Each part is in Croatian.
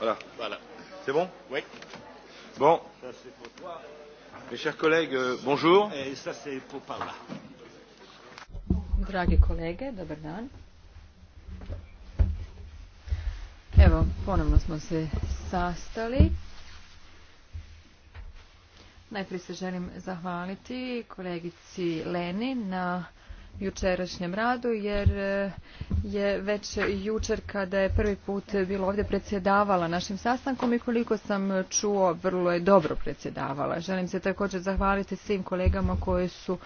Voilà. Voilà. C'est bon Oui. Bon. Ça, c'est pour toi. Mes chers collègues, euh, bonjour. Et ça, c'est pour par là. Dragi kolege, dobar dan. Evo, ponovno smo se sastali. Najprije se želim zahvaliti kolegici Leni na jučerašnjem radu jer e, je već jučer kada je prvi put bilo ovdje predsjedavala našim sastankom i koliko sam čuo vrlo je dobro predsjedavala. Želim se također zahvaliti svim kolegama koji su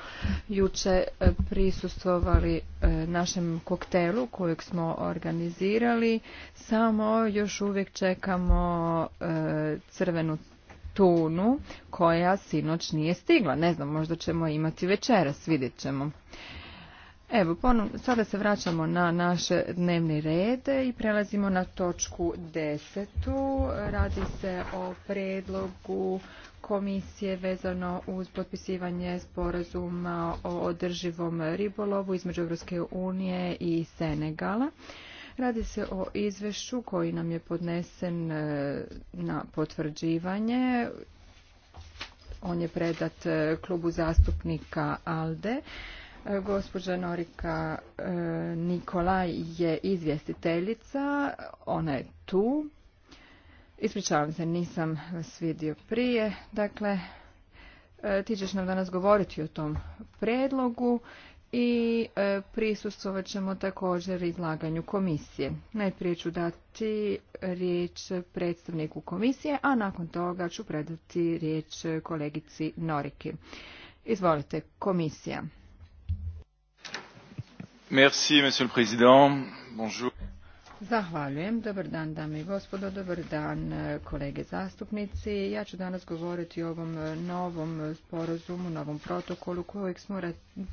jučer e, prisustvovali e, našem koktelu kojeg smo organizirali. Samo još uvijek čekamo crvenu tunu koja sinoć nije stigla. Ne znam, možda ćemo imati večeras, vidjet ćemo. Evo, ponovno, sada se vraćamo na naš dnevni red i prelazimo na točku desetu. Radi se o predlogu komisije vezano uz potpisivanje sporazuma o održivom ribolovu između Europske unije i Senegala. Radi se o izvješću koji nam je podnesen e, na potvrđivanje. On je predat e, klubu zastupnika ALDE. Gospođa Norika e, Nikolaj je izvjestiteljica, ona je tu. Ispričavam se, nisam vas vidio prije. Dakle, e, ti ćeš nam danas govoriti o tom predlogu i e, prisustvovat ćemo također izlaganju komisije. Najprije ću dati riječ predstavniku komisije, a nakon toga ću predati riječ kolegici Noriki. Izvolite, komisija. Monsieur le Président. Bonjour. Zahvaljujem. Dobar dan, dame i gospodo. Dobar dan, kolege zastupnici. Ja ću danas govoriti o ovom novom sporazumu, novom protokolu kojeg smo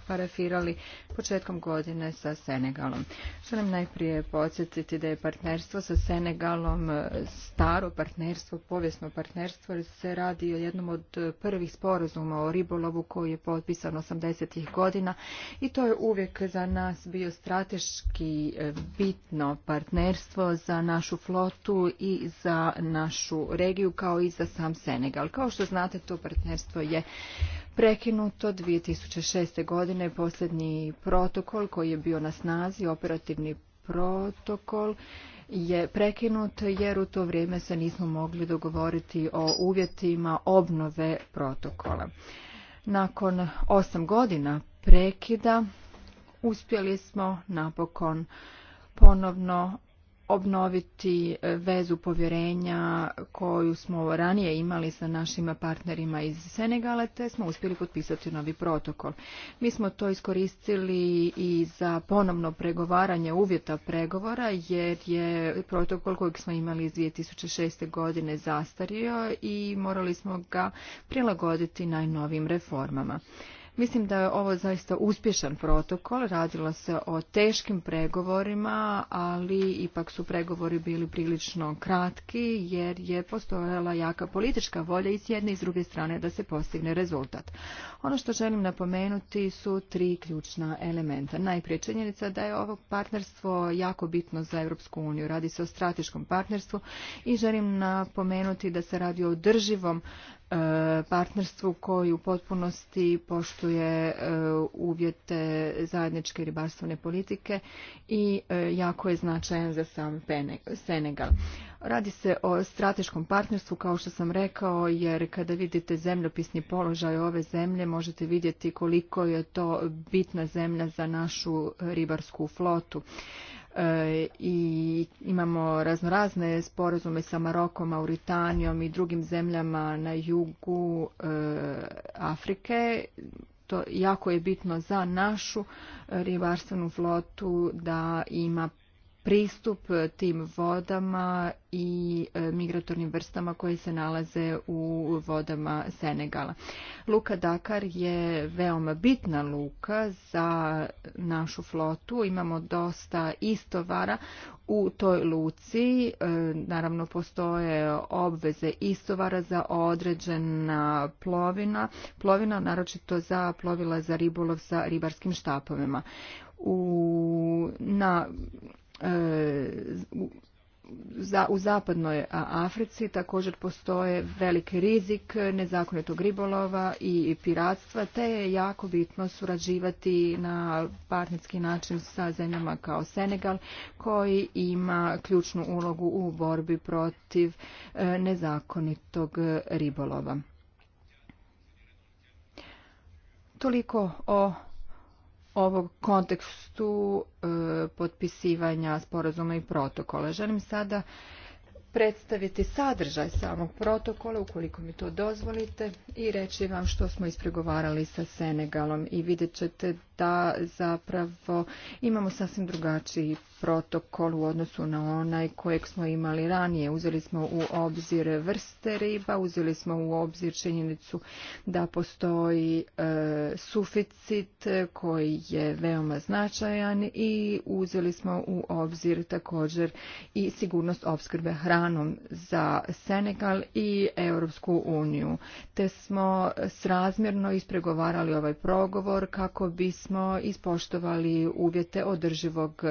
parafirali početkom godine sa Senegalom. Želim najprije podsjetiti da je partnerstvo sa Senegalom staro partnerstvo, povijesno partnerstvo, jer se radi o jednom od prvih sporazuma o ribolovu koji je potpisan 80. godina i to je uvijek za nas bio strateški e, bitno partnerstvo partnerstvo za našu flotu i za našu regiju kao i za sam Senegal. Kao što znate to partnerstvo je prekinuto 2006. godine posljednji protokol koji je bio na snazi operativni protokol je prekinut jer u to vrijeme se nismo mogli dogovoriti o uvjetima obnove protokola. Nakon osam godina prekida uspjeli smo napokon ponovno obnoviti e, vezu povjerenja koju smo ranije imali sa našim partnerima iz Senegala, te smo uspjeli potpisati novi protokol. Mi smo to iskoristili i za ponovno pregovaranje uvjeta pregovora, jer je protokol kojeg smo imali iz 2006. godine zastario i morali smo ga prilagoditi najnovim reformama. Mislim da je ovo zaista uspješan protokol. Radilo se o teškim pregovorima, ali ipak su pregovori bili prilično kratki jer je postojala jaka politička volja i s jedne i s druge strane da se postigne rezultat. Ono što želim napomenuti su tri ključna elementa. Najprije činjenica da je ovo partnerstvo jako bitno za Europsku uniju. Radi se o strateškom partnerstvu i želim napomenuti da se radi o održivom partnerstvu koji u potpunosti poštuje e, uvjete zajedničke ribarstvene politike i e, jako je značajan za sam Senegal. Radi se o strateškom partnerstvu, kao što sam rekao, jer kada vidite zemljopisni položaj ove zemlje, možete vidjeti koliko je to bitna zemlja za našu ribarsku flotu. E, i imamo raznorazne sporazume sa Marokom, Mauritanijom i drugim zemljama na jugu e, Afrike. To jako je bitno za našu ribarstvenu flotu da ima pristup e, tim vodama i e, migratornim vrstama koje se nalaze u vodama Senegala. Luka Dakar je veoma bitna luka za našu flotu. Imamo dosta istovara u toj luci. E, naravno postoje obveze istovara za određena plovina, plovina naročito za plovila za ribolov sa ribarskim štapovima. U, na E, u zapadnoj Africi također postoje veliki rizik nezakonitog ribolova i piratstva, te je jako bitno surađivati na partnerski način sa zemljama kao Senegal, koji ima ključnu ulogu u borbi protiv e, nezakonitog ribolova. Toliko o ovog kontekstu e, potpisivanja sporazuma i protokola. Želim sada predstaviti sadržaj samog protokola, ukoliko mi to dozvolite, i reći vam što smo ispregovarali sa Senegalom. I vidjet ćete da zapravo imamo sasvim drugačiji protokol u odnosu na onaj kojeg smo imali ranije. Uzeli smo u obzir vrste riba, uzeli smo u obzir činjenicu da postoji e, suficit koji je veoma značajan i uzeli smo u obzir također i sigurnost opskrbe hrane za Senegal i Europsku uniju, te smo srazmjerno ispregovarali ovaj progovor kako bismo ispoštovali uvjete održivog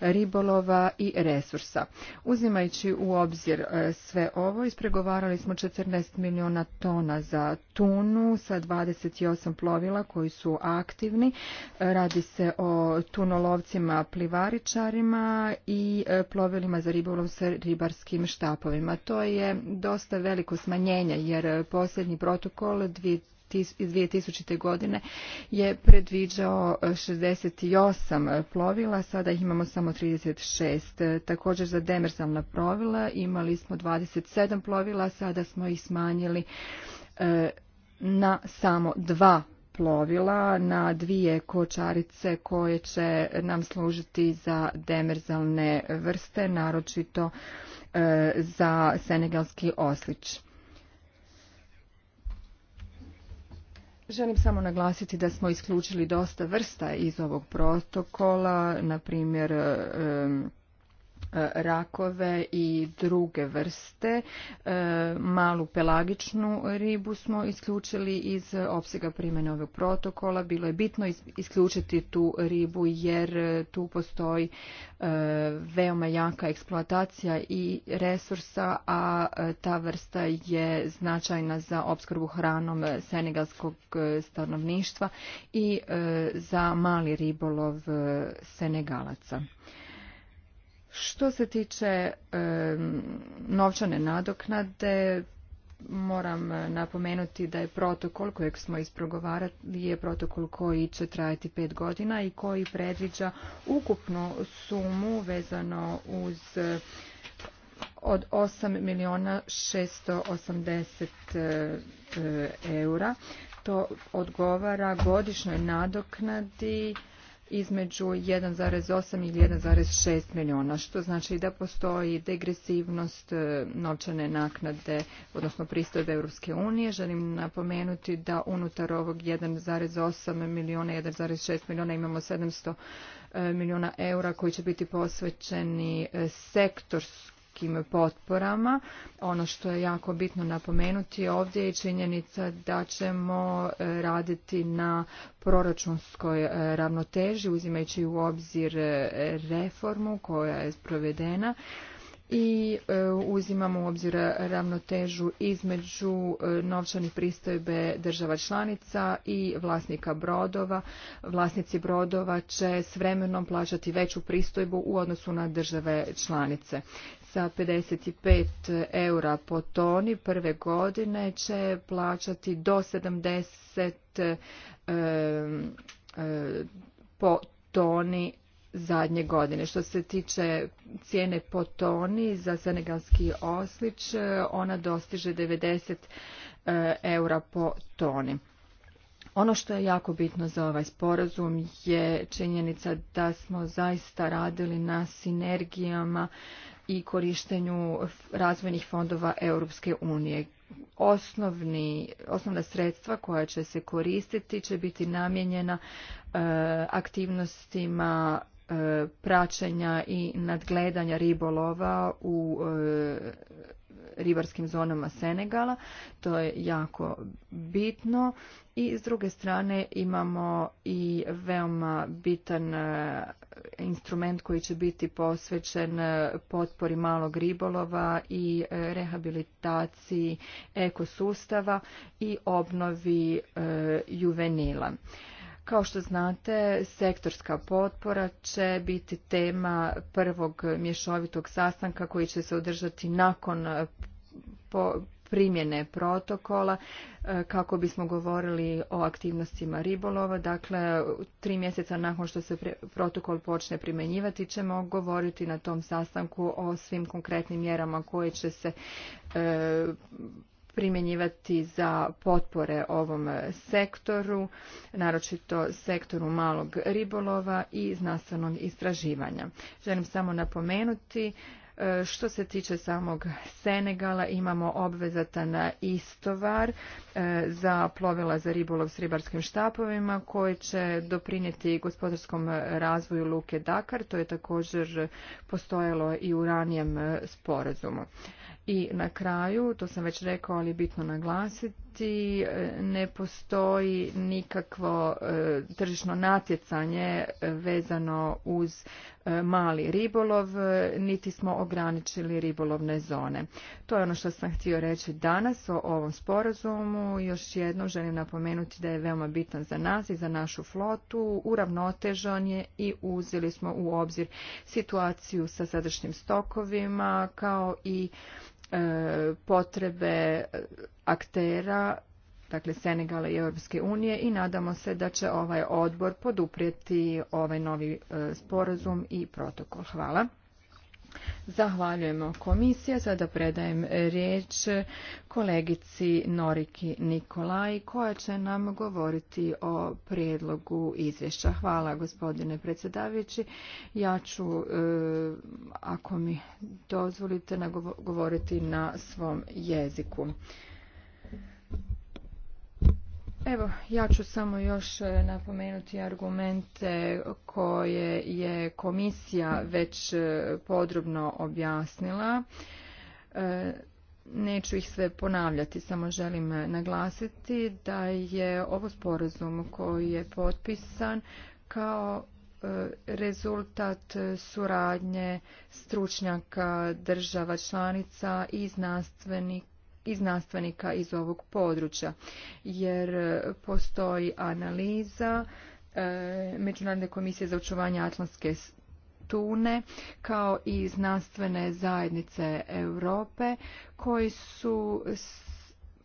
ribolova i resursa. Uzimajući u obzir e, sve ovo, ispregovarali smo 14 milijuna tona za Tunu sa 28 plovila koji su aktivni. Radi se o tunolovcima, plivaričarima i e, plovilima za ribolov sa ribarskim štapovima. To je dosta veliko smanjenje jer posljednji protokol 2000 2000. godine je predviđao 68 plovila, sada ih imamo samo 36. Također za demersalna plovila imali smo 27 plovila, sada smo ih smanjili e, na samo dva plovila, na dvije kočarice koje će nam služiti za demerzalne vrste, naročito e, za senegalski oslič. Želim samo naglasiti da smo isključili dosta vrsta iz ovog protokola, na primjer e, E, rakove i druge vrste. E, malu pelagičnu ribu smo isključili iz opsega primjene ovog protokola. Bilo je bitno isključiti tu ribu jer e, tu postoji veoma jaka eksploatacija i resursa, a ta vrsta je značajna za opskrbu hranom senegalskog stanovništva i za mali ribolov senegalaca. Što se tiče novčane nadoknade, moram eh, napomenuti da je protokol kojeg smo isprogovarali je protokol koji će trajati pet godina i koji predviđa ukupnu sumu vezano uz eh, od 8 miliona 680 eh, eura. To odgovara godišnjoj nadoknadi između 1,8 i 1,6 milijuna, što znači da postoji degresivnost e, novčane naknade, odnosno pristojbe Europske unije. Želim napomenuti da unutar ovog 1,8 milijuna, 1,6 milijuna imamo 700 e, milijuna eura koji će biti posvećeni e, sektorskom financijskim potporama. Ono što je jako bitno napomenuti ovdje je činjenica da ćemo e, raditi na proračunskoj e, ravnoteži uzimajući u obzir e, reformu koja je provedena i uzimamo u obzir ravnotežu između novčanih pristojbe država članica i vlasnika brodova. Vlasnici brodova će s vremenom plaćati veću pristojbu u odnosu na države članice sa 55 eura po toni prve godine će plaćati do 70 po toni zadnje godine. Što se tiče cijene po toni za senegalski oslič, ona dostiže 90 eh, eura po toni. Ono što je jako bitno za ovaj sporazum je činjenica da smo zaista radili na sinergijama i korištenju razvojnih fondova Europske unije. Osnovni, osnovna sredstva koja će se koristiti će biti namijenjena e, aktivnostima e, praćenja i nadgledanja ribolova u e, ribarskim zonama Senegala. To je jako bitno. I s druge strane imamo i veoma bitan e, instrument koji će biti posvećen e, potpori malog ribolova i e, rehabilitaciji ekosustava i obnovi juvenila. Kao što znate, sektorska potpora će biti tema prvog mješovitog sastanka koji će se održati nakon eh, primjene protokola eh, kako bismo govorili o aktivnostima ribolova. Dakle, tri mjeseca nakon što se protokol počne primjenjivati ćemo govoriti na tom sastanku o svim konkretnim mjerama koje će se eh, primjenjivati za potpore ovom sektoru, naročito sektoru malog ribolova i znanstvenog istraživanja. Želim samo napomenuti e, što se tiče samog Senegala, imamo na istovar e, za plovila za ribolov s ribarskim štapovima koji će doprinijeti gospodarskom razvoju Luke Dakar. To je također postojalo i u ranijem sporazumu. I na kraju, to sam već rekao, ali je bitno naglasiti, ne postoji nikakvo e, tržišno natjecanje vezano uz e, mali ribolov, niti smo ograničili ribolovne zone. To je ono što sam htio reći danas o ovom sporazumu. Još jednom želim napomenuti da je veoma bitan za nas i za našu flotu. Uravnotežan je i uzeli smo u obzir situaciju sa sadašnjim stokovima kao i E, potrebe aktera, dakle Senegala i Europske unije i nadamo se da će ovaj odbor poduprijeti ovaj novi e, sporazum i protokol. Hvala. Zahvaljujemo komisije, Sada predajem riječ kolegici Noriki Nikolaj koja će nam govoriti o prijedlogu izvješća. Hvala gospodine predsjedavajući. Ja ću, e, ako mi dozvolite, govoriti na svom jeziku. Evo, ja ću samo još e, napomenuti argumente koje je komisija već e, podrobno objasnila. E, neću ih sve ponavljati, samo želim naglasiti da je ovo sporazum koji je potpisan kao rezultat suradnje stručnjaka država članica i znanstvenika i znanstvenika iz ovog područja jer postoji analiza e, Međunarodne komisije za očuvanje atlantske tune kao i znanstvene zajednice Europe koji su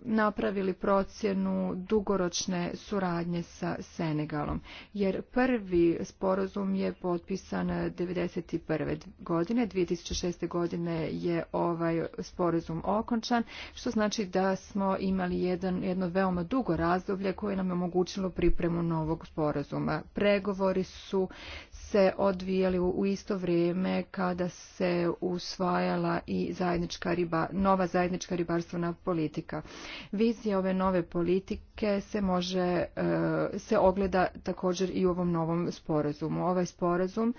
napravili procjenu dugoročne suradnje sa Senegalom, jer prvi sporazum je potpisan 1991. godine, 2006. godine je ovaj sporazum okončan, što znači da smo imali jedan, jedno veoma dugo razdoblje koje nam je omogućilo pripremu novog sporazuma. Pregovori su se odvijali u isto vrijeme kada se usvajala i zajednička riba, nova zajednička ribarstvena politika. Vizija ove nove politike se može e, se ogleda također i u ovom novom sporazumu. Ovaj sporazum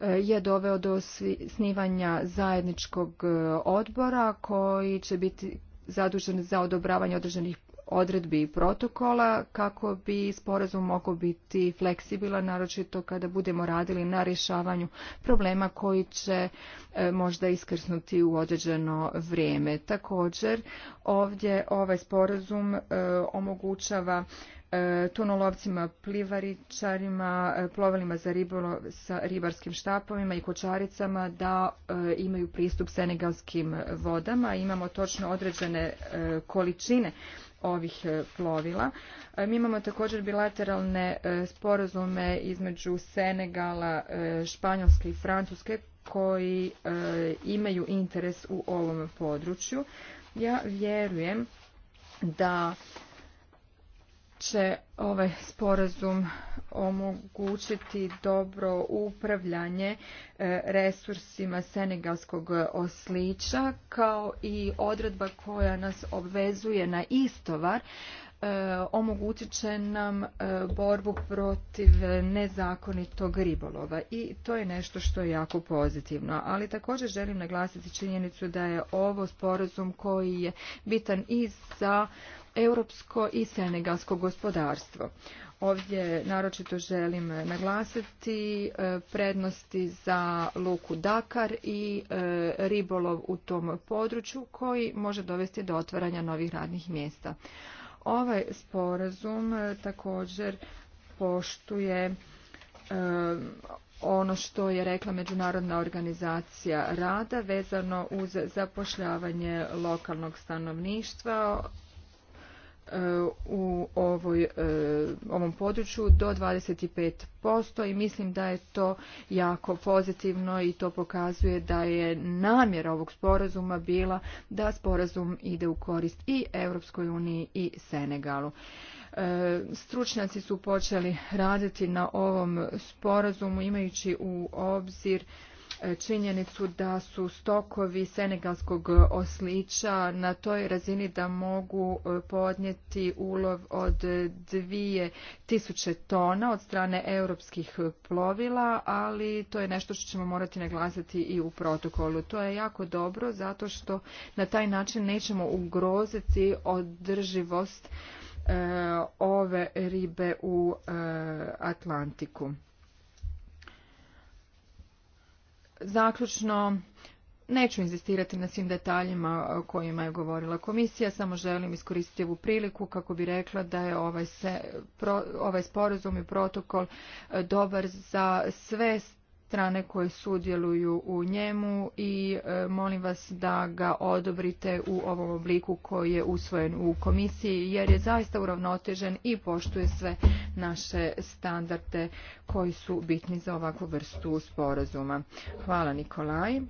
e, je doveo do snivanja zajedničkog e, odbora koji će biti zadužen za odobravanje određenih odredbi i protokola kako bi sporazum mogao biti fleksibilan, naročito kada budemo radili na rješavanju problema koji će e, možda iskrsnuti u određeno vrijeme. Također ovdje ovaj sporazum e, omogućava e, tunolovcima, plivaričarima, plovilima za ribolov sa ribarskim štapovima i kočaricama da imaju pristup senegalskim vodama. Imamo točno određene količine ovih e, plovila. E, mi imamo također bilateralne e, sporazume između Senegala, Španjolske i Francuske koji imaju interes u ovom području. Ja vjerujem da će ovaj sporazum omogućiti dobro upravljanje e, resursima senegalskog e, oslića kao i odredba koja nas obvezuje na istovar e, omogućit će nam borbu protiv nezakonitog ribolova i to je nešto što je jako pozitivno. Ali također želim naglasiti činjenicu da je ovo sporazum koji je bitan i za europsko i senegalsko gospodarstvo. Ovdje naročito želim naglasiti e, prednosti za luku Dakar i e, ribolov u tom području koji može dovesti do otvaranja novih radnih mjesta. Ovaj sporazum e, također poštuje ono što je rekla Međunarodna organizacija rada vezano uz zapošljavanje lokalnog stanovništva, u ovoj, e, ovom području do 25% i mislim da je to jako pozitivno i to pokazuje da je namjera ovog sporazuma bila da sporazum ide u korist i Europskoj uniji i Senegalu. E, stručnjaci su počeli raditi na ovom sporazumu imajući u obzir E, činjenicu da su stokovi senegalskog oslića na toj razini da mogu e, podnijeti ulov od 2000 tona od strane europskih plovila, ali to je nešto što ćemo morati naglasiti i u protokolu. To je jako dobro zato što na taj način nećemo ugroziti održivost e, ove ribe u Atlantiku. Zaključno, neću inzistirati na svim detaljima o kojima je govorila komisija, samo želim iskoristiti ovu priliku kako bi rekla da je ovaj, se, ovaj sporazum i protokol e, dobar za sve strane koje sudjeluju u njemu i e, molim vas da ga odobrite u ovom obliku koji je usvojen u komisiji jer je zaista uravnotežen i poštuje sve naše standarde koji su bitni za ovakvu vrstu sporazuma. Hvala Nikolaj.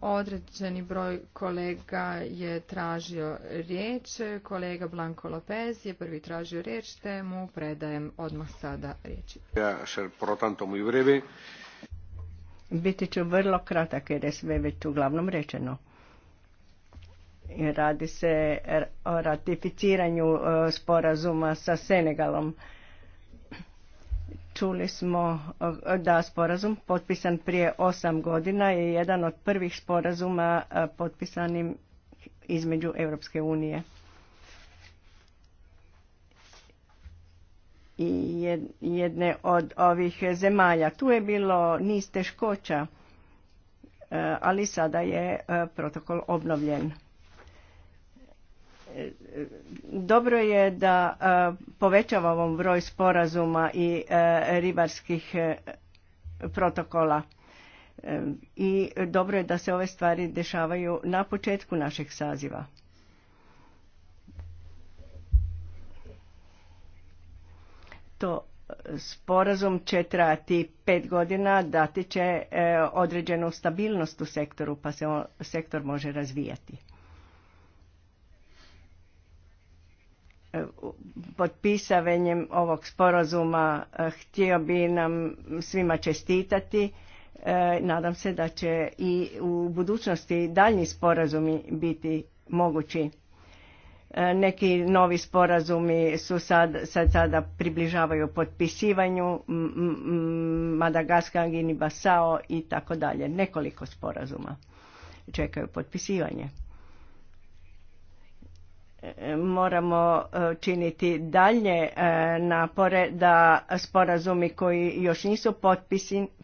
Određeni broj kolega je tražio riječ. Kolega Blanko Lopez je prvi tražio riječ, te mu predajem odmah sada riječi. Ja, ser, protanto, muy breve. Biti ću vrlo kratak jer je sve već uglavnom rečeno. Radi se o ratificiranju e, sporazuma sa Senegalom. Čuli smo e, da sporazum potpisan prije osam godina je jedan od prvih sporazuma e, potpisanim između Europske unije i jedne od ovih zemalja. Tu je bilo niz teškoća, e, ali sada je e, protokol obnovljen. E, dobro je da povećavamo broj sporazuma i ribarskih protokola. I dobro je da se ove stvari dešavaju na početku našeg saziva. to e, sporazum će trajati pet godina, dati će e, određenu stabilnost u sektoru pa se on, sektor može razvijati. E, Potpisavanjem ovog sporazuma htio bi nam svima čestitati. Nadam se da će i u budućnosti daljnji sporazumi biti mogući. E, neki novi sporazumi su sad, sad sada približavaju potpisivanju Madagaskar, Gini Basao i tako dalje. Nekoliko sporazuma čekaju potpisivanje. E, moramo e, činiti dalje napore da sporazumi koji još nisu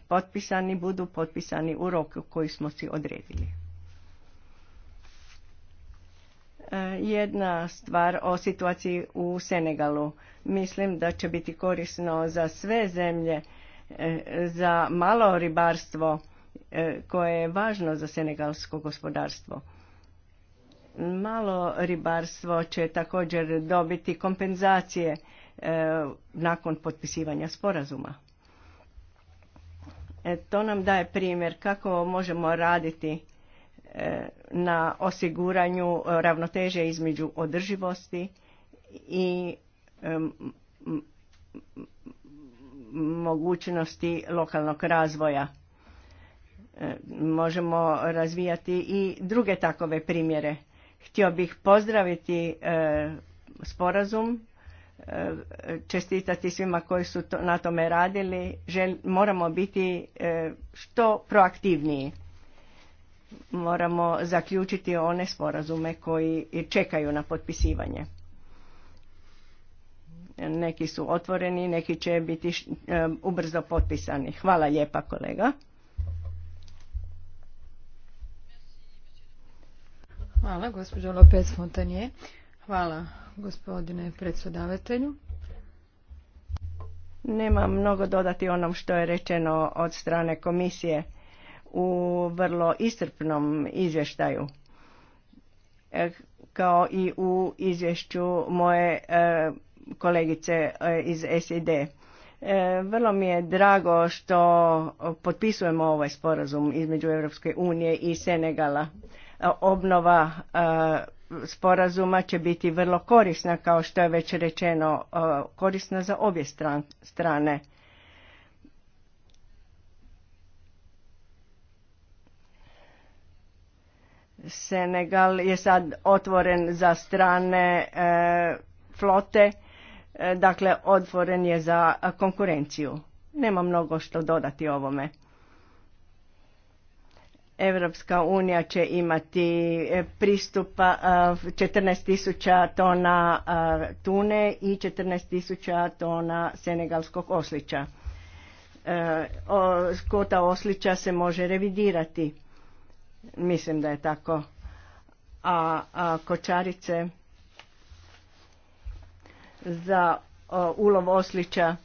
potpisani budu potpisani u roku koji smo si odredili. E, jedna stvar o situaciji u Senegalu. Mislim da će biti korisno za sve zemlje, e, za malo ribarstvo e, koje je važno za senegalsko gospodarstvo. Malo ribarstvo će također dobiti kompenzacije nakon potpisivanja sporazuma. To nam daje primjer kako možemo raditi na osiguranju ravnoteže između održivosti i mogućnosti lokalnog razvoja. E, možemo razvijati i druge takove primjere. Htio bih pozdraviti e, sporazum, e, čestitati svima koji su na tome radili. Moramo biti što proaktivniji moramo zaključiti one sporazume koji čekaju na potpisivanje. Neki su otvoreni, neki će biti ubrzo potpisani. Hvala lijepa kolega. Hvala gospođo Lopez Hvala gospodine predsjedavatelju. Nema mnogo dodati onom što je rečeno od strane komisije u vrlo istrpnom izvještaju e, kao i u izvješću moje e, kolegice e, iz SID. Vrlo mi je drago što potpisujemo ovaj sporazum između Europske unije i Senegala. Obnova sporazuma će biti vrlo korisna, kao što je već rečeno, korisna za obje strane. Senegal je sad otvoren za strane e, flote, e, dakle otvoren je za konkurenciju. Nema mnogo što dodati ovome. Evropska unija će imati e, pristupa 14.000 tona tune i 14.000 tona senegalskog oslića. Kota oslića se može revidirati mislim da je tako, a, kočarice za ulov oslića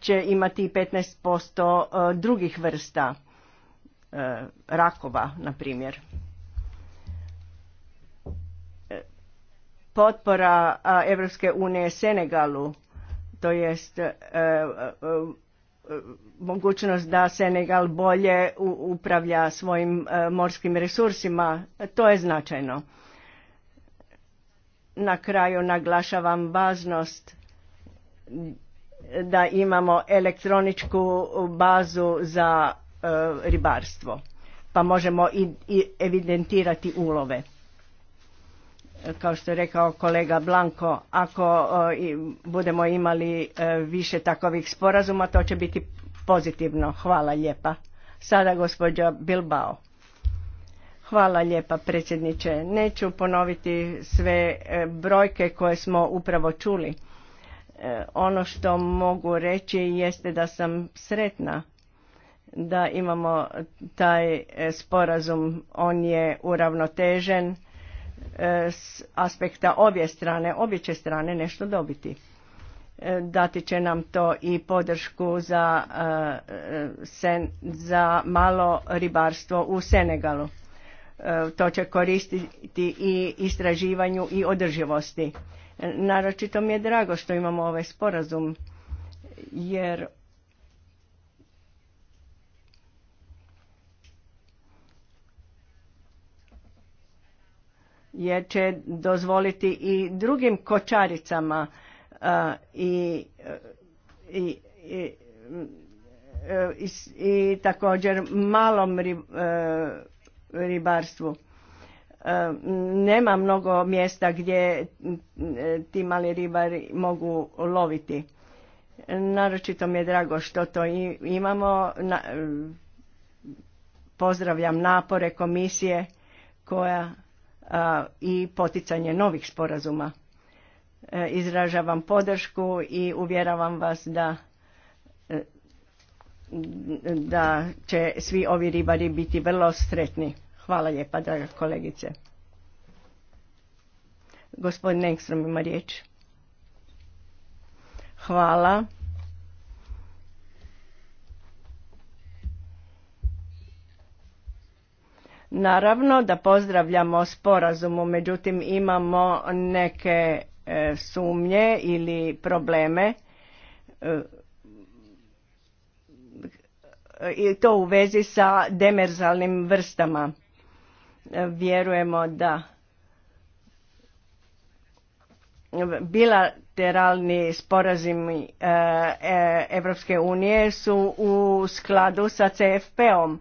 će imati 15% drugih vrsta e, rakova, na primjer. E, potpora Evropske unije Senegalu, to jest e, mogućnost da Senegal bolje upravlja svojim e, morskim resursima, to je značajno. Na kraju naglašavam važnost da imamo elektroničku bazu za e, ribarstvo, pa možemo i evidentirati ulove kao što je rekao kolega Blanko, ako e, budemo imali e, više takovih sporazuma, to će biti pozitivno. Hvala lijepa. Sada gospođa Bilbao. Hvala lijepa predsjedniče. Neću ponoviti sve e, brojke koje smo upravo čuli. Ono što mogu reći jeste da sam sretna da imamo taj sporazum. On je uravnotežen E, s aspekta obje strane, obje će strane nešto dobiti. E, dati će nam to i podršku za, e, za malo ribarstvo u Senegalu. To će koristiti i istraživanju i održivosti. Naročito mi je drago što imamo ovaj sporazum jer jer će dozvoliti i drugim kočaricama i, i, i, i također malom e, ribarstvu. E, nema mnogo mjesta gdje e, ti mali ribari mogu loviti. Naročito mi je drago što to imamo. Pozdravljam napore komisije koja i poticanje novih sporazuma. E, izražavam podršku i uvjeravam vas da e, da će svi ovi ribari biti vrlo sretni. Hvala lijepa, draga kolegice. Gospodin Engstrom ima riječ. Hvala. Naravno da pozdravljamo sporazumu, međutim imamo neke e, sumnje ili probleme e, i to u vezi sa demerzalnim vrstama. E, vjerujemo da bilateralni sporazumi Evropske unije su u skladu sa CFP-om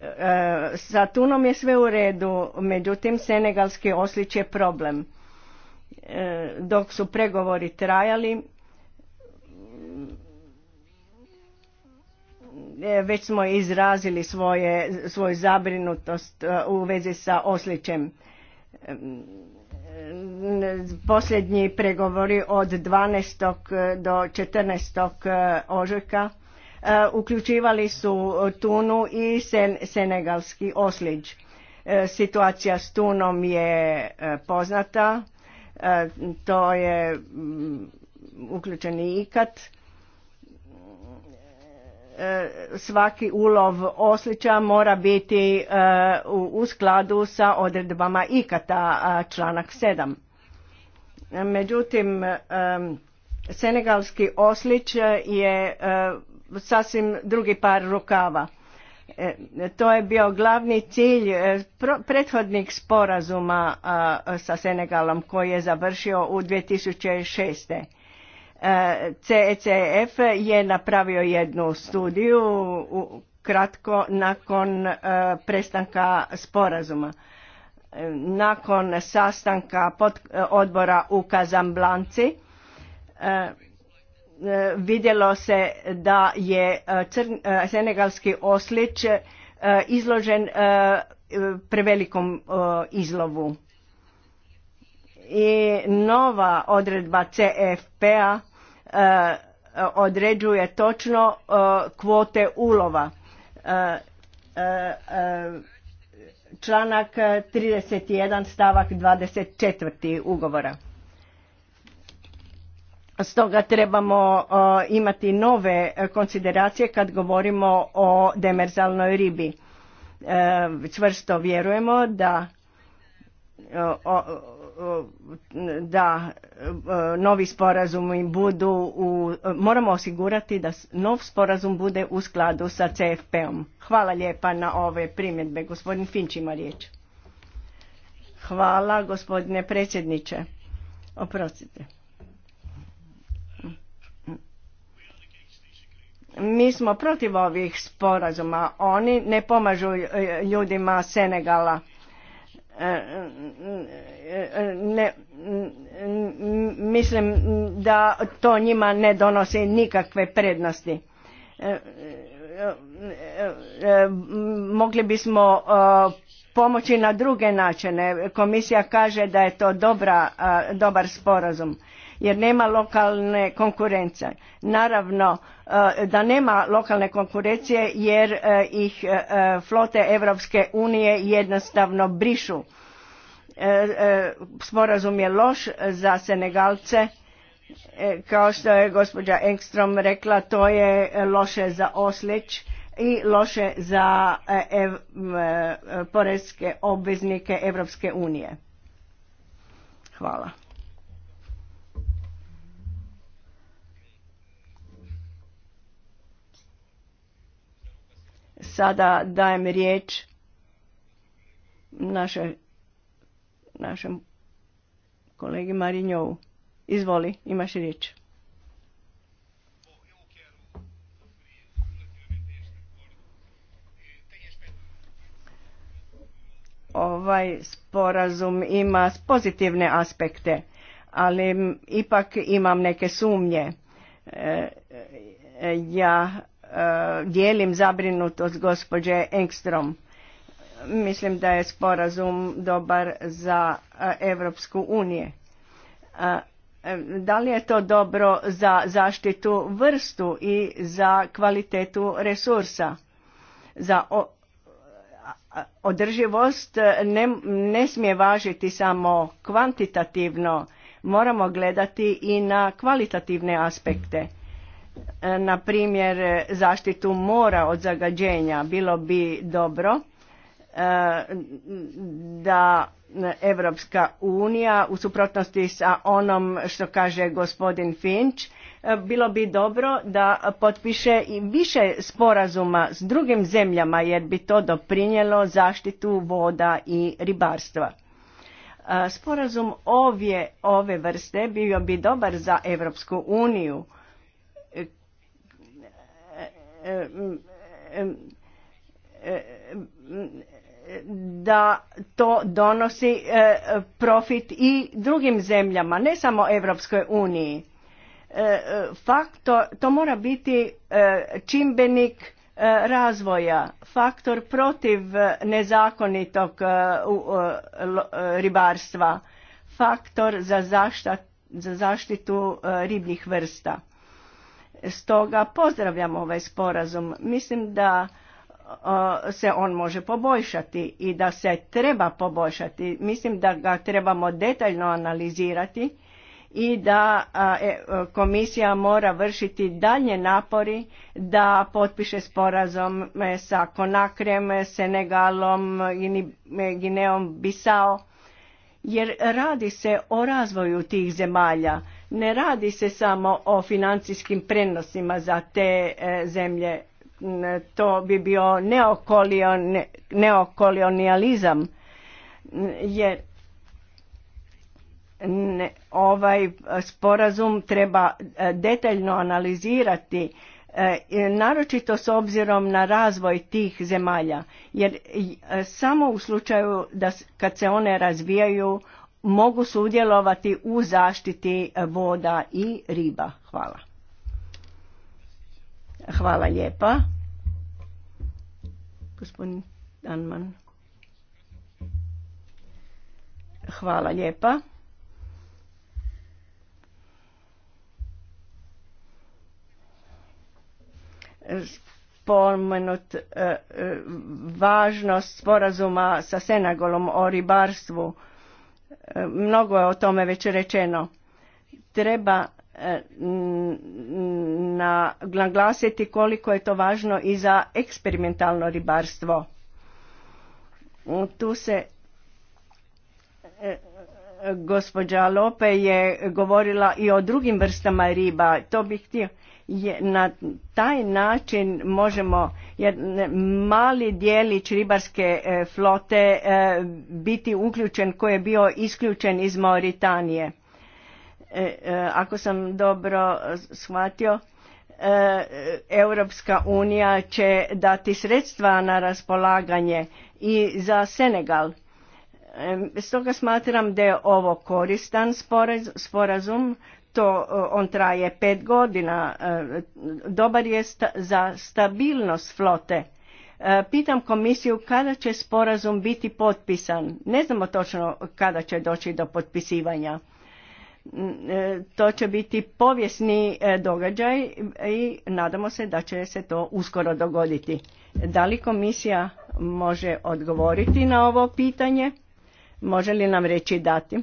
E, sa tunom je sve u redu, međutim senegalski oslić je problem. E, dok su pregovori trajali, e, već smo izrazili svoje, svoju zabrinutost u vezi sa oslićem. Posljednji pregovori od 12. do 14. ožujka Eh, uključivali su eh, tunu i senegalski osliđ. Eh, situacija s tunom je poznata, to je mm, uključeni ikat. Svaki ulov oslića mora biti u skladu sa odredbama ikata članak 7. Međutim, senegalski oslić je sasvim drugi par rukava. E, to je bio glavni cilj e, prethodnih sporazuma sa Senegalom koji je završio u 2006. E, CECF je napravio jednu studiju kratko nakon prestanka sporazuma. Nakon sastanka odbora u Kazamblanci E, vidjelo se da je e, e, senegalski oslić izložen prevelikom izlovu. I nova odredba CFP-a određuje točno kvote ulova. Članak 31 stavak 24 ugovora Stoga trebamo imati nove e, konsideracije kad govorimo o demerzalnoj ribi. E, čvrsto vjerujemo da da novi sporazumi budu u, moramo osigurati da nov sporazum bude u skladu sa CFP-om. Hvala lijepa na ove primjedbe. Gospodin Finč ima riječ. Hvala gospodine predsjedniče. Oprostite. Mi smo protiv ovih sporazuma. Oni ne pomažu e, ljudima Senegala. E, e, ne, mislim da to njima ne donosi nikakve prednosti. Mogli bismo pomoći na druge načine. Komisija kaže da je to dobra, dobar sporazum jer nema lokalne konkurencije. Naravno eh, da nema lokalne konkurencije jer eh, ih eh, flote Europske unije jednostavno brišu. Sporazum je loš za Senegalce, kao što je gospođa Engstrom rekla, to je loše za Oslić i loše za porezke obveznike Europske unije. Hvala. Sada dajem riječ naše, našem kolegi Marinjovu. Izvoli, imaš riječ. Ovaj sporazum ima pozitivne aspekte, ali ipak imam neke sumnje. E, e, ja Eh, dijelim zabrinutost gospođe Engstrom. Mislim da je sporazum dobar za eh, Evropsku uniju. Eh, da li je to dobro za zaštitu vrstu i za kvalitetu resursa? Za održivost ne, ne smije važiti samo kvantitativno, moramo gledati i na kvalitativne aspekte E, na primjer zaštitu mora od zagađenja bilo bi dobro e, da Evropska unija u suprotnosti sa onom što kaže gospodin Finč, e, bilo bi dobro da potpiše i više sporazuma s drugim zemljama jer bi to doprinjelo zaštitu voda i ribarstva. Sporazum ovje, ove vrste bio bi dobar za Evropsku uniju da to donosi e, profit i drugim zemljama, ne samo Evropskoj uniji. E, faktor, to mora biti e, čimbenik razvoja, faktor protiv nezakonitog ribarstva, faktor za zaštitu ribnih vrsta. Stoga pozdravljam ovaj sporazum. Mislim da se on može poboljšati i da se treba poboljšati. Mislim da ga trebamo detaljno analizirati i da e, komisija mora vršiti dalje napori da potpiše sporazum e, sa Konakrem, Senegalom, e, Gineom, Bisao, jer radi se o razvoju tih zemalja ne radi se samo o financijskim prenosima za te e, zemlje. To bi bio neokolion, neokolonijalizam jer ovaj sporazum treba e, detaljno analizirati e, naročito s obzirom na razvoj tih zemalja jer samo u slučaju da kad se one razvijaju mogu sudjelovati u zaštiti voda i riba. Hvala. Hvala lijepa. Gospodin Danman. Hvala lijepa. spomenut e, e, važnost sporazuma sa Senagolom o ribarstvu E, mnogo je o tome već rečeno. Treba e, naglasiti koliko je to važno i za eksperimentalno ribarstvo. E, tu se gospođa Lope je govorila i o drugim vrstama riba. To bih htio je, na taj način možemo jedan mali dijelić ribarske e, flote e, biti uključen koji je bio isključen iz Mauritanije. E, ako sam dobro shvatio, Europska unija će dati sredstva na raspolaganje i za Senegal. Stoga smatram da je ovo koristan sporazum to e, on traje pet godina, e, dobar je za stabilnost flote. E, pitam komisiju kada će sporazum biti potpisan. Ne znamo točno kada će doći do potpisivanja. Mm, to će biti povijesni događaj i nadamo se da će se to uskoro dogoditi. Da li komisija može odgovoriti na ovo pitanje? Može li nam reći dati?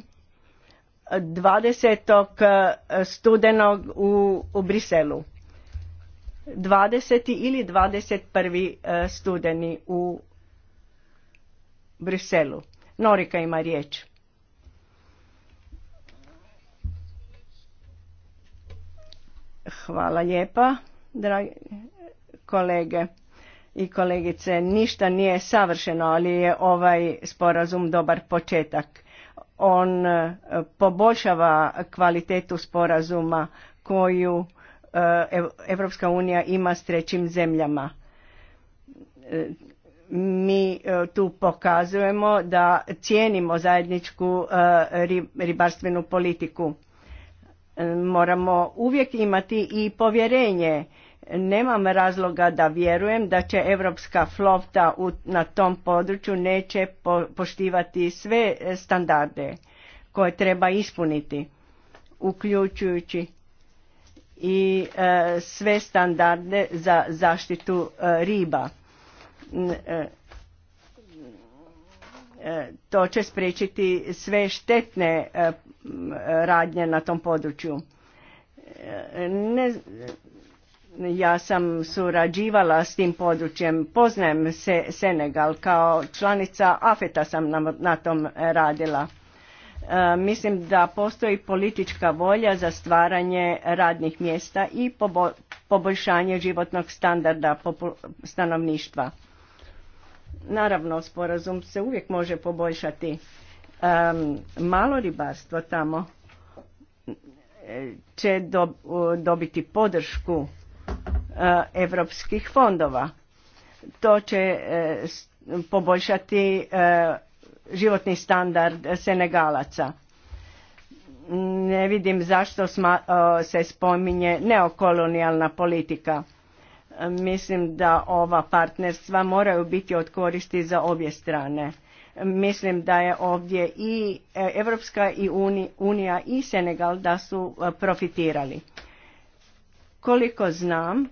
20. Eh, studenog u, u Briselu. 20. ili 21. Eh, studeni u Briselu. Norika ima riječ. Hvala lijepa, dragi kolege i kolegice. Ništa nije savršeno, ali je ovaj sporazum dobar početak on e, poboljšava kvalitetu sporazuma koju e, Evropska unija ima s trećim zemljama. E, mi tu pokazujemo da cijenimo zajedničku ribarstvenu politiku. Moramo uvijek imati i povjerenje Nemam razloga da vjerujem da će europska flota na tom području neće poštivati sve standarde koje treba ispuniti, uključujući i e, sve standarde za zaštitu e, riba. E, to će spriječiti sve štetne radnje na tom području. Ne, ja sam surađivala s tim područjem, poznajem se Senegal, kao članica AFETA sam na, na tom radila. E, mislim da postoji politička volja za stvaranje radnih mjesta i poboljšanje životnog standarda stanovništva. Naravno, sporazum se uvijek može poboljšati. E, malo ribarstvo tamo e, će dobiti podršku europskih eh, fondova. To će eh, poboljšati eh, životni standard Senegalaca. Ne vidim zašto se spominje neokolonijalna politika. Mislim da ova partnerstva moraju biti od koristi za obje strane. Mislim da je ovdje i Evropska i Unija i Senegal da su profitirali. Koliko znam,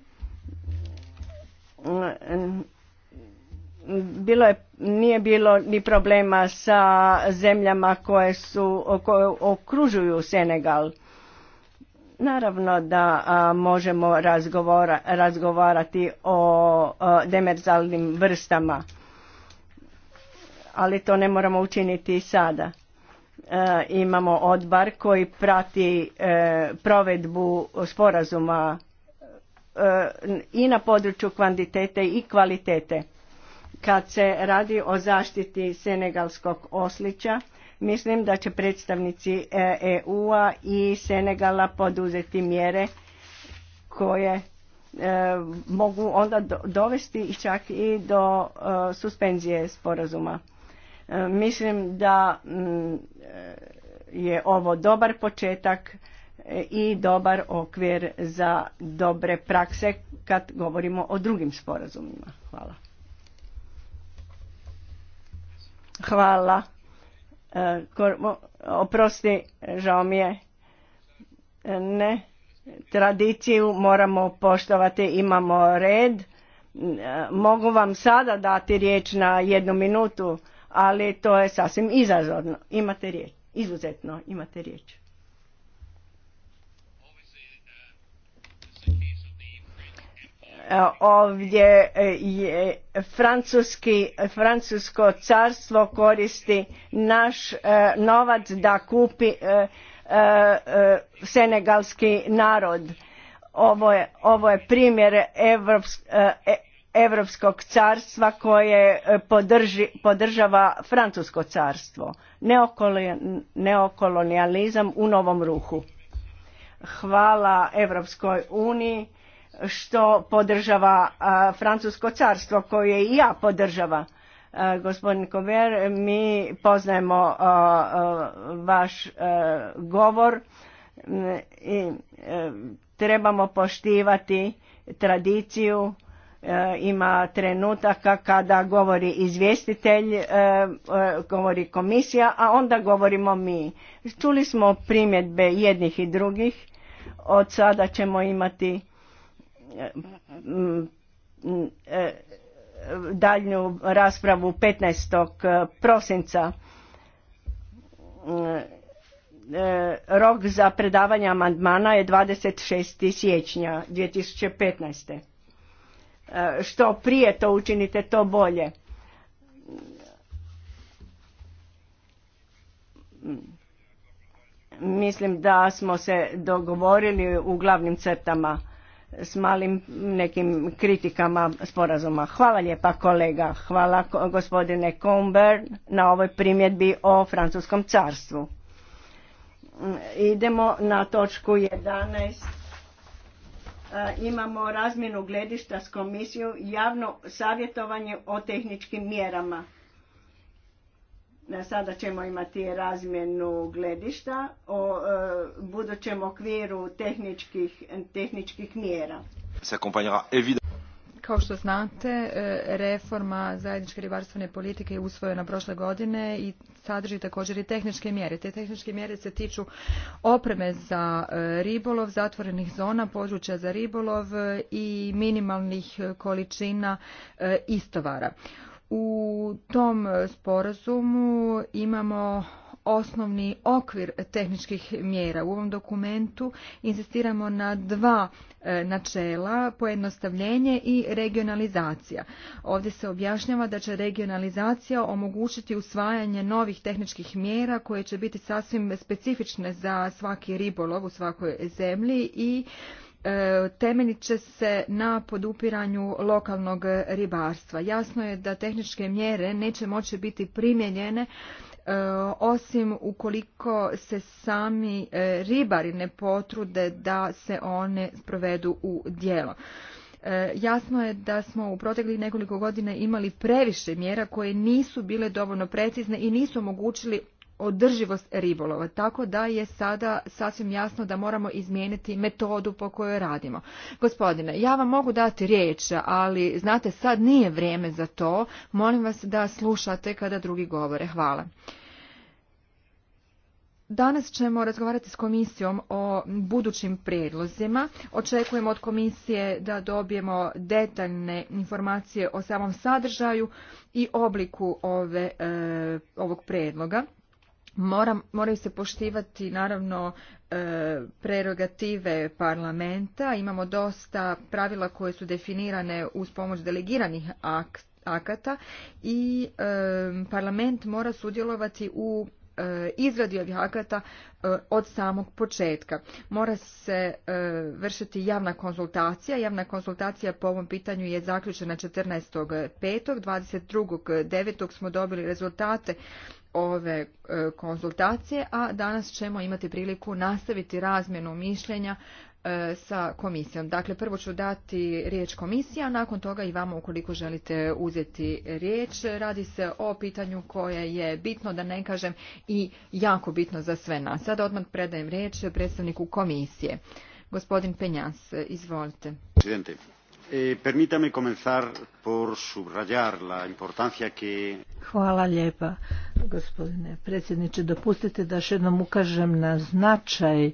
bilo je, nije bilo ni problema sa zemljama koje su koje okružuju Senegal. Naravno da možemo razgovarati o demerzalnim vrstama, ali to ne moramo učiniti i sada. E, imamo odbar koji prati e, provedbu sporazuma i na području kvantitete i kvalitete. Kad se radi o zaštiti senegalskog oslića, mislim da će predstavnici EU-a e i Senegala poduzeti mjere koje e, mogu onda dovesti čak i do e, suspenzije sporazuma. Mislim da mm, je ovo dobar početak i dobar okvir za dobre prakse kad govorimo o drugim sporazumima. Hvala. Hvala. E, oprosti, žao mi je. E, ne. Tradiciju moramo poštovati, imamo red. E, mogu vam sada dati riječ na jednu minutu, ali to je sasvim izazovno. Imate riječ, izuzetno imate riječ. E, ovdje e, je francusko carstvo koristi naš e, novac da kupi senegalski narod. Ovo je, ovo je primjer europskog carstva koje podrži, podržava francusko carstvo. Neokolonijalizam u novom ruhu. Hvala Evropskoj uniji što podržava Francusko carstvo koje i ja podržava. Gospodin Kover mi poznajemo vaš govor i e, trebamo poštivati tradiciju e, ima trenutaka kada govori izvjestitelj, e, govori komisija, a onda govorimo mi. Čuli smo primjedbe jednih i drugih, od sada ćemo imati daljnju raspravu 15. E, prosinca. E, rok za predavanje amandmana je 26. siječnja 2015. E, što prije to učinite, to bolje. Mislim da smo se dogovorili u glavnim crtama s malim nekim kritikama sporazuma. Hvala lijepa kolega, hvala gospodine Comber na ovoj primjedbi o francuskom carstvu. Mm, idemo na točku 11. E, imamo razmjenu gledišta s komisiju, javno savjetovanje o tehničkim mjerama. Sada ćemo imati razmjenu gledišta o e, budućem okviru tehničkih, mjera. Kao što znate, e, reforma zajedničke ribarstvene politike je usvojena prošle godine i sadrži također i tehničke mjere. Te tehničke mjere se tiču opreme za e, ribolov, zatvorenih zona, područja za ribolov i minimalnih količina istovara. U tom e, sporazumu imamo osnovni okvir tehničkih mjera. U ovom dokumentu insistiramo na dva e, načela, pojednostavljenje i regionalizacija. Ovdje se objašnjava da će regionalizacija omogućiti usvajanje novih tehničkih mjera koje će biti sasvim specifične za svaki ribolov u svakoj zemlji i E, temeljit će se na podupiranju lokalnog ribarstva. Jasno je da tehničke mjere neće moći biti primjenjene e, osim ukoliko se sami e, ribari ne potrude da se one provedu u djelo. Jasno je da smo u proteklih nekoliko godina imali previše mjera koje nisu bile dovoljno precizne i nisu omogućili održivost ribolova, tako da je sada sasvim jasno da moramo izmijeniti metodu po kojoj radimo. Gospodine, ja vam mogu dati riječ, ali znate, sad nije vrijeme za to. Molim vas da slušate kada drugi govore. Hvala. Danas ćemo razgovarati s komisijom o budućim prijedlozima. Očekujemo od komisije da dobijemo detaljne informacije o samom sadržaju i obliku ove, e, ovog prijedloga moraju se poštivati naravno e, prerogative parlamenta. Imamo dosta pravila koje su definirane uz pomoć delegiranih akata i e, parlament mora sudjelovati u e, izradi ovih akata od samog početka. Mora se vršiti javna konzultacija. Javna konzultacija po ovom pitanju je zaključena 14.5. 22.9. smo dobili rezultate ove e, konzultacije, a danas ćemo imati priliku nastaviti razmjenu mišljenja e, sa komisijom. Dakle, prvo ću dati riječ komisija, a nakon toga i vama ukoliko želite uzeti riječ. Radi se o pitanju koje je bitno, da ne kažem, i jako bitno za sve nas. Sada odmah predajem riječ predstavniku komisije. Gospodin Penjas, izvolite. Eh, permítame comenzar por subrayar la importancia que... Hvala lijepa, gospodine predsjedniče. Dopustite da još jednom ukažem na značaj eh,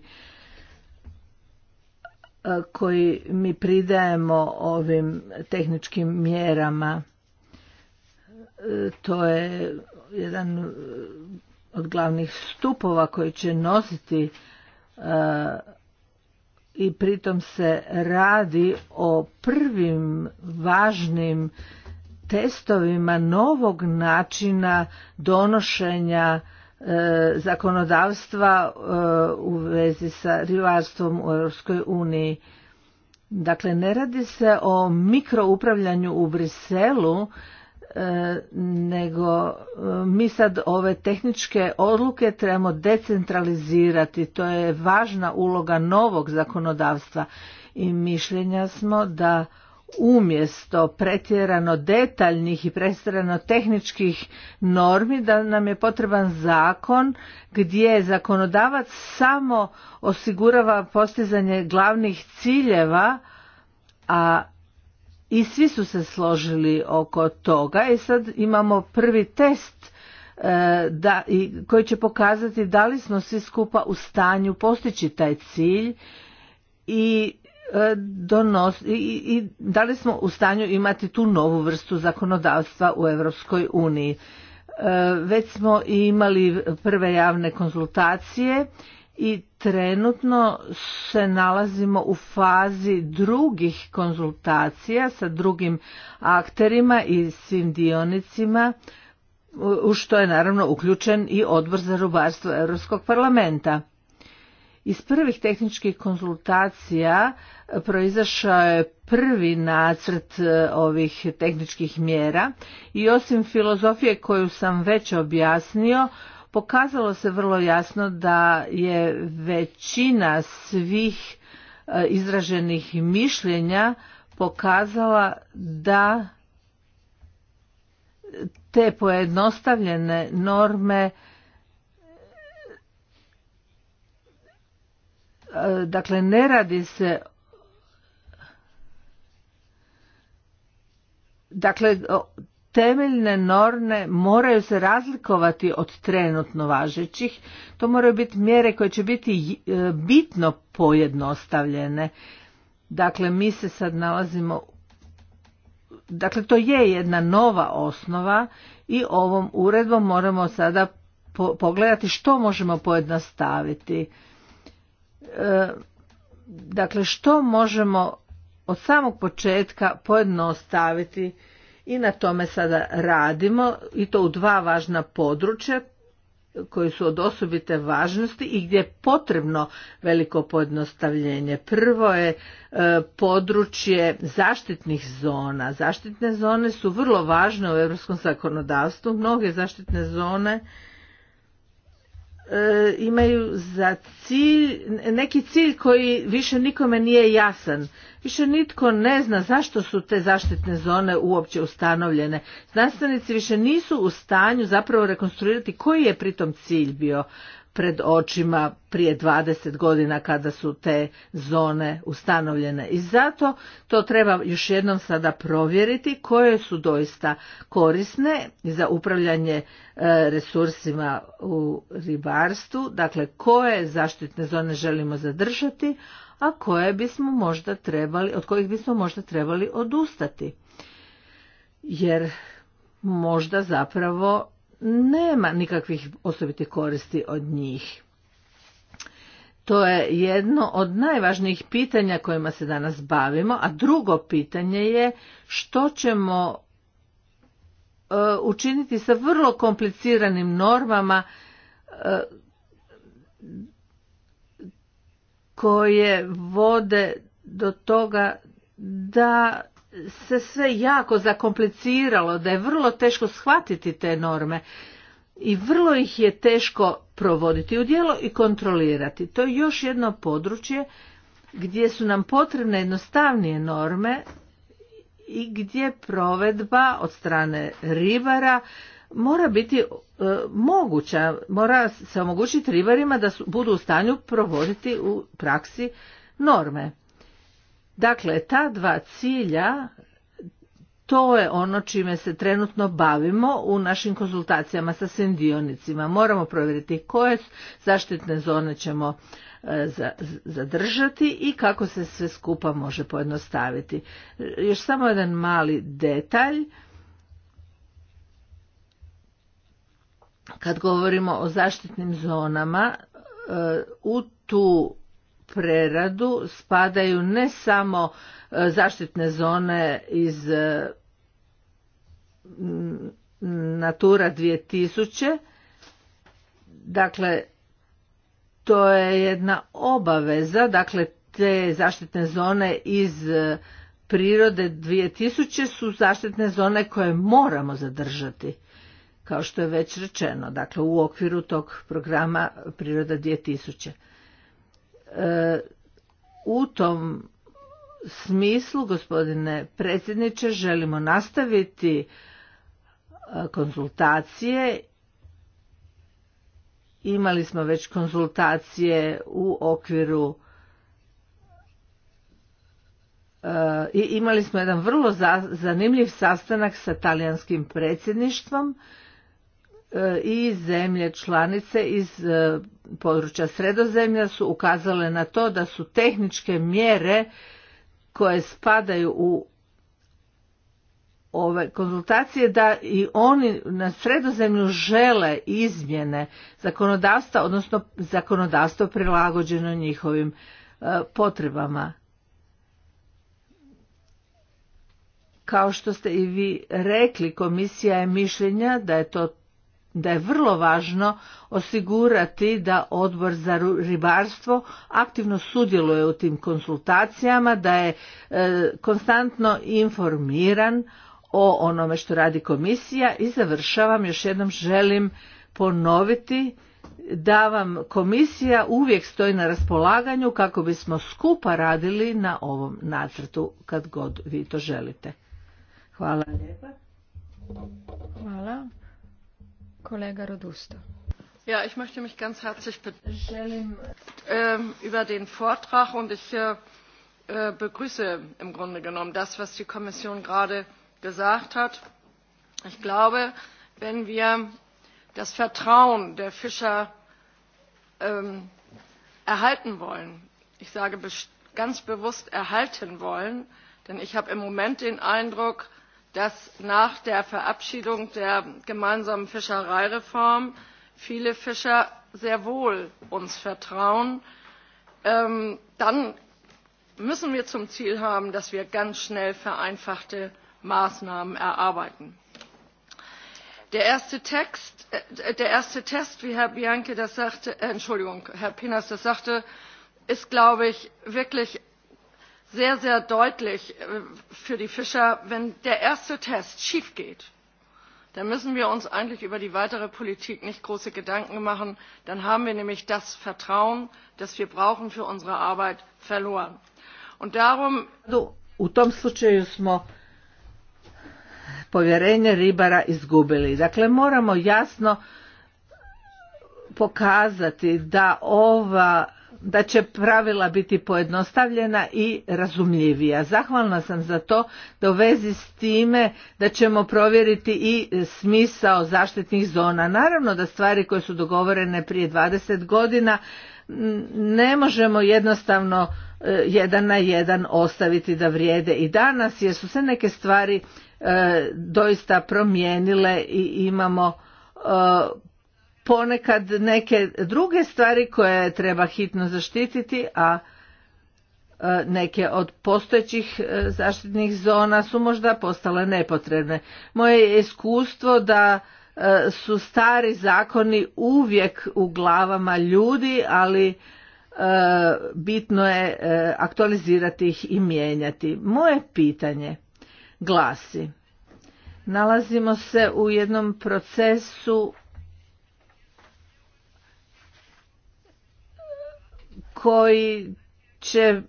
koji mi pridajemo ovim tehničkim mjerama. Eh, to je jedan od glavnih stupova koji će nositi i pritom se radi o prvim važnim testovima novog načina donošenja e, zakonodavstva e, u vezi sa rivarstvom u Europskoj uniji. Dakle, ne radi se o mikroupravljanju u Briselu, E, nego e, mi sad ove tehničke odluke trebamo decentralizirati. To je važna uloga novog zakonodavstva i mišljenja smo da umjesto pretjerano detaljnih i pretjerano tehničkih normi da nam je potreban zakon gdje zakonodavac samo osigurava postizanje glavnih ciljeva a i svi su se složili oko toga i e sad imamo prvi test e, da, i, koji će pokazati da li smo svi skupa u stanju postići taj cilj i, e, donos, i, i da li smo u stanju imati tu novu vrstu zakonodavstva u Europskoj uniji. Već smo imali prve javne konzultacije i trenutno se nalazimo u fazi drugih konzultacija sa drugim akterima i svim dionicima u što je naravno uključen i odbor za rubarstvo Europskog parlamenta. Iz prvih tehničkih konzultacija proizašao je prvi nacrt e, ovih tehničkih mjera i osim filozofije koju sam već objasnio, pokazalo se vrlo jasno da je većina svih e, izraženih mišljenja pokazala da te pojednostavljene norme e, dakle ne radi se dakle temeljne norme moraju se razlikovati od trenutno važećih. To moraju biti mjere koje će biti e, bitno pojednostavljene. Dakle, mi se sad nalazimo... Dakle, to je jedna nova osnova i ovom uredbom moramo sada pogledati što možemo pojednostaviti. E, dakle, što možemo od samog početka pojednostaviti i na tome sada radimo i to u dva važna područja koji su od osobite važnosti i gdje je potrebno veliko pojednostavljenje. Prvo je e, područje zaštitnih zona. Zaštitne zone su vrlo važne u europskom zakonodavstvu. Mnoge zaštitne zone E, imaju za cilj, neki cilj koji više nikome nije jasan. Više nitko ne zna zašto su te zaštitne zone uopće ustanovljene. Znanstvenici više nisu u stanju zapravo rekonstruirati koji je pritom cilj bio pred očima prije 20 godina kada su te zone ustanovljene. I zato to treba još jednom sada provjeriti koje su doista korisne za upravljanje e, resursima u ribarstvu, dakle koje zaštitne zone želimo zadržati, a koje bismo možda trebali, od kojih bismo možda trebali odustati. Jer možda zapravo nema nikakvih osobitih koristi od njih. To je jedno od najvažnijih pitanja kojima se danas bavimo, a drugo pitanje je što ćemo e, učiniti sa vrlo kompliciranim normama e, koje vode do toga da se sve jako zakompliciralo, da je vrlo teško shvatiti te norme i vrlo ih je teško provoditi u djelo i kontrolirati. To je još jedno područje gdje su nam potrebne jednostavnije norme i gdje provedba od strane ribara mora biti e, moguća, mora se omogućiti ribarima da su, budu u stanju provoditi u praksi norme. Dakle, ta dva cilja, to je ono čime se trenutno bavimo u našim konzultacijama sa svim dionicima. Moramo provjeriti koje zaštitne zone ćemo e, zadržati i kako se sve skupa može pojednostaviti. Još samo jedan mali detalj. Kad govorimo o zaštitnim zonama, e, u tu preradu spadaju ne samo e, zaštitne zone iz e, Natura 2000, dakle to je jedna obaveza, dakle te zaštitne zone iz e, prirode 2000 su zaštitne zone koje moramo zadržati, kao što je već rečeno, dakle u okviru tog programa Priroda 2000. E, u tom smislu, gospodine predsjedniče, želimo nastaviti e, konzultacije. Imali smo već konzultacije u okviru e, i imali smo jedan vrlo zanimljiv sastanak sa talijanskim predsjedništvom E, i zemlje članice iz e, područja sredozemlja su ukazale na to da su tehničke mjere koje spadaju u ove konzultacije da i oni na sredozemlju žele izmjene zakonodavstva odnosno zakonodavstvo prilagođeno njihovim e, potrebama kao što ste i vi rekli komisija je mišljenja da je to da je vrlo važno osigurati da odbor za ribarstvo aktivno sudjeluje u tim konsultacijama, da je e, konstantno informiran o onome što radi komisija i završavam, još jednom želim ponoviti da vam komisija uvijek stoji na raspolaganju kako bismo skupa radili na ovom nacrtu kad god vi to želite. Hvala lijepa. Hvala. Kolega Rodusto. Ja, ich möchte mich ganz herzlich bedanken ähm, über den Vortrag und ich äh, äh, begrüße im Grunde genommen das, was die Kommission gerade gesagt hat. Ich glaube, wenn wir das Vertrauen der Fischer ähm, erhalten wollen, ich sage ganz bewusst erhalten wollen, denn ich habe im Moment den Eindruck, dass nach der verabschiedung der gemeinsamen fischereireform viele fischer sehr wohl uns vertrauen ähm, dann müssen wir zum ziel haben dass wir ganz schnell vereinfachte maßnahmen erarbeiten. der erste, Text, äh, der erste test wie herr bianke das sagte äh, entschuldigung herr pinas das sagte ist glaube ich wirklich sehr sehr deutlich äh, für die fischer wenn der erste test schief geht dann müssen wir uns eigentlich über die weitere politik nicht große gedanken machen dann haben wir nämlich das vertrauen das wir brauchen für unsere arbeit verloren. und darum u tom slučaju smo povjerenje ribara izgubili. Dakle, moramo jasno pokazati da ova da će pravila biti pojednostavljena i razumljivija. Zahvalna sam za to da u vezi s time da ćemo provjeriti i smisao zaštitnih zona. Naravno da stvari koje su dogovorene prije 20 godina ne možemo jednostavno e, jedan na jedan ostaviti da vrijede i danas jer su se neke stvari e, doista promijenile i imamo e, ponekad neke druge stvari koje treba hitno zaštititi, a e, neke od postojećih e, zaštitnih zona su možda postale nepotrebne. Moje je iskustvo da e, su stari zakoni uvijek u glavama ljudi, ali bitno je aktualizirati ih i mijenjati. Moje pitanje glasi, nalazimo se u jednom procesu koji će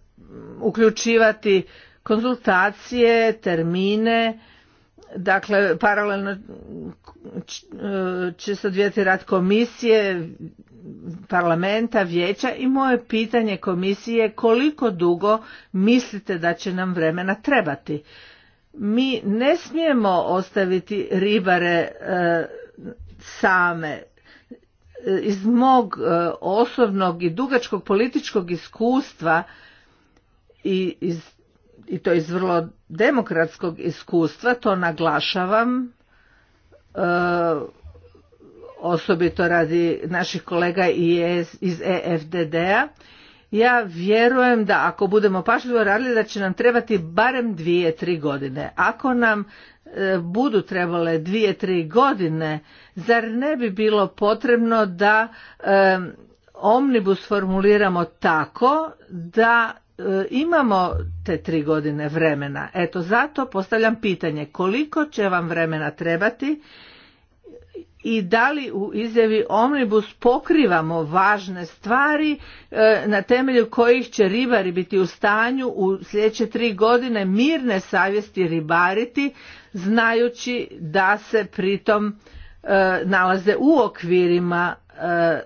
uključivati konzultacije, termine, dakle paralelno će se odvijati rad komisije, parlamenta, vijeća i moje pitanje komisije koliko dugo mislite da će nam vremena trebati. Mi ne smijemo ostaviti ribare e, same E, iz mog e, osobnog i dugačkog političkog iskustva i, iz, i to iz vrlo demokratskog iskustva, to naglašavam e, osobito radi naših kolega iz EFDD-a. Ja vjerujem da ako budemo pažljivo radili da će nam trebati barem dvije, tri godine. Ako nam E, budu trebale dvije, tri godine, zar ne bi bilo potrebno da e, omnibus formuliramo tako da e, imamo te tri godine vremena. Eto, zato postavljam pitanje koliko će vam vremena trebati i da li u izjavi Omnibus pokrivamo važne stvari e, na temelju kojih će ribari biti u stanju u sljedeće tri godine mirne savjesti ribariti znajući da se pritom e, nalaze u okvirima e,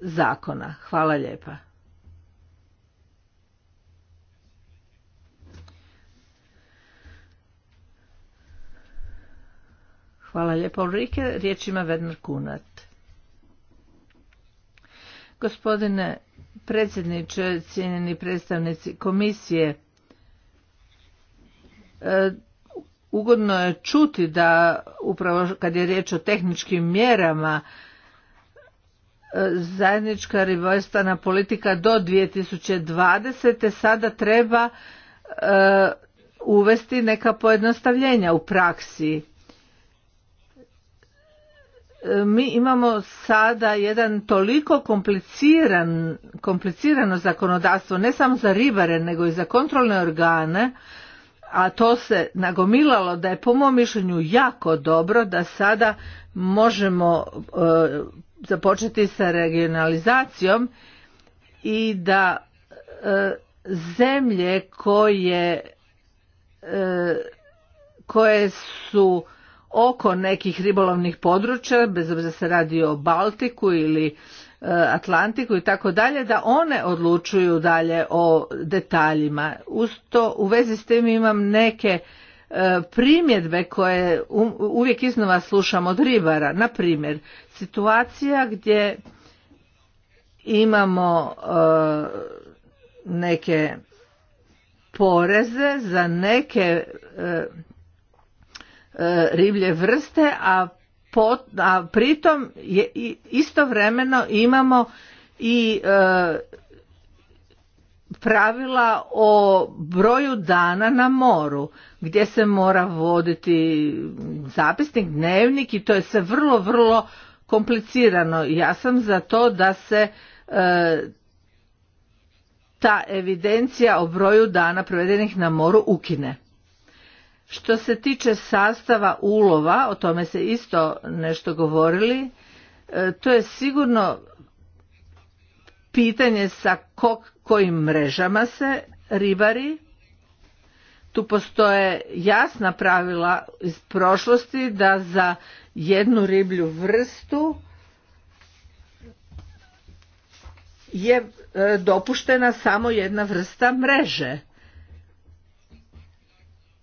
zakona. Hvala lijepa. Hvala lijepo Ulrike. Riječ ima Kunat. Gospodine predsjedniče, cijenjeni predstavnici komisije, e, ugodno je čuti da upravo kad je riječ o tehničkim mjerama e, zajednička ribarstvena politika do 2020. sada treba e, uvesti neka pojednostavljenja u praksi mi imamo sada jedan toliko kompliciran, komplicirano zakonodavstvo, ne samo za ribare, nego i za kontrolne organe, a to se nagomilalo da je po mom mišljenju jako dobro da sada možemo e, započeti sa regionalizacijom i da e, zemlje koje e, koje su oko nekih ribolovnih područja, bez obzira se radi o Baltiku ili e, Atlantiku i tako dalje, da one odlučuju dalje o detaljima. Uz to, u vezi s tim imam neke e, primjedbe koje uvijek iznova slušam od ribara. Na primjer, situacija gdje imamo e, neke poreze za neke E, riblje vrste, a, pritom je, istovremeno imamo i e, pravila o broju dana na moru gdje se mora voditi zapisnik, dnevnik i to je se vrlo, vrlo komplicirano. Ja sam za to da se e, ta evidencija o broju dana provedenih na moru ukine. Što se tiče sastava ulova, o tome se isto nešto govorili, e, to je sigurno pitanje sa kojim mrežama se ribari. Tu postoje jasna pravila iz prošlosti da za jednu riblju vrstu je e, dopuštena samo jedna vrsta mreže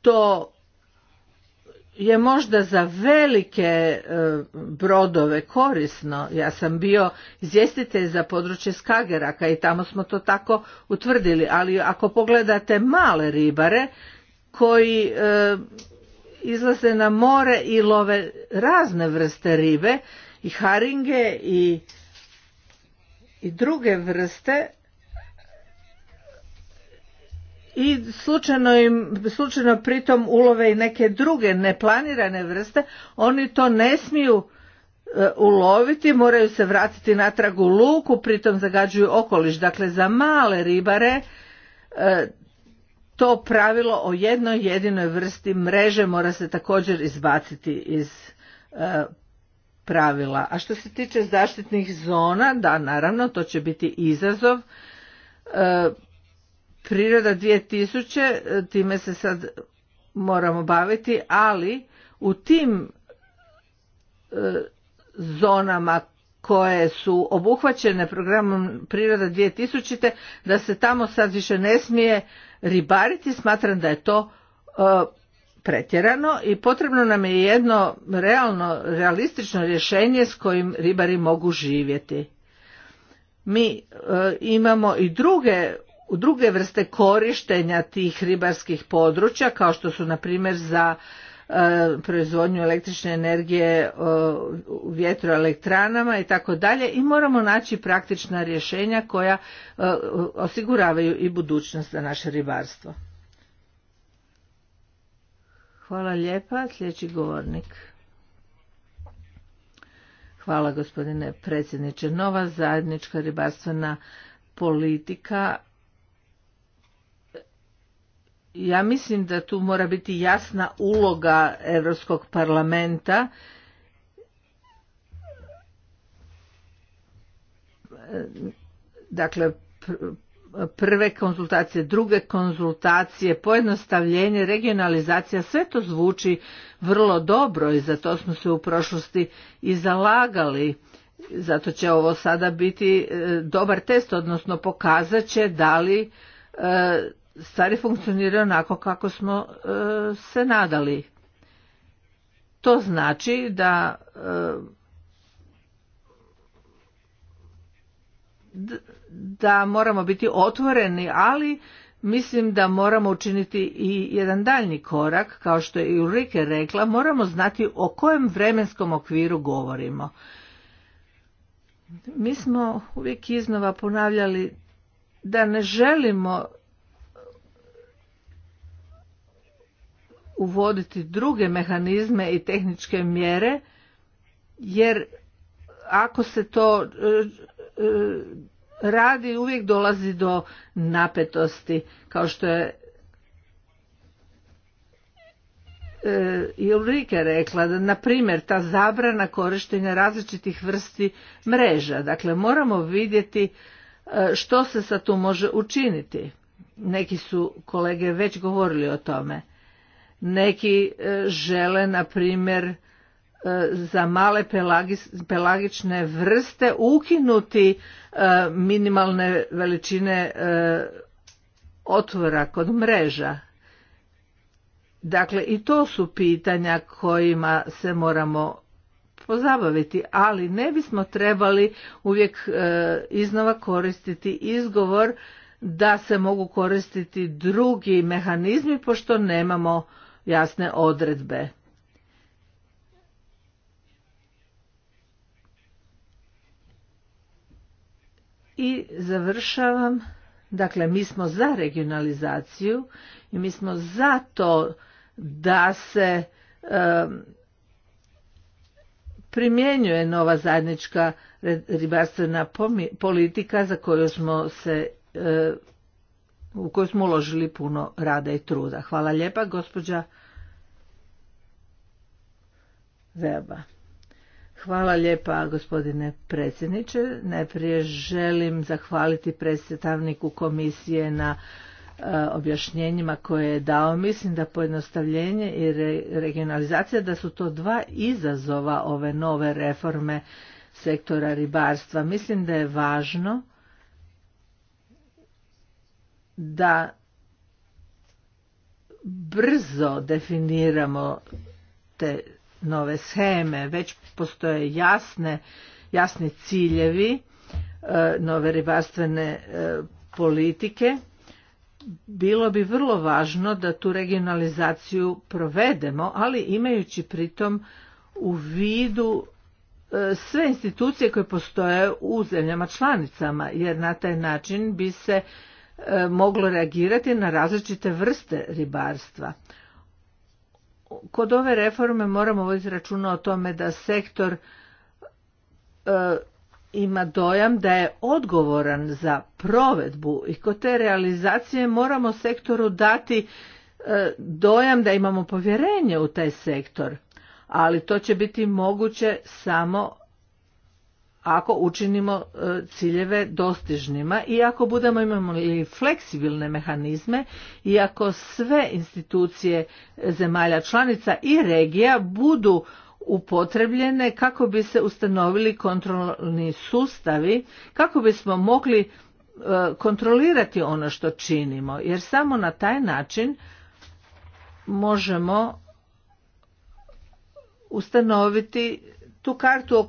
to je možda za velike e, brodove korisno. Ja sam bio izvjestitelj za područje Skageraka i tamo smo to tako utvrdili, ali ako pogledate male ribare koji e, izlaze na more i love razne vrste ribe i haringe i, i druge vrste i slučajno, im, slučajno pritom ulove i neke druge neplanirane vrste, oni to ne smiju e, uloviti, moraju se vratiti natrag u luku, pritom zagađuju okoliš. Dakle, za male ribare e, to pravilo o jednoj jedinoj vrsti mreže mora se također izbaciti iz e, pravila. A što se tiče zaštitnih zona, da naravno, to će biti izazov. Priroda 2000, time se sad moramo baviti, ali u tim e, zonama koje su obuhvaćene programom Priroda 2000, da se tamo sad više ne smije ribariti, smatram da je to e, pretjerano i potrebno nam je jedno realno, realistično rješenje s kojim ribari mogu živjeti. Mi e, imamo i druge u druge vrste korištenja tih ribarskih područja kao što su na primjer za e, proizvodnju električne energije e, u vjetroelektranama i tako dalje i moramo naći praktična rješenja koja e, osiguravaju i budućnost za naše ribarstvo. Hvala lijepa, sljedeći govornik. Hvala gospodine predsjedniče. Nova zajednička ribarstvena politika ja mislim da tu mora biti jasna uloga Europskog parlamenta dakle prve konzultacije, druge konzultacije, pojednostavljenje, regionalizacija, sve to zvuči vrlo dobro i za to smo se u prošlosti i zalagali. Zato će ovo sada biti e, dobar test, odnosno pokazat će da li e, stvari funkcioniraju onako kako smo e, se nadali. To znači da e, da moramo biti otvoreni, ali mislim da moramo učiniti i jedan daljni korak, kao što je i Ulrike rekla, moramo znati o kojem vremenskom okviru govorimo. Mi smo uvijek iznova ponavljali da ne želimo uvoditi druge mehanizme i tehničke mjere jer ako se to e, e, radi uvijek dolazi do napetosti kao što je Ilrike e, rekla da na primjer ta zabrana korištenja različitih vrsti mreža dakle moramo vidjeti što se sa tu može učiniti neki su kolege već govorili o tome neki e, žele, na primjer, e, za male pelagične vrste ukinuti e, minimalne veličine otvora kod mreža. Dakle, i to su pitanja kojima se moramo pozabaviti, ali ne bismo trebali uvijek iznova koristiti izgovor da se mogu koristiti drugi mehanizmi, pošto nemamo jasne odredbe. I završavam, dakle mi smo za regionalizaciju i mi smo za to da se primjenjuje nova zajednička ribarstvena politika za koju smo se u koju smo uložili puno rada i truda. Hvala lijepa, gospođa Veba. Hvala lijepa gospodine predsjedniče. Najprije želim zahvaliti predstavniku komisije na e, objašnjenjima koje je dao. Mislim da pojednostavljenje i regionalizacija da su to dva izazova ove nove reforme sektora ribarstva. Mislim da je važno da brzo definiramo te nove sheme, već postoje jasne, jasni ciljevi e, nove ribarstvene e, politike. Bilo bi vrlo važno da tu regionalizaciju provedemo, ali imajući pritom u vidu e, sve institucije koje postoje u zemljama članicama, jer na taj način bi se E, moglo reagirati na različite vrste ribarstva. Kod ove reforme moramo voditi računa o tome da sektor e, ima dojam da je odgovoran za provedbu i kod te realizacije moramo sektoru dati e, dojam da imamo povjerenje u taj sektor, ali to će biti moguće samo ako učinimo e, ciljeve dostižnima i ako budemo imali fleksibilne mehanizme i ako sve institucije zemalja članica i regija budu upotrebljene kako bi se ustanovili kontrolni sustavi kako bismo mogli e, kontrolirati ono što činimo jer samo na taj način možemo ustanoviti tu kartu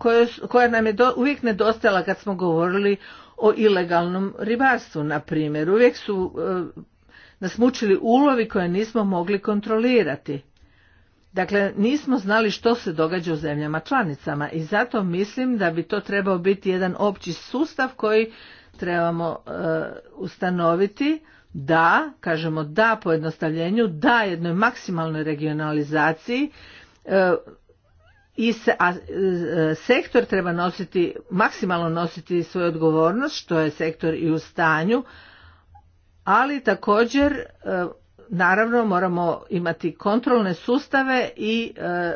koja nam je do, uvijek nedostala kad smo govorili o ilegalnom ribarstvu, na primjer. Uvijek su e, nas mučili ulovi koje nismo mogli kontrolirati. Dakle, nismo znali što se događa u zemljama članicama i zato mislim da bi to trebao biti jedan opći sustav koji trebamo e, ustanoviti da, kažemo da pojednostavljenju, da jednoj maksimalnoj regionalizaciji, e, i e, sektor treba nositi, maksimalno nositi svoju odgovornost, što je sektor i u stanju, ali također e, naravno moramo imati kontrolne sustave i e,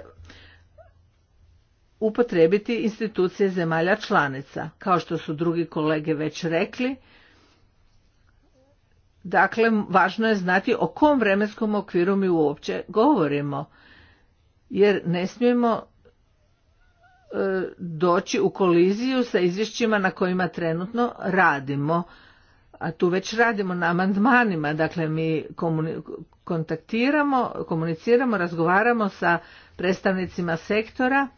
upotrebiti institucije zemalja članica, kao što su drugi kolege već rekli. Dakle, važno je znati o kom vremenskom okviru mi uopće govorimo, jer ne smijemo E, doći u koliziju sa izvješćima na kojima trenutno radimo. A tu već radimo na amandmanima, dakle mi kontaktiramo, komuniciramo, razgovaramo sa predstavnicima sektora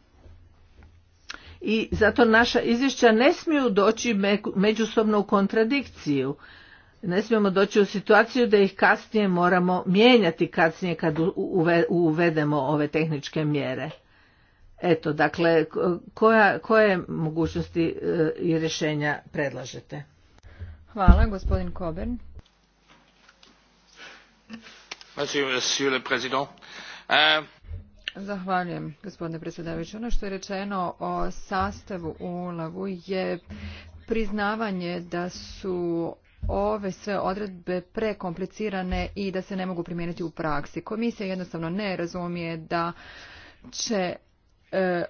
i zato naša izvješća ne smiju doći međusobno u kontradikciju. Ne smijemo doći u situaciju da ih kasnije moramo mijenjati kasnije kad uvedemo ove tehničke mjere. Eto, dakle, koja, koje mogućnosti e, i rješenja predlažete? Hvala, gospodin Kobern. Euh, Zahvaljujem, gospodine predsjedavajući. Ono što je rečeno o sastavu ulavu je priznavanje da su ove sve odredbe prekomplicirane i da se ne mogu primijeniti u praksi. Komisija jednostavno ne razumije da će Uh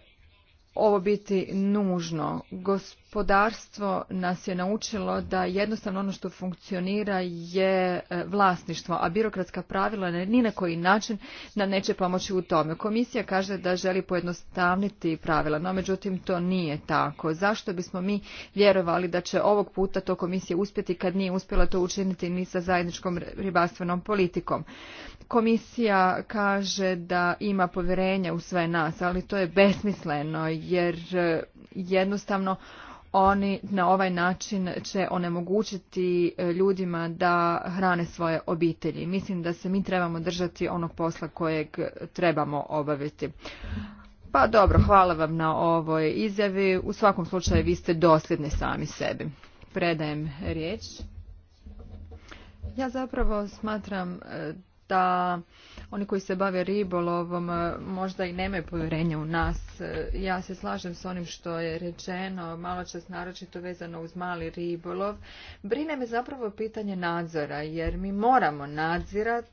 ovo biti nužno. Gospodarstvo nas je naučilo da jednostavno ono što funkcionira je e, vlasništvo, a birokratska pravila ni na koji način nam neće pomoći u tome. Komisija kaže da želi pojednostavniti pravila, no međutim to nije tako. Zašto bismo mi vjerovali da će ovog puta to komisija uspjeti kad nije uspjela to učiniti ni sa zajedničkom ribarstvenom politikom? Komisija kaže da ima povjerenja u sve nas, ali to je besmisleno jer e, jednostavno oni na ovaj način će onemogućiti e, ljudima da hrane svoje obitelji. Mislim da se mi trebamo držati onog posla kojeg trebamo obaviti. Pa dobro, hvala vam na ovoj izjavi. U svakom slučaju vi ste dosljedni sami sebi. Predajem riječ. Ja zapravo smatram e, da oni koji se bave ribolovom e, možda i nemaju povjerenja u nas. E, ja se slažem s onim što je rečeno, malo čas naročito vezano uz mali ribolov. Brine me zapravo pitanje nadzora, jer mi moramo nadzirati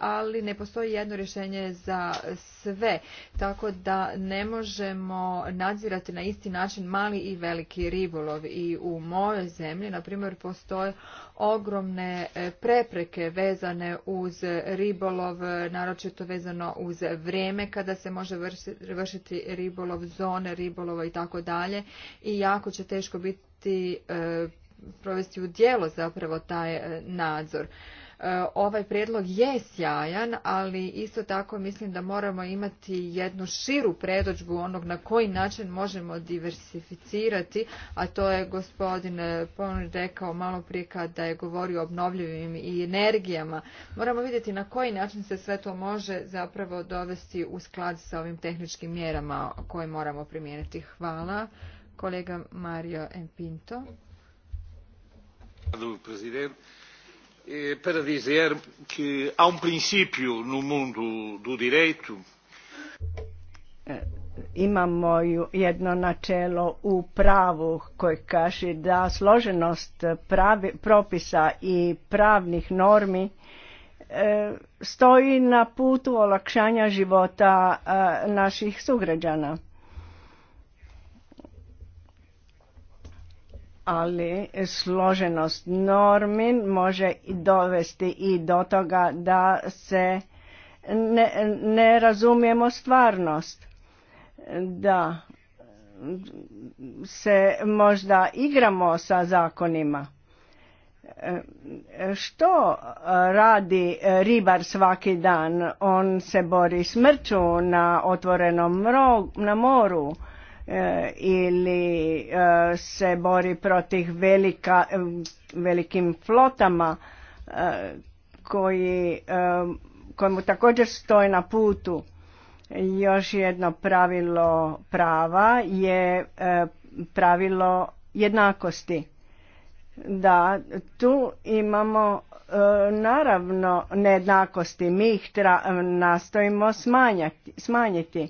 ali ne postoji jedno rješenje za sve, tako da ne možemo nadzirati na isti način mali i veliki ribolov. I u mojoj zemlji, na primjer, postoje ogromne e, prepreke vezane uz ribolov, naročito vezano uz vrijeme kada se može vršiti ribolov, zone ribolova i tako dalje. I jako će teško biti e, provesti u djelo zapravo taj e, nadzor. Ovaj prijedlog je sjajan, ali isto tako mislim da moramo imati jednu širu predođbu onog na koji način možemo diversificirati, a to je gospodin Pon rekao malo prije kada je govorio o obnovljivim i energijama. Moramo vidjeti na koji način se sve to može zapravo dovesti u sklad sa ovim tehničkim mjerama koje moramo primijeniti. Hvala. Kolega Mario Empinto. Hvala, Eh, para dizer que há um princípio no mundo do direito e, imamo jedno načelo u pravu koje kaže da složenost pravi, propisa i pravnih normi e, stoji na putu olakšanja života e, naših sugrađana ali složenost normi može dovesti i do toga da se ne, ne razumijemo stvarnost da se možda igramo sa zakonima e, što radi ribar svaki dan on se bori smrću na otvorenom na moru E, ili e, se bori protiv velika, e, velikim flotama koji, mu također stoje na putu. Još jedno pravilo prava je pravilo jednakosti. Da, tu imamo naravno nejednakosti, mi ih nastojimo smanjiti.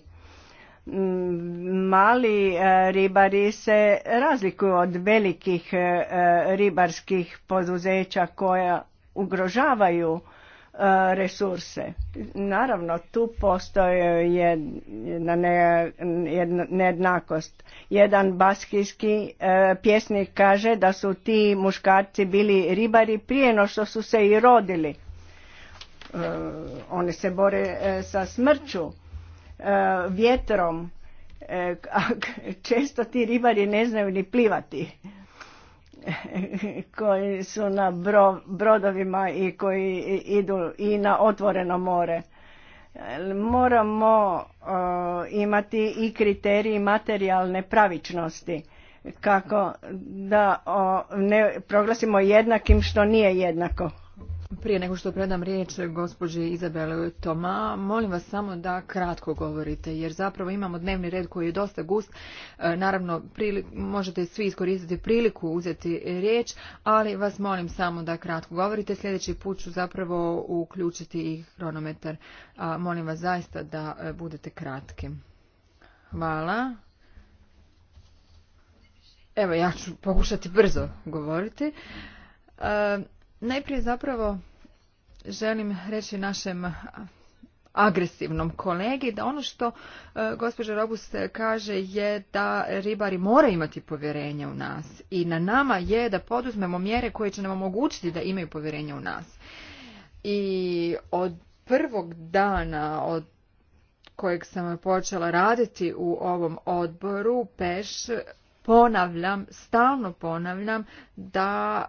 Mm, mali e, ribari se razlikuju od velikih e, e, ribarskih poduzeća koja ugrožavaju resurse. Naravno, tu postoje jedna nejednakost. Jedan baskijski pjesnik kaže da su ti muškarci bili ribari prije no što su se i rodili. Oni se bore sa smrću E, vjetrom. E, često ti ribari ne znaju ni plivati koji su na brodovima i koji idu i na otvoreno more. Moramo e, imati i kriteriji materijalne pravičnosti kako da ne proglasimo jednakim što nije jednako. Prije nego što predam riječ gospođi Izabele Toma, molim vas samo da kratko govorite, jer zapravo imamo dnevni red koji je dosta gust. E, naravno, možete svi iskoristiti priliku uzeti riječ, ali vas molim samo da kratko govorite. Sljedeći put ću zapravo uključiti i kronometar. molim vas zaista da e, budete kratki. Hvala. Evo, ja ću pokušati brzo govoriti. E, Najprije zapravo želim reći našem agresivnom kolegi da ono što e, gospođa Robus kaže je da ribari moraju imati povjerenje u nas i na nama je da poduzmemo mjere koje će nam omogućiti da imaju povjerenje u nas. I od prvog dana od kojeg sam počela raditi u ovom odboru, peš, ponavljam, stalno ponavljam da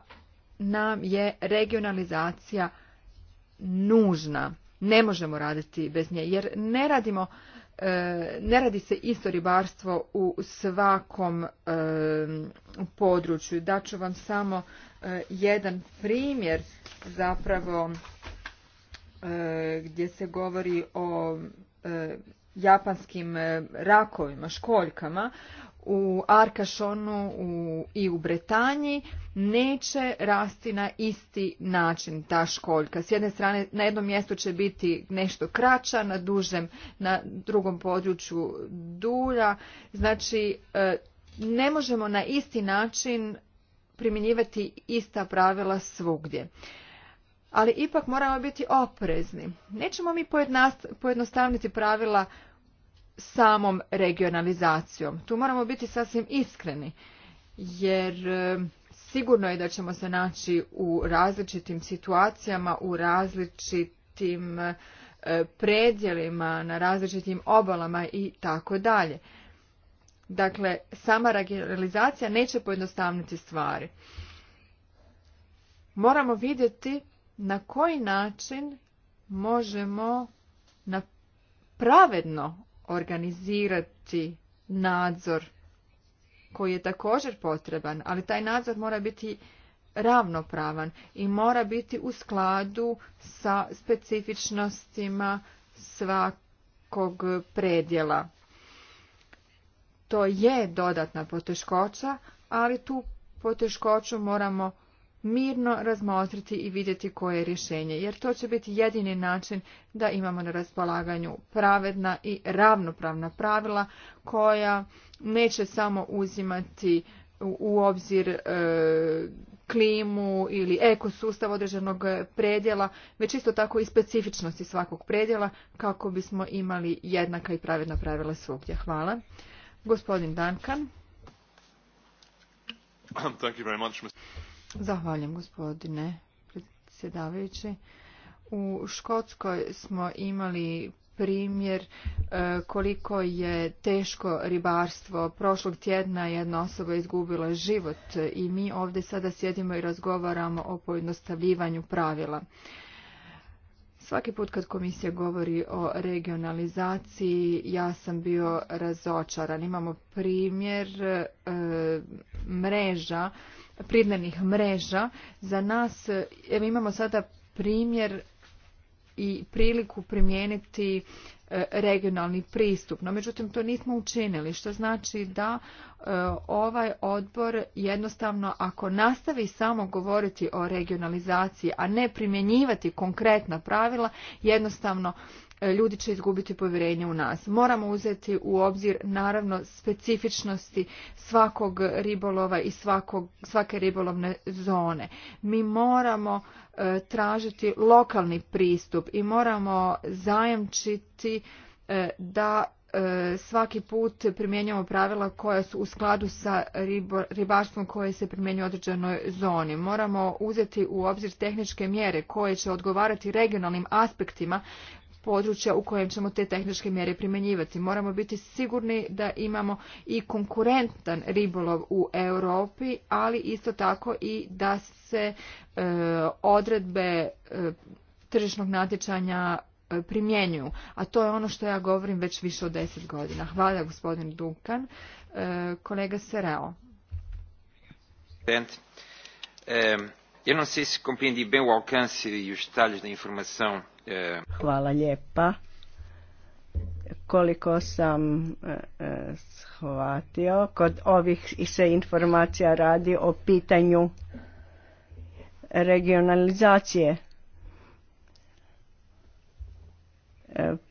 nam je regionalizacija nužna. Ne možemo raditi bez nje jer ne radimo e, ne radi se isto ribarstvo u svakom e, području. Daću vam samo e, jedan primjer zapravo gdje se govori o japanskim rakovima, školjkama u Arkašonu i u Bretanji neće rasti na isti način ta školjka. S jedne strane na jednom mjestu će biti nešto kraća, na dužem, na drugom području dulja. Znači e, ne možemo na isti način primjenjivati ista pravila svugdje. Ali ipak moramo biti oprezni. Nećemo mi pojednostavniti pravila samom regionalizacijom. Tu moramo biti sasvim iskreni, jer e, sigurno je da ćemo se naći u različitim situacijama, u različitim e, predjelima, na različitim obalama i tako dalje. Dakle, sama regionalizacija neće pojednostavniti stvari. Moramo vidjeti na koji način možemo na pravedno organizirati nadzor koji je također potreban, ali taj nadzor mora biti ravnopravan i mora biti u skladu sa specifičnostima svakog predjela. To je dodatna poteškoća, ali tu poteškoću moramo mirno razmotriti i vidjeti koje je rješenje, jer to će biti jedini način da imamo na raspolaganju pravedna i ravnopravna pravila koja neće samo uzimati u obzir e, klimu ili ekosustav određenog predjela, već isto tako i specifičnosti svakog predjela kako bismo imali jednaka i pravedna pravila svugdje. Hvala. Gospodin Duncan. Zahvaljujem gospodine predsjedavajući. U Škotskoj smo imali primjer e, koliko je teško ribarstvo. Prošlog tjedna jedna osoba izgubila život i mi ovdje sada sjedimo i razgovaramo o pojednostavljivanju pravila. Svaki put kad komisija govori o regionalizaciji, ja sam bio razočaran. Imamo primjer e, mreža pridnevnih mreža. Za nas e, imamo sada primjer i priliku primijeniti e, regionalni pristup. No, međutim, to nismo učinili, što znači da e, ovaj odbor jednostavno, ako nastavi samo govoriti o regionalizaciji, a ne primjenjivati konkretna pravila, jednostavno ljudi će izgubiti povjerenje u nas. Moramo uzeti u obzir naravno specifičnosti svakog ribolova i svakog, svake ribolovne zone. Mi moramo e, tražiti lokalni pristup i moramo zajamčiti e, da e, svaki put primjenjujemo pravila koja su u skladu sa ribarstvom koje se primjenjuje u određenoj zoni. Moramo uzeti u obzir tehničke mjere koje će odgovarati regionalnim aspektima područja u kojem ćemo te tehničke mjere primjenjivati. Moramo biti sigurni da imamo i konkurentan ribolov u Europi, ali isto tako i da se e, odredbe e, tržišnog natječanja e, primjenjuju. A to je ono što ja govorim već više od deset godina. Hvala gospodin Duncan. kolega Sereo. Eh, eu não sei se compreendi bem o alcance e os detalhes da informação E, Hvala lijepa. Koliko sam e, e, shvatio, kod ovih se informacija radi o pitanju regionalizacije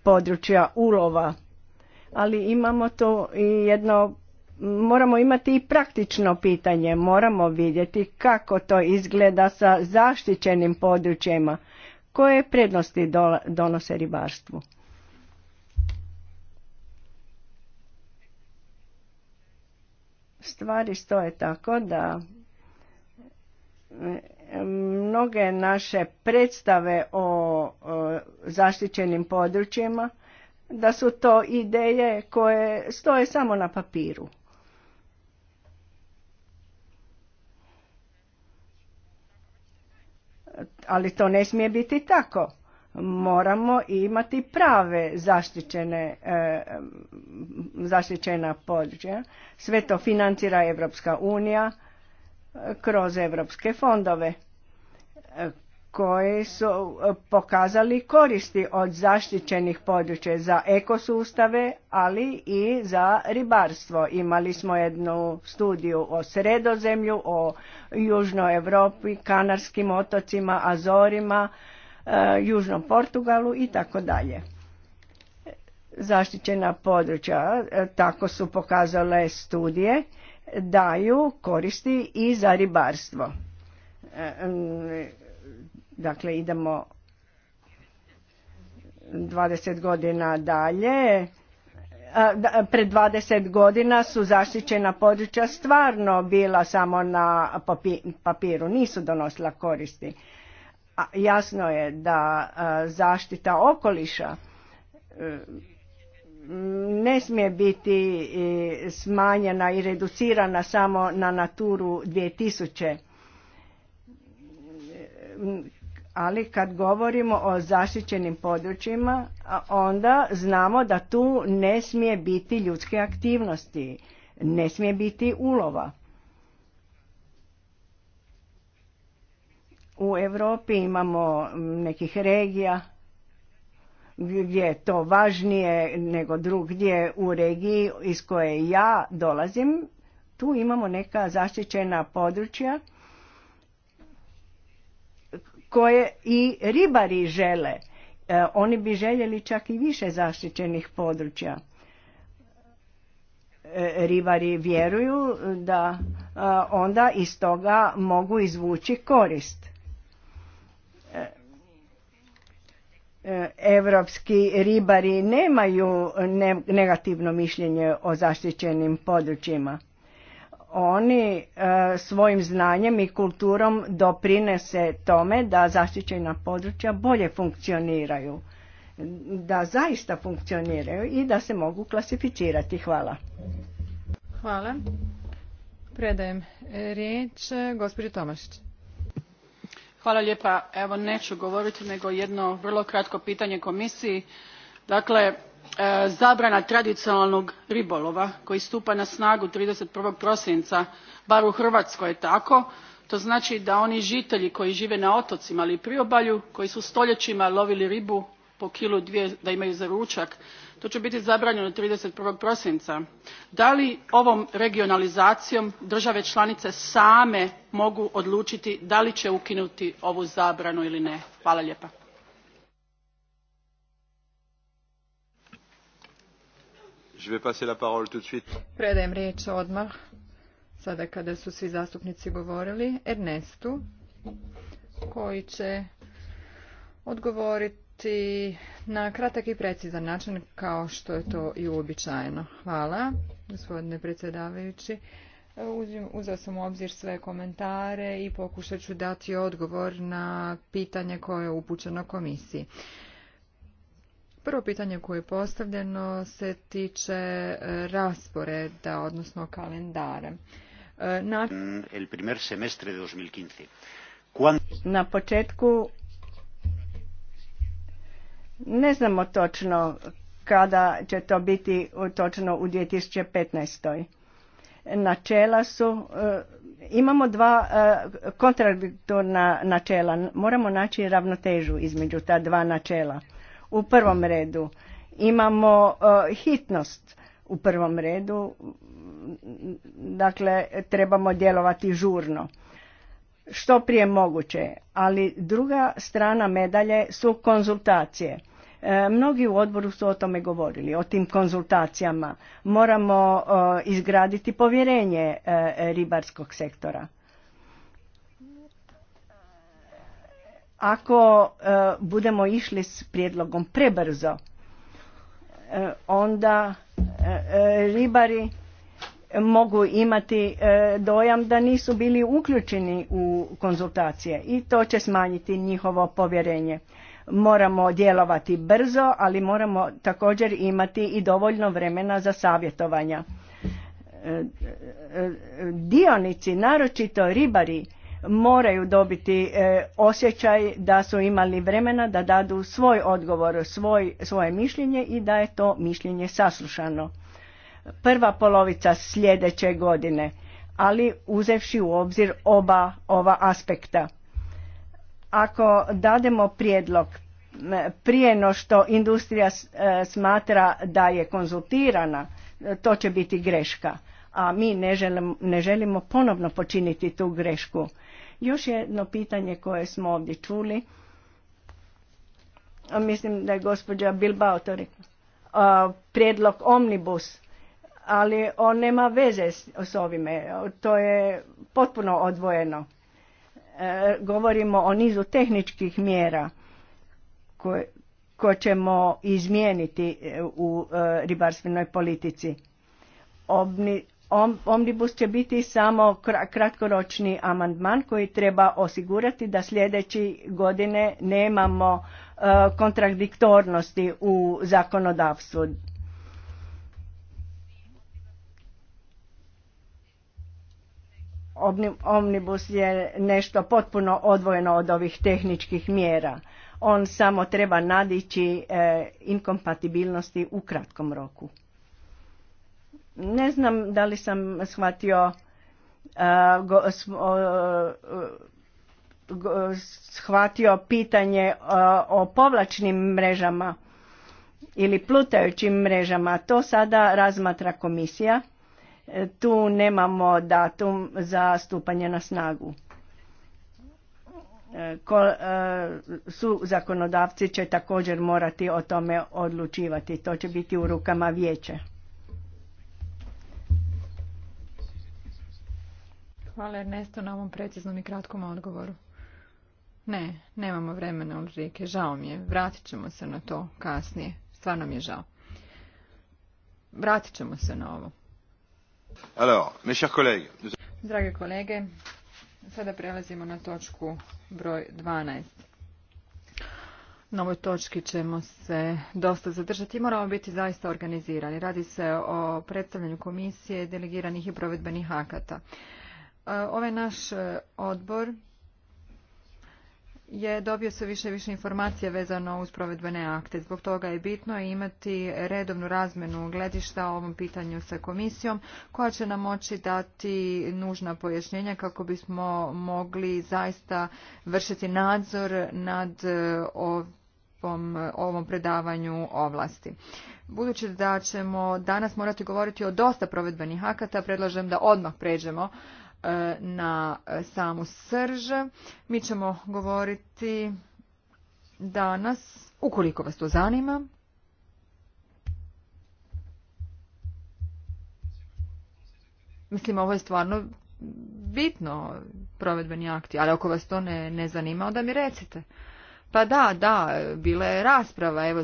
područja ulova, ali imamo to i jedno moramo imati i praktično pitanje, moramo vidjeti kako to izgleda sa zaštićenim područjima koje prednosti donose ribarstvu? Stvari stoje tako da e, mnoge naše predstave o zaštićenim područjima da su to ideje koje stoje samo na papiru. ali to ne smije biti tako. Moramo imati prave zaštićene, e, zaštićena područja. Sve to financira Evropska unija e, kroz evropske fondove e, koje su e, pokazali koristi od zaštićenih područja za ekosustave, ali i za ribarstvo. Imali smo jednu studiju o sredozemlju, o južnoj Europi, Kanarskim otocima, Azorima, e, južnom Portugalu i tako dalje. Zaštićena područja, e, tako su pokazale studije, daju koristi i za ribarstvo Dakle, idemo 20 godina dalje. Pred 20 godina su zaštićena područja stvarno bila samo na papiru, nisu donosila koristi. Jasno je da zaštita okoliša ne smije biti smanjena i reducirana samo na naturu 2000 ali kad govorimo o zaštićenim područjima onda znamo da tu ne smije biti ljudske aktivnosti, ne smije biti ulova. U Europi imamo nekih regija gdje je to važnije nego drugdje u regiji iz koje ja dolazim. Tu imamo neka zaštićena područja koje i ribari žele. E, oni bi željeli čak i više zaštićenih područja. E, ribari vjeruju da e, onda iz toga mogu izvući korist. Evropski ribari nemaju negativno mišljenje o zaštićenim područjima oni e, svojim znanjem i kulturom doprinese tome da zaštićena područja bolje funkcioniraju, da zaista funkcioniraju i da se mogu klasificirati. Hvala. Hvala. Predajem riječ e, gospođi Tomašić. Hvala lijepa. Evo neću govoriti nego jedno vrlo kratko pitanje komisiji. Dakle, E, zabrana tradicionalnog ribolova koji stupa na snagu. thirty one prosinca bar u hrvatskoj je tako to znai da oni itelji koji ive na otocima ili priobalju koji su stoljeima lovili ribu po kilu dvije da imaju za ruak to će biti zabranjeno. thirty one prosinca da li ovom regionalizacijom države članice same mogu odluiti da li će ukinuti ovu zabranu ili ne? hvala lijepa. Predajem riječ odmah, sada kada su svi zastupnici govorili, Ernestu, koji će odgovoriti na kratak i precizan način kao što je to i uobičajeno. Hvala, gospodine predsjedavajući. Uzeo sam u obzir sve komentare i pokušat ću dati odgovor na pitanje koje je upućeno komisiji. Prvo pitanje koje je postavljeno se tiče e, rasporeda, odnosno kalendara. E, na... Mm, el semestre Na početku ne znamo točno kada će to biti točno u 2015. Načela su, e, imamo dva kontradiktorna načela, moramo naći ravnotežu između ta dva načela u prvom redu. Imamo e, hitnost u prvom redu, dakle trebamo djelovati žurno što prije moguće, ali druga strana medalje su konzultacije. E, mnogi u odboru su o tome govorili, o tim konzultacijama. Moramo e, izgraditi povjerenje ribarskog sektora. Ako e, budemo išli s prijedlogom prebrzo, e, onda e, ribari mogu imati dojam da nisu bili uključeni u konzultacije i to će smanjiti njihovo povjerenje. Moramo djelovati brzo, ali moramo također imati i dovoljno vremena za savjetovanja. Dionici, naročito ribari, moraju dobiti e, osjećaj da su imali vremena da dadu svoj odgovor, svoj, svoje mišljenje i da je to mišljenje saslušano. Prva polovica sljedeće godine, ali uzevši u obzir oba ova aspekta. Ako dademo prijedlog prije no što industrija e, smatra da je konzultirana, to će biti greška a mi ne želimo, ne želimo ponovno počiniti tu grešku. Još jedno pitanje koje smo ovdje čuli, mislim da je gospođa Bilbao to rekla, prijedlog omnibus, ali on nema veze s, ovime, to je potpuno odvojeno. E, govorimo o nizu tehničkih mjera koje, ćemo izmijeniti e, u e, ribarstvenoj politici. Obni, Omnibus će biti samo kratkoročni amandman koji treba osigurati da sljedeće godine nemamo e, kontradiktornosti u zakonodavstvu. Omnibus je nešto potpuno odvojeno od ovih tehničkih mjera. On samo treba nadići e, inkompatibilnosti u kratkom roku. Ne znam da li sam shvatio shvatio pitanje o povlačnim mrežama ili plutajućim mrežama. To sada razmatra komisija. E, tu nemamo datum za stupanje na snagu. E, e, su zakonodavci će također morati o tome odlučivati. To će biti u rukama vijeće. Hvala Ernesto na ovom preciznom i kratkom odgovoru. Ne, nemamo vremena Ulrike, žao mi je. Vratit ćemo se na to kasnije. Stvarno mi je žao. Vratit ćemo se na ovo. Drage kolege, sada prelazimo na točku broj 12. Na ovoj točki ćemo se dosta zadržati i moramo biti zaista organizirani. Radi se o predstavljanju komisije, delegiranih i provedbenih akata. Ovaj naš e, odbor je dobio sve više i više informacija vezano uz provedbene akte. Zbog toga je bitno imati redovnu razmenu gledišta o ovom pitanju sa komisijom koja će nam moći dati nužna pojašnjenja kako bismo mogli zaista vršiti nadzor nad e, ovom, ovom predavanju ovlasti. Budući da ćemo danas morati govoriti o dosta provedbenih akata, predlažem da odmah pređemo E, na samu srž. Mi ćemo govoriti danas, ukoliko vas to zanima, Mislim, ovo je stvarno bitno provedbeni akti, ali ako vas to ne, ne zanima, onda mi recite. Pa da, da, bila je rasprava, evo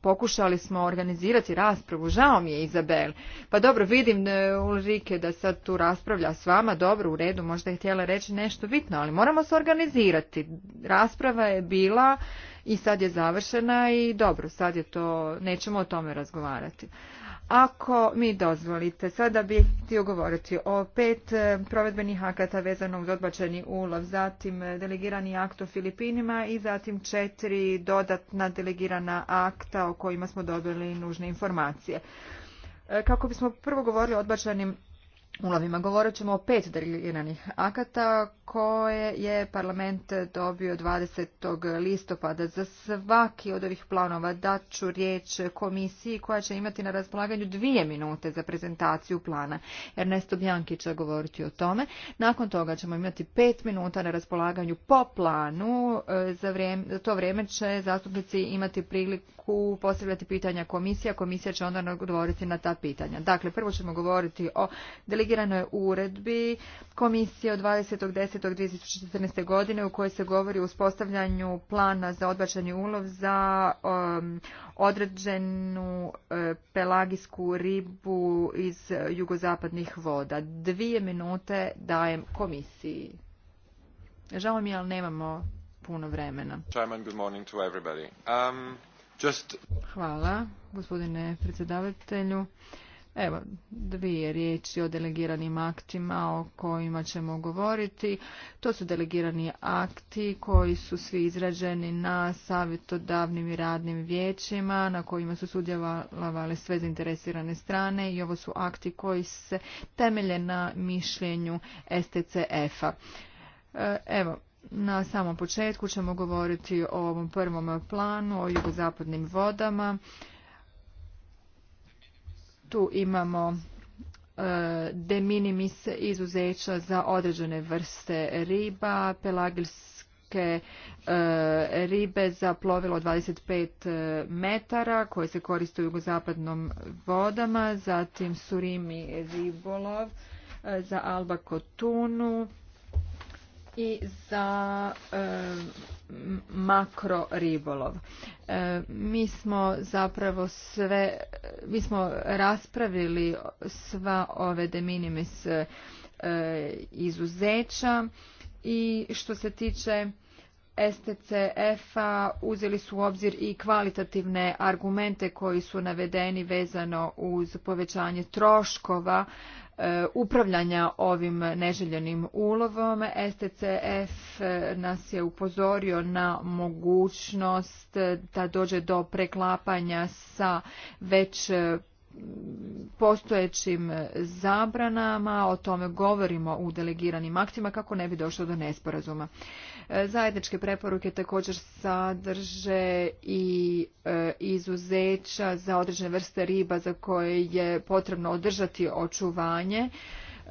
pokušali smo organizirati raspravu, žao mi je Izabel. Pa dobro, vidim e, Ulrike da sad tu raspravlja s vama, dobro, u redu, možda je htjela reći nešto bitno, ali moramo se organizirati. Rasprava je bila i sad je završena i dobro, sad je to, nećemo o tome razgovarati. Ako mi dozvolite, sada bih htio govoriti o pet e, provedbenih akata vezano za odbačeni ulov, zatim e, delegirani akt o Filipinima i zatim četiri dodatna delegirana akta o kojima smo dobili nužne informacije. E, kako bismo prvo govorili o odbačenim ulovima. Govorit ćemo o pet delegiranih akata koje je parlament dobio 20. listopada. Za svaki od ovih planova daću riječ komisiji koja će imati na raspolaganju dvije minute za prezentaciju plana. Ernesto Bjanki će govoriti o tome. Nakon toga ćemo imati pet minuta na raspolaganju po planu. Za, to vrijeme će zastupnici imati priliku postavljati pitanja komisija. Komisija će onda odgovoriti na ta pitanja. Dakle, prvo ćemo govoriti o delegirano je uredbi komisije od 20.10.2014. godine u kojoj se govori o uspostavljanju plana za odbačeni ulov za um, određenu e, pelagijsku ribu iz jugozapadnih voda. Dvije minute dajem komisiji. Žao mi je, ali nemamo puno vremena. Um, Hvala, gospodine predsjedavatelju. Evo, dvije riječi o delegiranim aktima o kojima ćemo govoriti. To su delegirani akti koji su svi izrađeni na savjetodavnim i radnim vijećima na kojima su sudjelovale sve zainteresirane strane i ovo su akti koji se temelje na mišljenju STCF-a. E, evo, na samom početku ćemo govoriti o ovom prvom planu, o jugozapadnim vodama. Tu imamo e, de minimis izuzeća za određene vrste riba, pelagilske e, ribe za plovilo 25 e, metara koje se koriste u jugozapadnom vodama, zatim surimi ribolov za albakotunu, i za e, makro e, mi smo zapravo sve, mi smo raspravili sva ove de minimis e, izuzeća i što se tiče STCF-a uzeli su u obzir i kvalitativne argumente koji su navedeni vezano uz povećanje troškova E, upravljanja ovim neželjenim ulovom. STCF e, nas je upozorio na mogućnost da dođe do preklapanja sa već e, postojećim zabranama, o tome govorimo u delegiranim aktima kako ne bi došlo do nesporazuma. E, zajedničke preporuke također sadrže i e, izuzeća za određene vrste riba za koje je potrebno održati očuvanje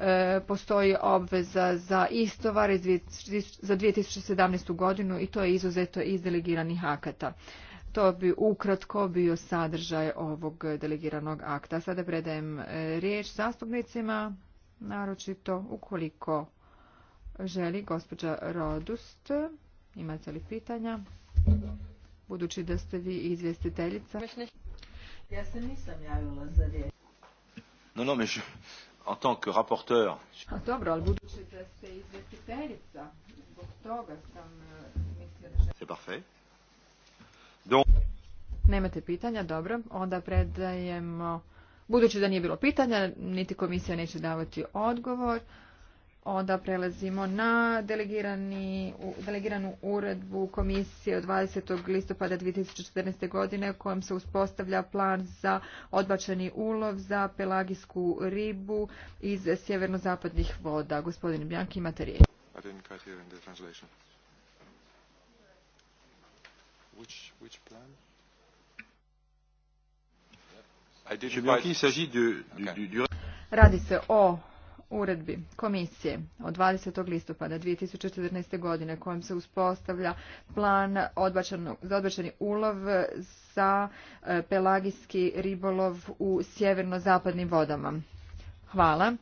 e, postoji obveza za istovar za 2017. godinu i to je izuzeto iz delegiranih akata. To bi ukratko bio sadržaj ovog delegiranog akta. Sada predajem riječ zastupnicima, naročito ukoliko želi gospođa Rodust. Imate li pitanja? Budući da ste vi izvjestiteljica. Ja se nisam javila za riječ. No, no, mais je, en tant que rapporteur... A dobro, ali budući da ste izvjestiteljica, zbog toga sam e, mislila da... C'est parfait. Donc... Nemate pitanja, dobro. Onda predajemo... Budući da nije bilo pitanja, niti komisija neće davati odgovor. Onda prelazimo na delegirani, delegiranu uredbu komisije od 20. listopada 2014. godine kojom se uspostavlja plan za odbačeni ulov za pelagijsku ribu iz sjeverno-zapadnih voda. Gospodin Bjanki, imate riječ. Which, which plan? Radi se o uredbi komisije od 20. listopada 2014. godine kojom se uspostavlja plan za odbačeni ulov za e, pelagijski ribolov u sjeverno-zapadnim vodama. Hvala.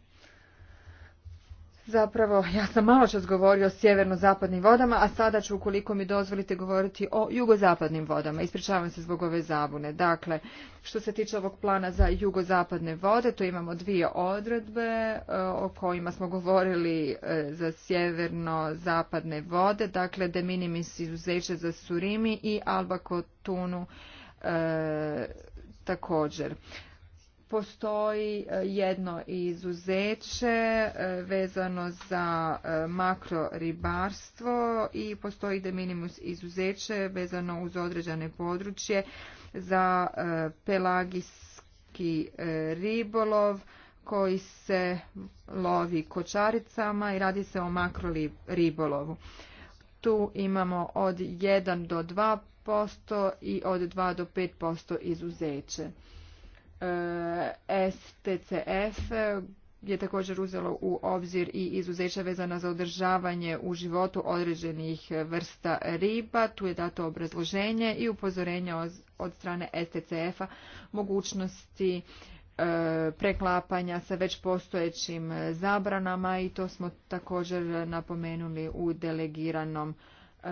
Zapravo, ja sam malo čas govorio o sjeverno-zapadnim vodama, a sada ću, ukoliko mi dozvolite, govoriti o jugozapadnim vodama. Ispričavam se zbog ove zabune. Dakle, što se tiče ovog plana za jugozapadne vode, to imamo dvije odredbe e, o kojima smo govorili e, za sjeverno-zapadne vode, dakle, de minimis izuzeće za Surimi i Alba Kotunu e, također postoji e, jedno izuzeće e, vezano za e, makroribarstvo i postoji de minimus izuzeće vezano uz određene područje za pelagijski ribolov koji se lovi kočaricama i radi se o makroribolovu. ribolovu. Tu imamo od 1 do 2% i od 2 do 5% izuzeće. E, STCF je također uzelo u obzir i izuzeća vezana za održavanje u životu određenih vrsta riba. Tu je dato obrazloženje i upozorenje od strane STCF-a mogućnosti e, preklapanja sa već postojećim zabranama i to smo također napomenuli u delegiranom e,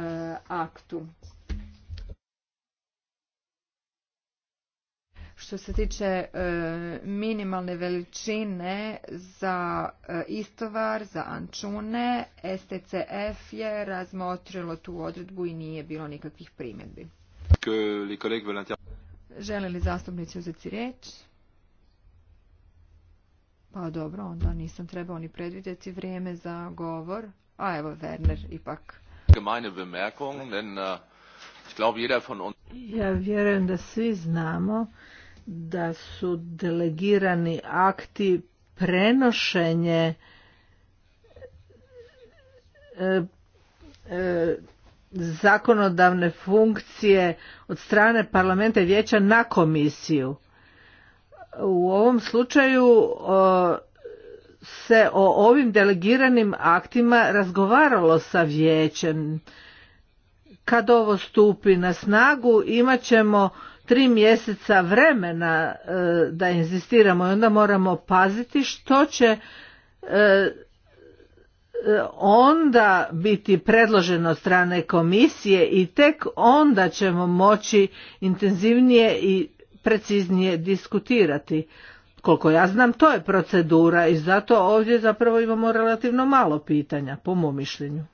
aktu. što se tiče e, minimalne veličine za e, istovar, za ančune, STCF je razmotrilo tu odredbu i nije bilo nikakvih primjedbi. Žele li zastupnici uzeti riječ? Pa dobro, onda nisam trebao ni predvidjeti vrijeme za govor. A evo, Werner ipak. Äh, ja vjerujem da svi znamo da su delegirani akti prenošenje e, e, zakonodavne funkcije od strane parlamenta i vijeća na komisiju. U ovom slučaju se o ovim delegiranim aktima razgovaralo sa vijećem. Kad ovo stupi na snagu imat ćemo tri mjeseca vremena e, da inzistiramo i onda moramo paziti što će e, e, onda biti predloženo od strane komisije i tek onda ćemo moći intenzivnije i preciznije diskutirati. Koliko ja znam, to je procedura i zato ovdje zapravo imamo relativno malo pitanja, po mom mišljenju.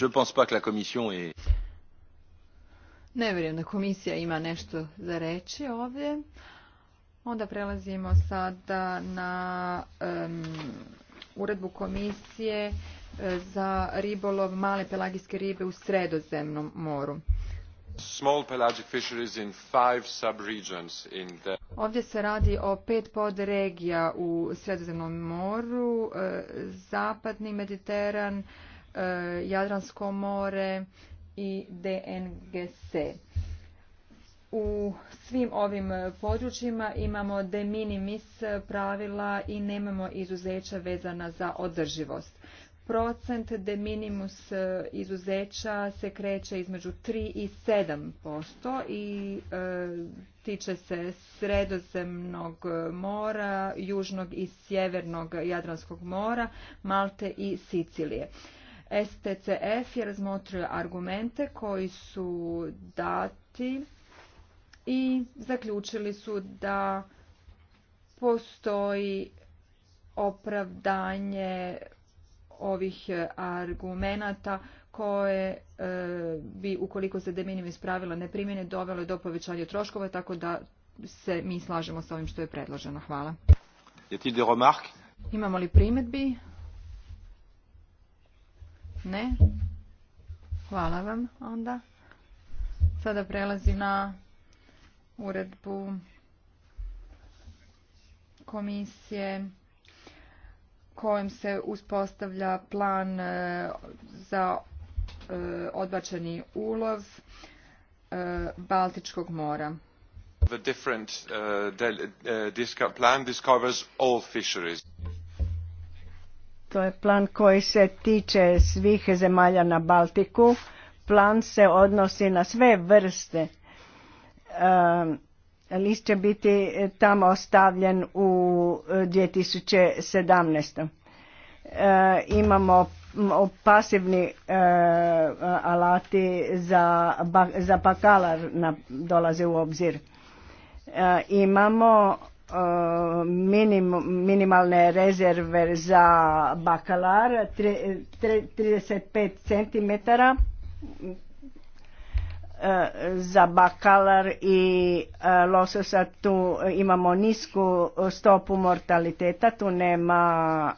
Je pense pas que Ne vjerujem da komisija ima nešto za reći ovdje. Onda prelazimo sada na uredbu komisije eh, za ribolov male pelagijske ribe u sredozemnom moru. Small pelagic fisheries in five subregions in the... Ovdje se radi o pet podregija u sredozemnom moru, eh, zapadni Mediteran, E, Jadransko more i DNGC. U svim ovim područjima imamo de minimis pravila i nemamo izuzeća vezana za održivost. Procent de minimus e, izuzeća se kreće između 3 i 7 posto i e, tiče se sredozemnog mora, južnog i sjevernog Jadranskog mora, Malte i Sicilije. STCF je razmotrio argumente koji su dati i zaključili su da postoji opravdanje ovih argumenata koje e, bi ukoliko se de minimis pravila ne primjene dovelo do povećanja troškova tako da se mi slažemo s ovim što je predloženo. Hvala. Imamo li primjedbi? Ne. Hvala vam onda. Sada prelazi na uredbu komisije kojim se uspostavlja plan e, za e, odbačeni ulov e, Baltičkog mora. The different uh, plan discovers all fisheries. To je plan koji se tiče svih zemalja na Baltiku. Plan se odnosi na sve vrste. Ehm, list će biti tamo ostavljen u 2017. Ehm, imamo pasivni ehm, alati za, za bakalar dolaze u obzir. Imamo Eh, minim, minimalne rezerve za bakalar 35 cm eh, za bakalar i eh, lososa tu imamo nisku stopu mortaliteta, tu nema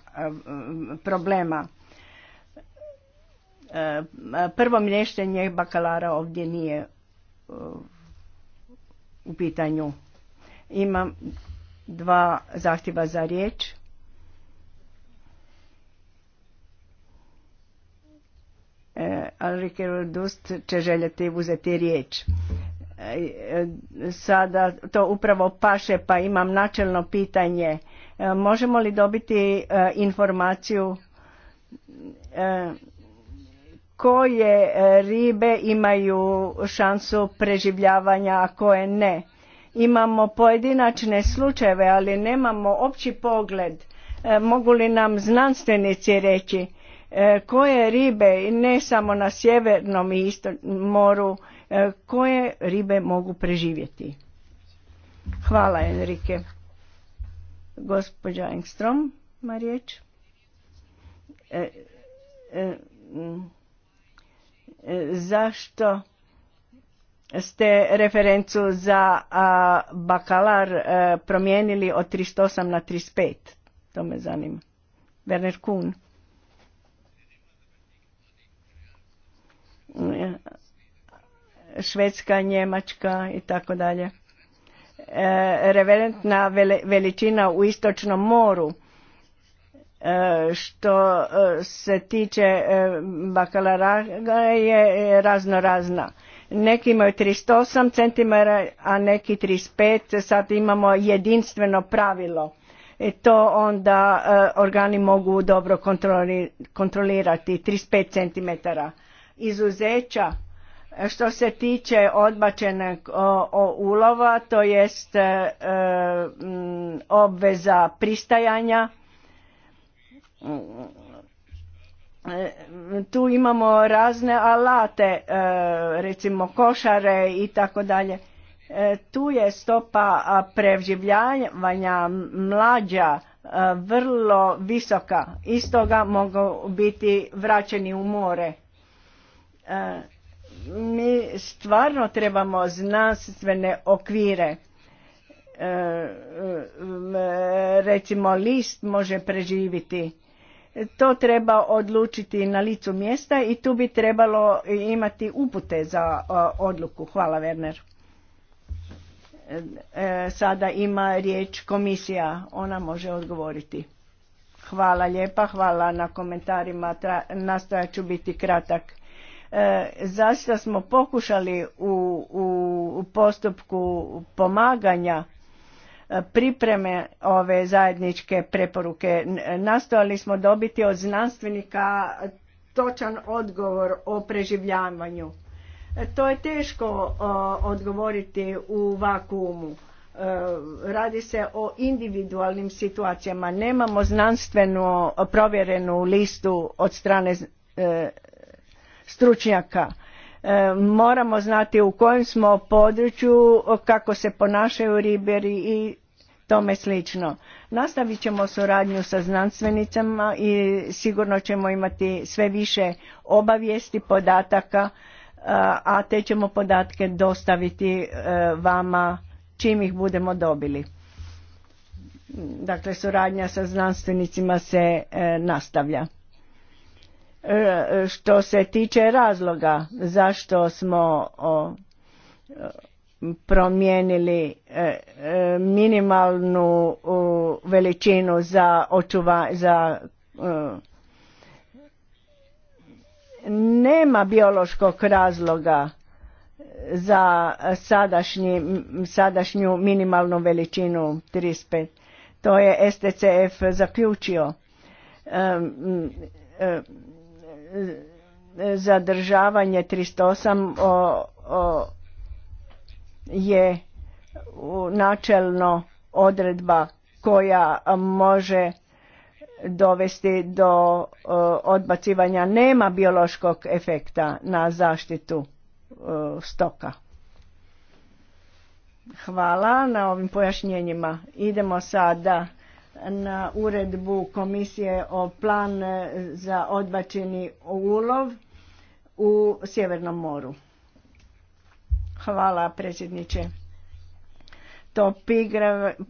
problema. Prvo mlještenje bakalara ovdje nije u pitanju. Imam dva zahtjeva za riječ. E, Alrike će željeti uzeti riječ. E, sada to upravo paše pa imam načelno pitanje. E, možemo li dobiti e, informaciju koje ribe imaju šansu preživljavanja, a koje ne? Imamo pojedinačne slučajeve, ali nemamo opći pogled. E, mogu li nam znanstvenici reći e, koje ribe, ne samo na sjevernom i istom moru, e, koje ribe mogu preživjeti? Hvala Enrike. Gospođa Engstrom ima riječ. zašto ste referencu za bakalar e, promijenili od 38 na 35. To me zanima. Werner Kuhn. Švedska, Njemačka i tako dalje. E, reverentna veličina u istočnom moru. E, što se tiče bakalara je razno razna neki imaju 38 cm, a neki 35, sad imamo jedinstveno pravilo. E, to onda e, organi mogu dobro kontrolirati, 35 cm. Izuzeća e, što se tiče odbačenog ulova, to jest obveza pristajanja, E, tu imamo razne alate, e, recimo košare i tako dalje. E, tu je stopa preživljavanja mlađa vrlo visoka. Iz toga mogu biti vraćeni u more. Mi stvarno trebamo znanstvene okvire. Recimo list može preživiti to treba odlučiti na licu mjesta i tu bi trebalo imati upute za e, odluku. Hvala, Werner. E, sada ima riječ komisija, ona može odgovoriti. Hvala lijepa, hvala na komentarima, nastojat ću biti kratak. E, zašto smo pokušali u, u postupku pomaganja pripreme ove zajedničke preporuke. Nastojali smo dobiti od znanstvenika točan odgovor o preživljavanju. E, to je teško odgovoriti u vakuumu. E, radi se o individualnim situacijama. Nemamo znanstvenu provjerenu listu od strane e, stručnjaka E, moramo znati u kojem smo području, kako se ponašaju riberi i tome slično. Nastavit ćemo suradnju sa znanstvenicama i sigurno ćemo imati sve više obavijesti, podataka, e, a te ćemo podatke dostaviti e, vama čim ih budemo dobili. Dakle, suradnja sa znanstvenicima se nastavlja. E, što se tiče razloga zašto smo promijenili e, e, minimalnu veličinu za za nema biološkog razloga za sadašnji, sadašnju minimalnu veličinu 35. To je STCF zaključio zadržavanje 308 o, je načelno odredba koja može dovesti do odbacivanja nema biološkog efekta na zaštitu stoka. Hvala na ovim pojašnjenjima. Idemo sada na uredbu komisije o plan za odbačeni ulov u Sjevernom moru. Hvala predsjedniče. To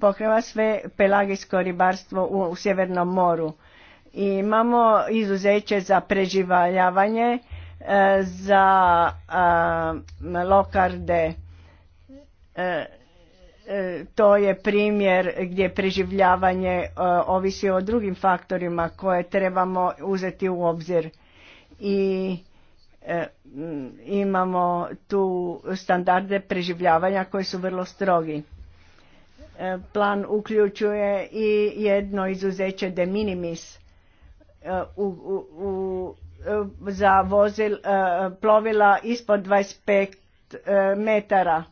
pokreva sve pelagijsko ribarstvo u, Sjevernom moru. I imamo izuzeće za preživljavanje, e, za lokarde, e, E, to je primjer gdje preživljavanje e, ovisi o drugim faktorima koje trebamo uzeti u obzir i e, imamo tu standarde preživljavanja koji su vrlo strogi. Plan uključuje i jedno izuzeće de minimis u, u, za vozil, plovila ispod 25 metara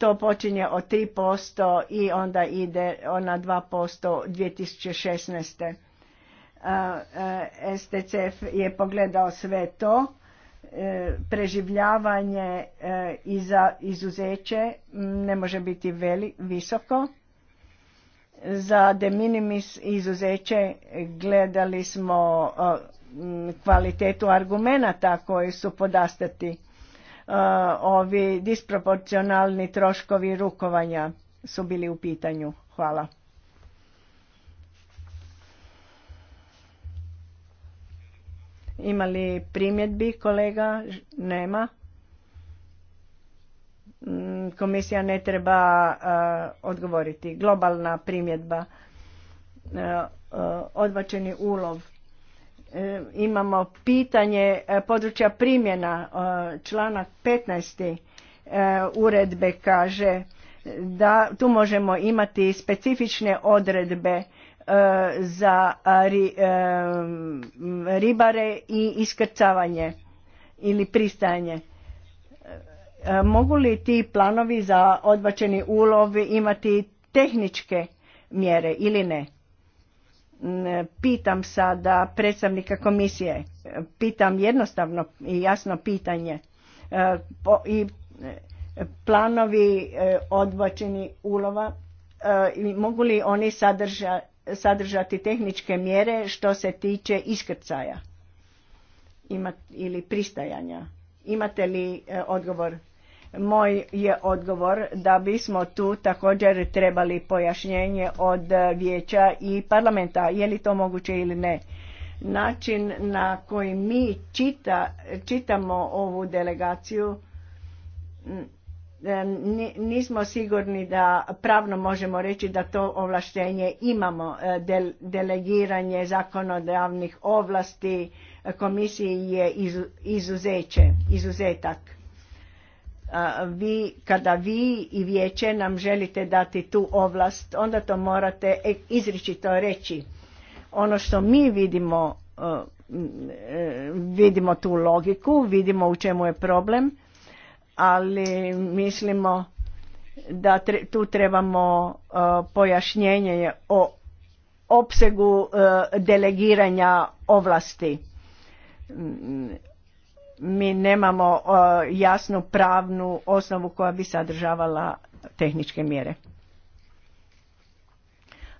to počinje od 3% i onda ide na 2% 2016. STCF je pogledao sve to, e, preživljavanje e, i za izuzeće ne može biti veli, visoko. Za de minimis izuzeće gledali smo e, kvalitetu argumenata koji su podastati E, ovi disproporcionalni troškovi rukovanja su bili u pitanju. Hvala. Ima li primjedbi kolega? Nema. Mm, komisija ne treba e, odgovoriti. Globalna primjedba. Uh, odbačeni ulov. E, imamo pitanje e, područja primjena e, članak 15. uredbe kaže da tu možemo imati specifične odredbe za ribare i iskrcavanje ili pristajanje. Mogu li ti planovi za odbačeni ulov imati tehničke mjere ili ne? Pitam sada predstavnika komisije, pitam jednostavno i jasno pitanje e, i e, planovi e, odbačeni ulova mogu li oni sadržati tehničke mjere što se tiče iskrcaja ili pristajanja. Imate li odgovor? Moj je odgovor da bismo tu također trebali pojašnjenje od vijeća i parlamenta, je li to moguće ili ne. Način na koji mi čita, čitamo ovu delegaciju nismo sigurni da pravno možemo reći da to ovlaštenje imamo. E, delegiranje zakonodavnih ovlasti komisiji je izuzeće, izuzetak vi, kada vi i vijeće nam želite dati tu ovlast, onda to morate e, izričito reći. Ono što mi vidimo, e, e, vidimo tu logiku, vidimo u čemu je problem, ali mislimo da tu trebamo pojašnjenje o opsegu delegiranja ovlasti mi nemamo e, jasnu pravnu osnovu koja bi sadržavala tehničke mjere.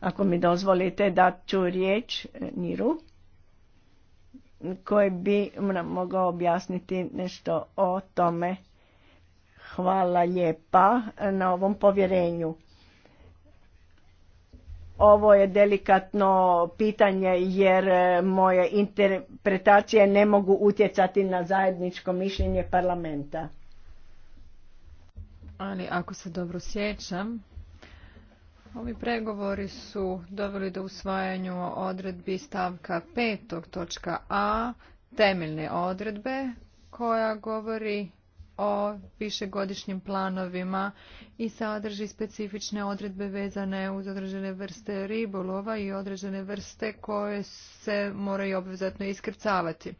Ako mi dozvolite da ću riječ e, Niru koji bi nam mogao objasniti nešto o tome. Hvala lijepa na ovom povjerenju. Ovo je delikatno pitanje jer e, moje interpretacije ne mogu utjecati na zajedničko mišljenje parlamenta. Ali ako se dobro sjećam, Ovi pregovori su doveli do usvajanju odredbi stavka 5. točka A temeljne odredbe koja govori o višegodišnjim planovima i sadrži specifične odredbe vezane uz određene vrste ribolova i određene vrste koje se moraju obvezatno iskrcavati.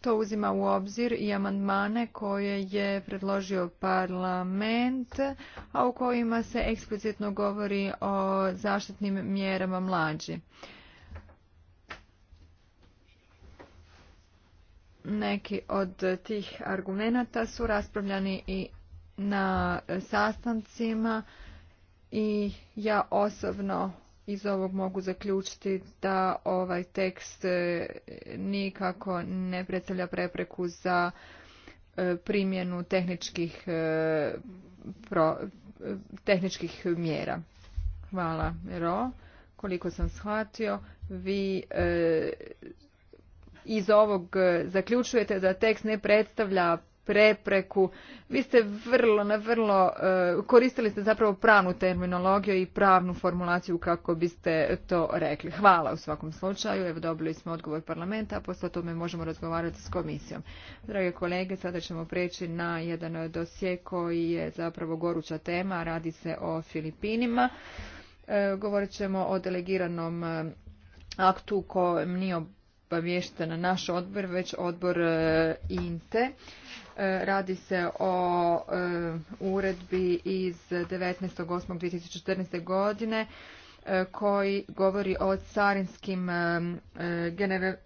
To uzima u obzir i amandmane koje je predložio parlament, a u kojima se eksplicitno govori o zaštitnim mjerama mlađi. Neki od tih argumenata su raspravljani i na sastancima i ja osobno iz ovog mogu zaključiti da ovaj tekst nikako ne predstavlja prepreku za e, primjenu tehničkih, e, tehničkih mjera. Hvala, Ro. Koliko sam shvatio, vi e, iz ovog e, zaključujete da tekst ne predstavlja prepreku. Vi ste vrlo, na vrlo, e, koristili ste zapravo pravnu terminologiju i pravnu formulaciju kako biste to rekli. Hvala u svakom slučaju, evo dobili smo odgovor parlamenta, a posle tome možemo razgovarati s komisijom. Drage kolege, sada ćemo preći na jedan dosje koji je zapravo goruća tema, radi se o Filipinima. E, govorit ćemo o delegiranom aktu kojem nije na naš odbor, već odbor e, INTE. E, radi se o e, uredbi iz 19.8.2014. godine koji govori o carinskim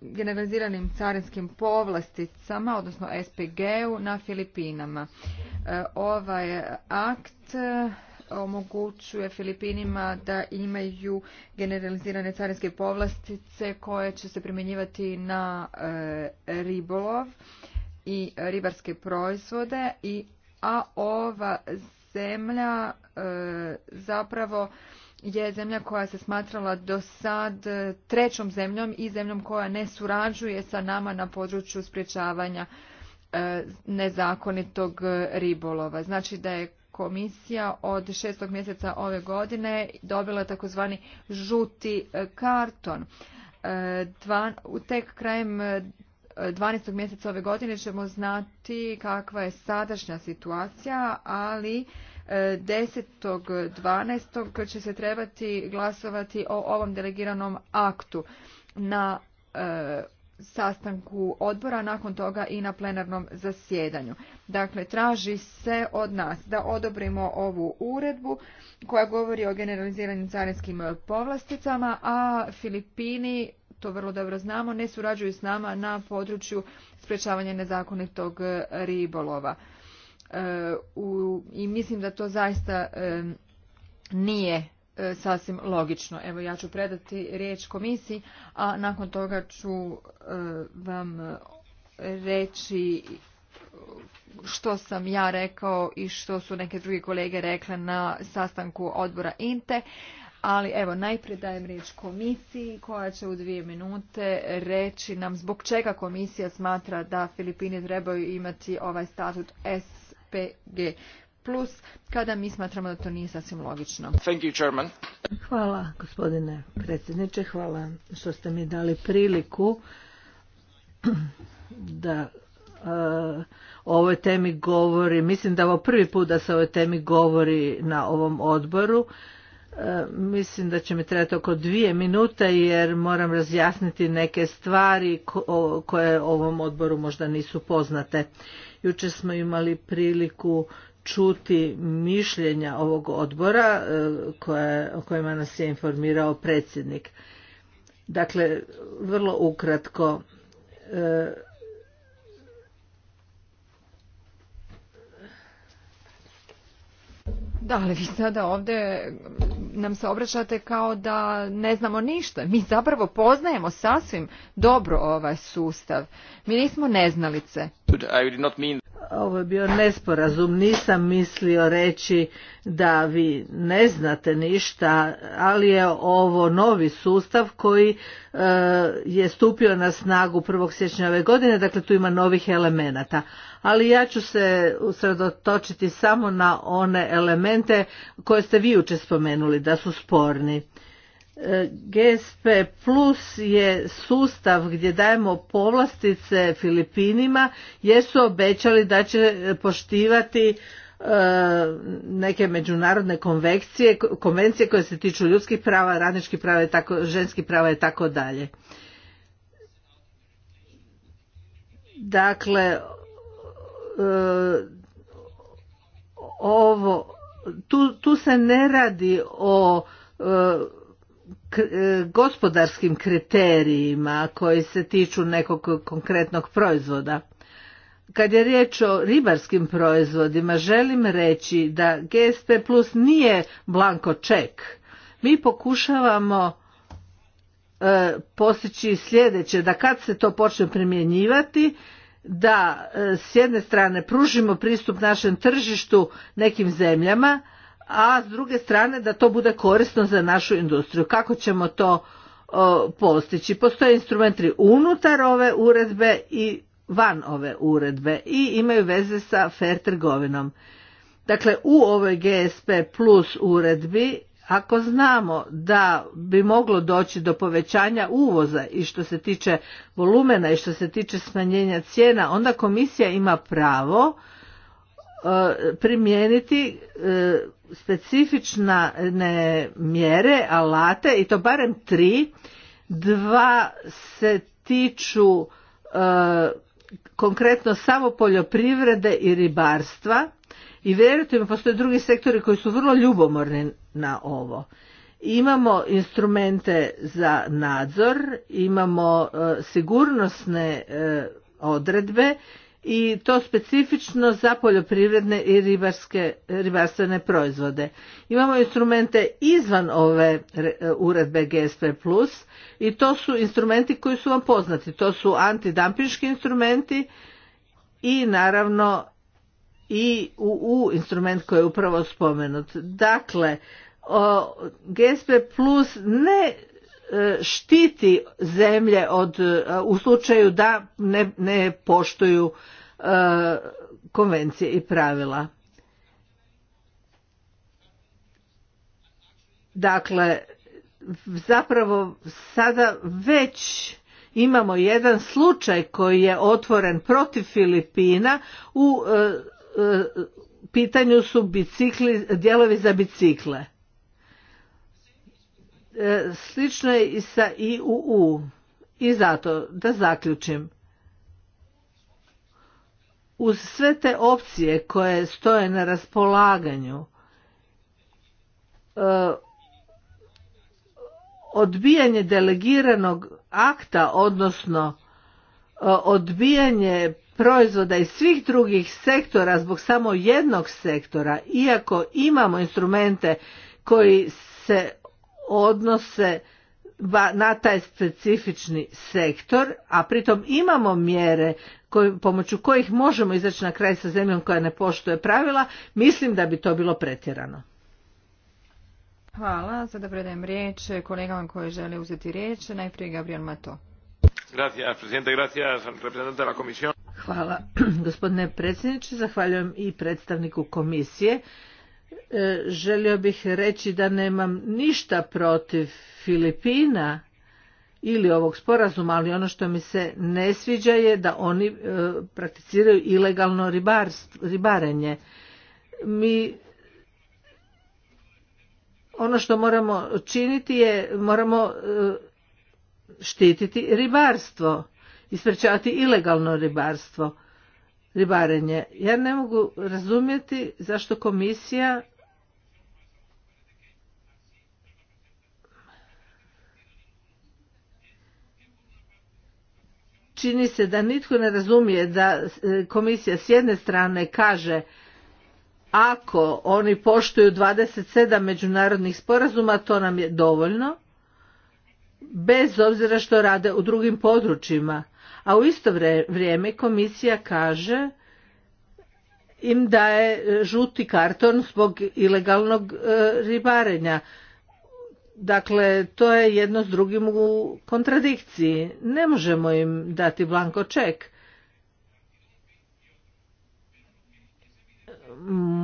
generaliziranim carinskim povlasticama, odnosno SPG-u na Filipinama. Ovaj akt omogućuje Filipinima da imaju generalizirane carinske povlastice koje će se primjenjivati na e, ribolov i ribarske proizvode i a ova zemlja e, zapravo je zemlja koja se smatrala do sad e, trećom zemljom i zemljom koja ne surađuje sa nama na području spriječavanja nezakonitog ribolova. Znači da je komisija od šestog mjeseca ove godine dobila takozvani žuti e, karton. E, u tek krajem 12. E, mjeseca ove godine ćemo znati kakva je sadašnja situacija, ali 10.12. će se trebati glasovati o ovom delegiranom aktu na sastanku odbora, nakon toga i na plenarnom zasjedanju. Dakle, traži se od nas da odobrimo ovu uredbu koja govori o generaliziranim carinskim povlasticama, a Filipini, to vrlo dobro znamo, ne surađuju s nama na području sprečavanja nezakonitog ribolova. E, u, I mislim da to zaista e, nije E, sasvim logično. Evo ja ću predati riječ komisiji, a nakon toga ću e, vam reći što sam ja rekao i što su neke druge kolege rekle na sastanku odbora INTE. Ali evo, najprije dajem riječ komisiji koja će u dvije minute reći nam zbog čega komisija smatra da Filipini trebaju imati ovaj statut SPG plus kada mi smatramo da to nije sasvim logično. hvala gospodine predsjedniče, hvala što ste mi dali priliku da eh, o ovoj temi govori. Mislim da ovo prvi put da se o ovoj temi govori na ovom odboru. Eh, mislim da će mi trebati oko dvije minute jer moram razjasniti neke stvari koje ovom odboru možda nisu poznate. Jučer smo imali priliku čuti mišljenja ovog odbora e, koje, o kojima nas je informirao predsjednik. Dakle, vrlo ukratko, e, Da, ali vi sada ovdje nam se obraćate kao da ne znamo ništa. Mi zapravo poznajemo sasvim dobro ovaj sustav. Mi nismo neznalice. Ovo je bio nesporazum, nisam mislio reći da vi ne znate ništa, ali je ovo novi sustav koji e, je stupio na snagu 1. siječnja ove godine, dakle tu ima novih elemenata ali ja ću se usredotočiti samo na one elemente koje ste vi uče spomenuli da su sporni. E, GSP plus je sustav gdje dajemo povlastice Filipinima jer su obećali da će poštivati e, neke međunarodne konvencije, konvencije koje se tiču ljudskih prava, radničkih prava, ženskih prava i tako dalje. Dakle, E, ovo tu, se ne radi o e, e, gospodarskim kriterijima koji se tiču nekog konkretnog proizvoda. Kad je riječ o ribarskim proizvodima, želim reći da GSP plus nije blanko ček. Mi pokušavamo postići sljedeće, da kad se to počne primjenjivati, da e, s jedne strane pružimo pristup našem tržištu nekim zemljama, a s druge strane da to bude korisno za našu industriju. Kako ćemo to postići? Postoje instrumenti unutar ove uredbe i van ove uredbe i imaju veze sa fair trgovinom. Dakle, u ovoj GSP plus uredbi ako znamo da bi moglo doći do povećanja uvoza i što se tiče volumena i što se tiče smanjenja cijena, onda komisija ima pravo e, primijeniti e, specifične mjere, alate i to barem tri. Dva se tiču e, konkretno samo poljoprivrede i ribarstva i vjerujte mi, postoje drugi sektori koji su vrlo ljubomorni na ovo. Imamo instrumente za nadzor, imamo e, sigurnosne e, odredbe i to specifično za poljoprivredne i ribarske, ribarstvene proizvode. Imamo instrumente izvan ove e, uredbe GSP+, i to su instrumenti koji su vam poznati. To su antidampinški instrumenti i naravno i u instrument koji je upravo spomenut. Dakle, GSP plus ne e, štiti zemlje od, e, u slučaju da ne, ne poštuju e, konvencije i pravila. Dakle, zapravo sada već imamo jedan slučaj koji je otvoren protiv Filipina u pitanju su bicikli, dijelovi za bicikle. E, slično je i sa IUU. I zato, da zaključim, uz sve te opcije koje stoje na raspolaganju, e, odbijanje delegiranog akta, odnosno e, odbijanje proizvoda iz svih drugih sektora zbog samo jednog sektora, iako imamo instrumente koji se odnose na taj specifični sektor, a pritom imamo mjere pomoću kojih možemo izaći na kraj sa zemljom koja ne poštuje pravila, mislim da bi to bilo pretjerano. Hvala. Sada predajem riječ kolegama koji žele uzeti riječ. Najprije Gabriel Mato. Gracias, presidente. Gracias, representante de la comisión. Hvala gospodine predsjedniče, zahvaljujem i predstavniku komisije. E, želio bih reći da nemam ništa protiv Filipina ili ovog sporazuma, ali ono što mi se ne sviđa je da oni e, prakticiraju ilegalno ribarenje. Mi ono što moramo činiti je moramo e, štititi ribarstvo isprečavati ilegalno ribarstvo, ribarenje. Ja ne mogu razumjeti zašto komisija čini se da nitko ne razumije da e, komisija s jedne strane kaže ako oni poštuju 27 međunarodnih sporazuma to nam je dovoljno bez obzira što rade u drugim područjima a u isto vrijeme komisija kaže im daje žuti karton zbog ilegalnog e, ribarenja. Dakle, to je jedno s drugim u kontradikciji. Ne možemo im dati blanko ček.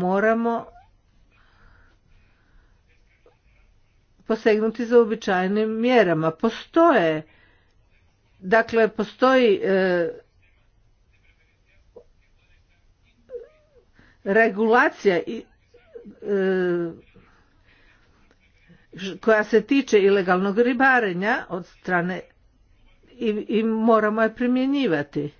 Moramo posegnuti za običajnim mjerama. Postoje Dakle, postoji e, regulacija e, koja se tiče ilegalnog ribarenja od strane i moramo je primjenjivati.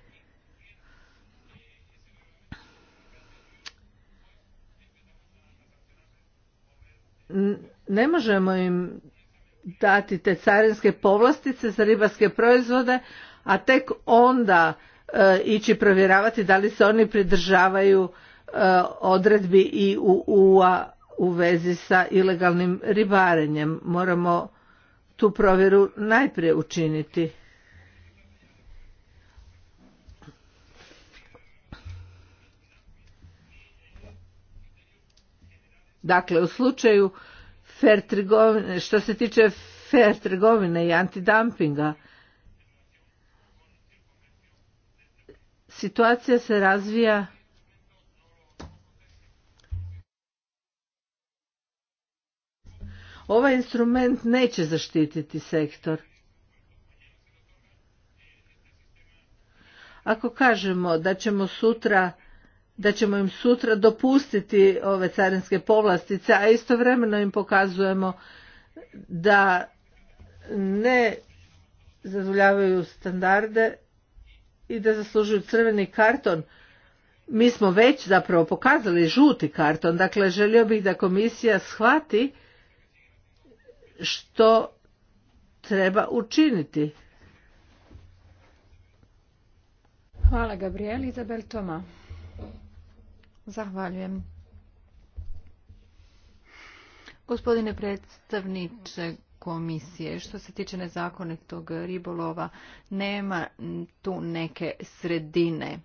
Ne možemo im dati te carinske povlastice za ribarske proizvode, a tek onda e, ići provjeravati da li se oni pridržavaju e, odredbi i u UA u vezi sa ilegalnim ribarenjem. Moramo tu provjeru najprije učiniti. Dakle, u slučaju trgovine, što se tiče fair trgovine i antidumpinga, situacija se razvija Ovaj instrument neće zaštititi sektor. Ako kažemo da ćemo sutra da ćemo im sutra dopustiti ove carinske povlastice, a istovremeno im pokazujemo da ne zadovoljavaju standarde i da zaslužuju crveni karton. Mi smo već zapravo pokazali žuti karton, dakle želio bih da komisija shvati što treba učiniti. Hvala Gabriel Izabel Toma. Zahvaljujem. Gospodine predstavniče komisije, što se tiče nezakonitog ribolova, nema tu neke sredine.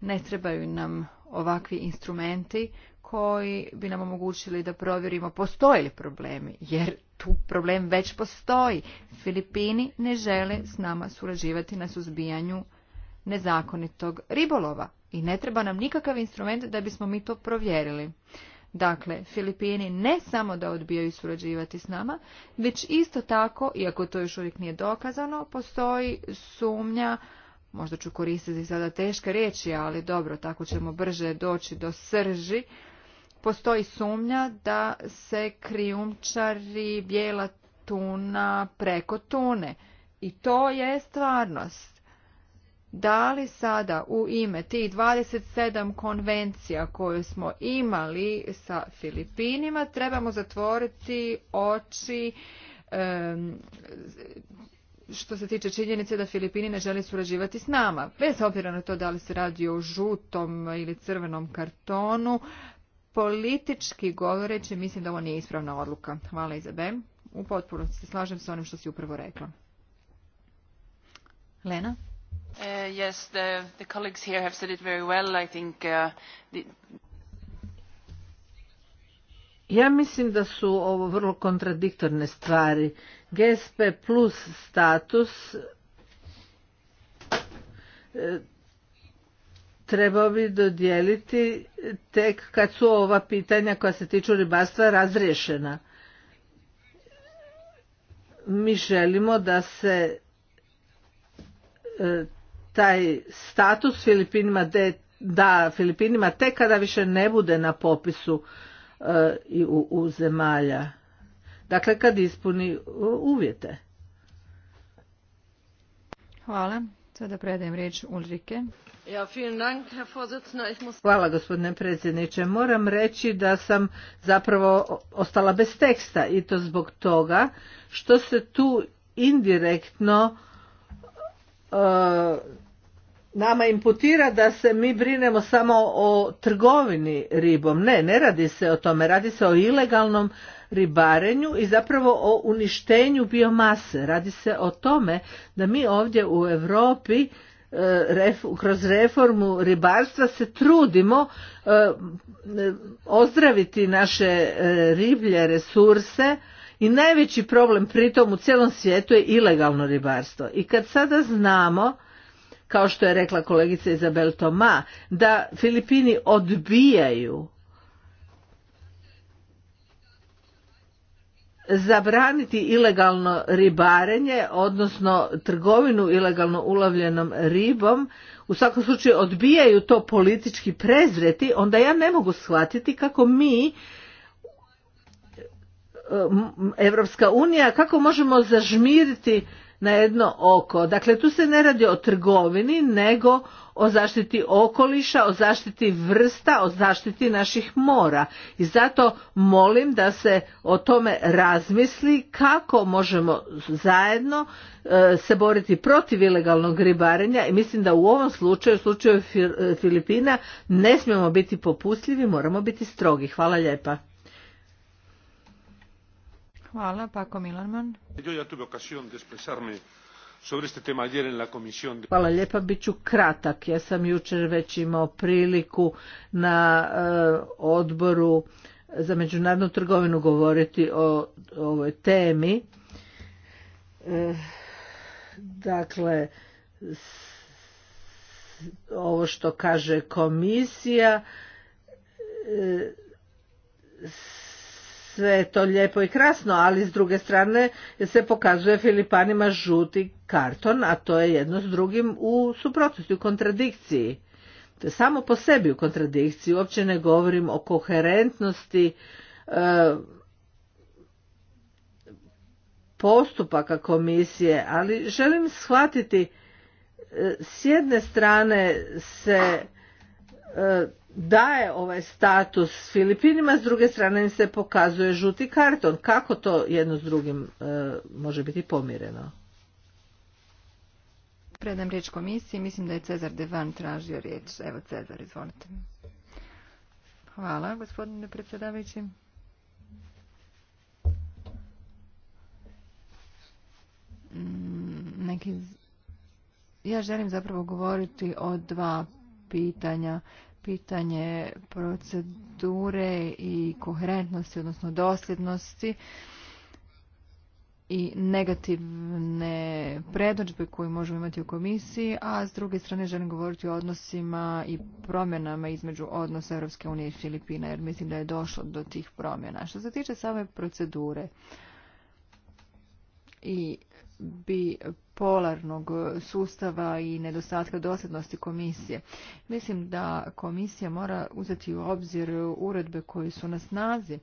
Ne trebaju nam ovakvi instrumenti koji bi nam omogućili da provjerimo postoje li problemi, jer tu problem već postoji. Filipini ne žele s nama surađivati na suzbijanju nezakonitog ribolova i ne treba nam nikakav instrument da bismo mi to provjerili. Dakle, Filipini ne samo da odbijaju surađivati s nama, već isto tako, iako to još uvijek nije dokazano, postoji sumnja, možda ću koristiti sada teške riječi, ali dobro, tako ćemo brže doći do srži, postoji sumnja da se krijumčari bijela tuna preko tune. I to je stvarnost da li sada u ime tih 27 konvencija koje smo imali sa Filipinima trebamo zatvoriti oči što se tiče činjenice da Filipini ne žele surađivati s nama. Bez obzira na to da li se radi o žutom ili crvenom kartonu, politički govoreći mislim da ovo nije ispravna odluka. Hvala Izabe. U potpunosti se slažem s onim što si upravo rekla. Lena? I Ja mislim da su ovo vrlo kontradiktorne stvari. GSP plus status treba trebao bi dodijeliti tek kad su ova pitanja koja se tiču ribarstva razriješena. Mi želimo da se E, taj status Filipinima da Filipinima te kada više ne bude na popisu e, i u, u zemalja. Dakle, kad ispuni e, uvjete. Hvala. Sada predajem riječ Ulrike. Hvala gospodine predsjedniče. Moram reći da sam zapravo ostala bez teksta i to zbog toga što se tu indirektno E, nama imputira da se mi brinemo samo o trgovini ribom. Ne, ne radi se o tome, radi se o ilegalnom ribarenju i zapravo o uništenju biomase. Radi se o tome da mi ovdje u Europi e, kroz reformu ribarstva se trudimo e, ozdraviti naše riblje resurse i najveći problem pritom u cijelom svijetu je ilegalno ribarstvo. I kad sada znamo, kao što je rekla kolegica Izabel Toma, da Filipini odbijaju zabraniti ilegalno ribarenje, odnosno trgovinu ilegalno ulavljenom ribom, u svakom slučaju odbijaju to politički prezreti, onda ja ne mogu shvatiti kako mi Evropska unija, kako možemo zažmiriti na jedno oko. Dakle, tu se ne radi o trgovini, nego o zaštiti okoliša, o zaštiti vrsta, o zaštiti naših mora. I zato molim da se o tome razmisli kako možemo zajedno e, se boriti protiv ilegalnog ribarenja i mislim da u ovom slučaju, u slučaju e, Filipina, ne smijemo biti popustljivi, moramo biti strogi. Hvala lijepa. Hvala, Pako Milanman. Hvala lijepa, bit ću kratak. Ja sam jučer već imao priliku na eh, odboru za međunarodnu trgovinu govoriti o ovoj temi. Eh, dakle, ovo što kaže komisija eh, sve je to lijepo i krasno, ali s druge strane se pokazuje Filipanima žuti karton, a to je jedno s drugim u suprotnosti, u kontradikciji. To samo po sebi u kontradikciji, uopće ne govorim o koherentnosti eh, postupaka komisije, ali želim shvatiti eh, s jedne strane se eh, daje ovaj status Filipinima, s druge strane im se pokazuje žuti karton. Kako to jedno s drugim e, može biti pomireno? Predam riječ komisiji. Mislim da je Cezar Devan tražio riječ. Evo Cezar, izvolite. Hvala, gospodine predsjedavajući. Mm, ja želim zapravo govoriti o dva pitanja pitanje procedure i koherentnosti, odnosno dosljednosti i negativne predođbe koje možemo imati u komisiji, a s druge strane želim govoriti o odnosima i promjenama između odnosa Europske unije i Filipina, jer mislim da je došlo do tih promjena. Što se tiče same procedure i bi polarnog sustava i nedostatka dosljednosti komisije. Mislim da komisija mora uzeti u obzir uredbe koje su na snazi.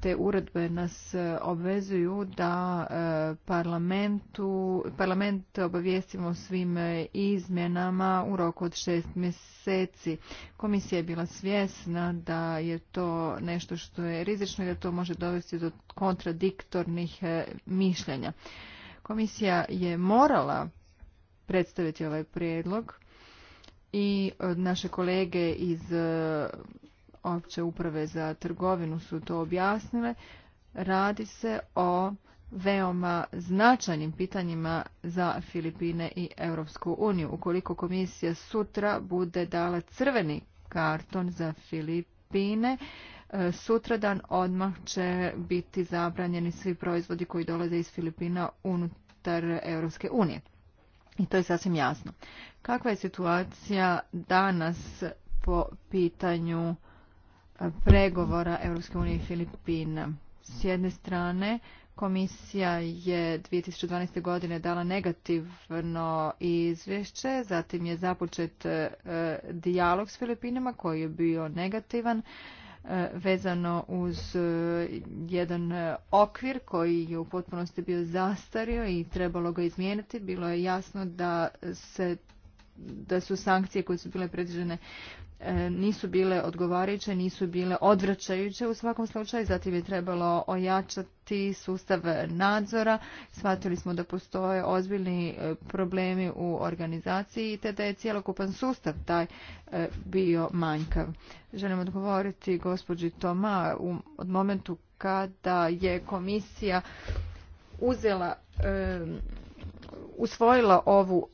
Te uredbe nas obvezuju da e, parlamentu, parlament obavijestimo svim izmjenama u roku od šest mjeseci. Komisija je bila svjesna da je to nešto što je rizično i da to može dovesti do kontradiktornih e, mišljenja. Komisija je morala predstaviti ovaj prijedlog i e, naše kolege iz e, opće uprave za trgovinu su to objasnile. Radi se o veoma značajnim pitanjima za Filipine i Europsku uniju. Ukoliko komisija sutra bude dala crveni karton za Filipine, E, sutradan odmah će biti zabranjeni svi proizvodi koji dolaze iz Filipina unutar Europske unije. I to je sasvim jasno. Kakva je situacija danas po pitanju e, pregovora Europske unije i Filipina? S jedne strane, Komisija je 2012. godine dala negativno izvješće, zatim je započet e, dijalog s Filipinama, koji je bio negativan. E, vezano uz e, jedan e, okvir koji je u potpunosti bio zastario i trebalo ga izmijeniti. Bilo je jasno da se da su sankcije koje su bile predviđene E, nisu bile odgovarajuće, nisu bile odvraćajuće u svakom slučaju, zatim je trebalo ojačati sustav nadzora, shvatili smo da postoje ozbiljni e, problemi u organizaciji te da je cijelokupan sustav taj e, bio manjkav. Želim odgovoriti gospođi Toma u od momentu kada je komisija uzela usvojila ovu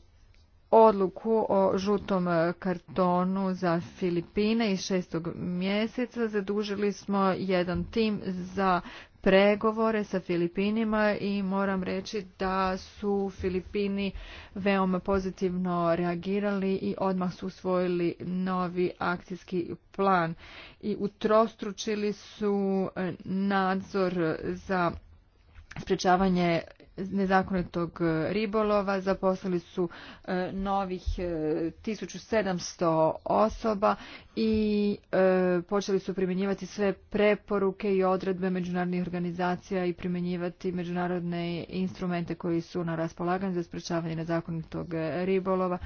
odluku o žutom kartonu za Filipine iz šestog mjeseca. Zadužili smo jedan tim za pregovore sa Filipinima i moram reći da su Filipini veoma pozitivno reagirali i odmah su usvojili novi akcijski plan i utrostručili su nadzor za sprečavanje nezakonitog e, ribolova, zaposlili su e, novih 1700 e, osoba i počeli su primjenjivati sve preporuke i odredbe međunarodnih organizacija i primjenjivati međunarodne instrumente koji su na raspolaganju za sprečavanje nezakonitog ribolova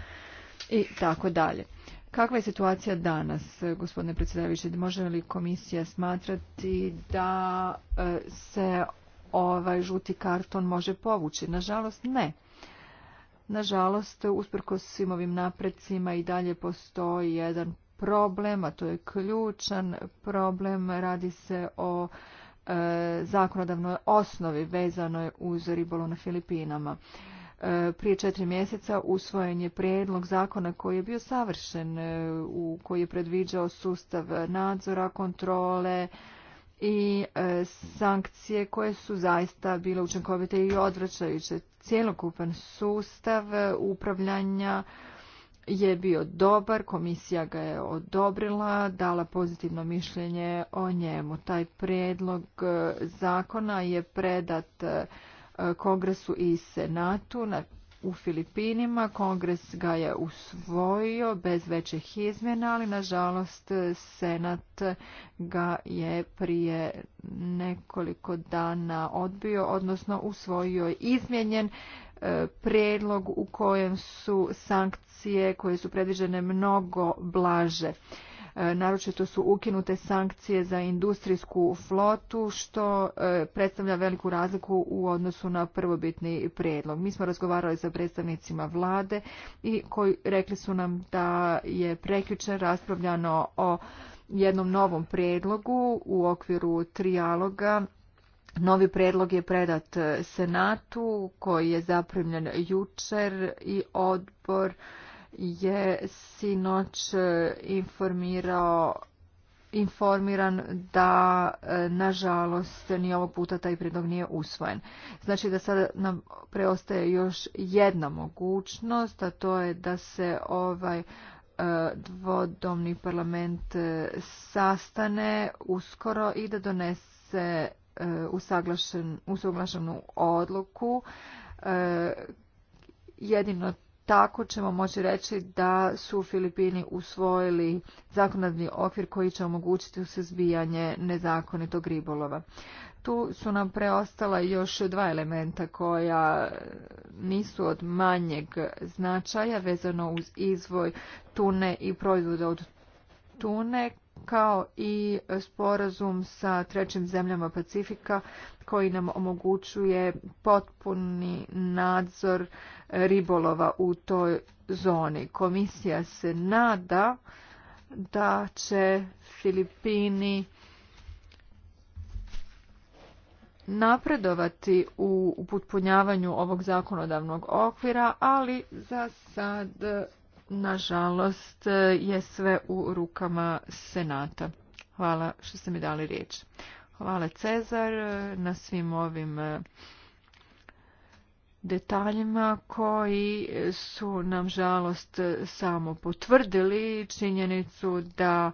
i tako dalje. Kakva je situacija danas, gospodine predsjedavajući? Može li komisija smatrati da se ovaj žuti karton može povući. Nažalost ne. Nažalost, usprkos svim ovim naprecima i dalje postoji jedan problem, a to je ključan problem. Radi se o e, zakonodavnoj osnovi vezanoj uz ribolu na Filipinama. E, prije četiri mjeseca usvojen je prijedlog zakona koji je bio savršen, e, u koji je predviđao sustav nadzora, kontrole, i e, sankcije koje su zaista bile učinkovite i odvraćajuće. Cijelokupan sustav upravljanja je bio dobar, komisija ga je odobrila, dala pozitivno mišljenje o njemu. Taj predlog e, zakona je predat e, Kongresu i Senatu na u Filipinima. Kongres ga je usvojio bez većih izmjena, ali nažalost Senat ga je prije nekoliko dana odbio, odnosno usvojio je izmjenjen e, prijedlog u kojem su sankcije koje su predviđene mnogo blaže. E, naročito su ukinute sankcije za industrijsku flotu što e, predstavlja veliku razliku u odnosu na prvobitni prijedlog. Mi smo razgovarali sa predstavnicima vlade i koji rekli su nam da je prekjučer raspravljano o jednom novom prijedlogu u okviru trijaloga Novi predlog je predat e, Senatu koji je zaprimljen jučer i odbor je sinoć e, informirao informiran da e, nažalost ni ovog puta taj prijedlog nije usvojen. Znači da sada nam preostaje još jedna mogućnost, a to je da se ovaj e, dvodomni parlament sastane uskoro i da donese usuglašenu odluku jedino tako ćemo moći reći da su Filipini usvojili zakonodavni okvir koji će omogućiti suzbijanje nezakonitog ribolova. Tu su nam preostala još dva elementa koja nisu od manjeg značaja vezano uz izvoj tune i proizvoda od tune kao i sporazum sa trećim zemljama Pacifika koji nam omogućuje potpuni nadzor ribolova u toj zoni. Komisija se nada da će Filipini napredovati u uputpunjavanju ovog zakonodavnog okvira, ali za sad, nažalost, je sve u rukama Senata. Hvala što ste mi dali riječ. Hvala Cezar na svim ovim detaljima koji su nam žalost samo potvrdili činjenicu da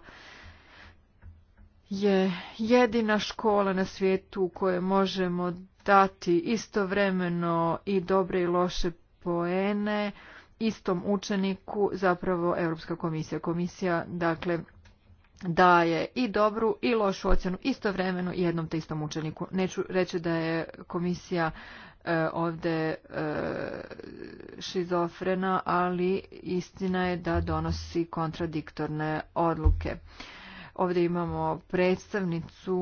je jedina škola na svijetu u kojoj možemo dati istovremeno i dobre i loše poene istom učeniku zapravo Europska komisija. Komisija dakle daje i dobru i lošu ocjenu istovremeno jednom te istom učeniku. Neću reći da je komisija E, ovdje e, šizofrena, ali istina je da donosi kontradiktorne odluke. Ovdje imamo predstavnicu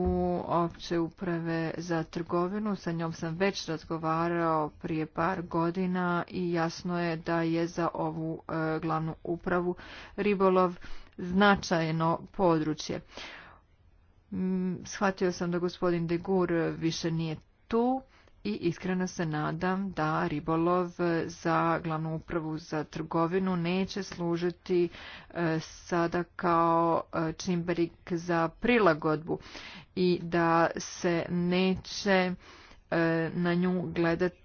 opće uprave za trgovinu, sa njom sam već razgovarao prije par godina i jasno je da je za ovu e, glavnu upravu ribolov značajno područje. Shvatio sam da gospodin Degur više nije tu i iskreno se nadam da ribolov za glavnu upravu za trgovinu neće služiti e, sada kao e, čimberik za prilagodbu i da se neće e, na nju gledati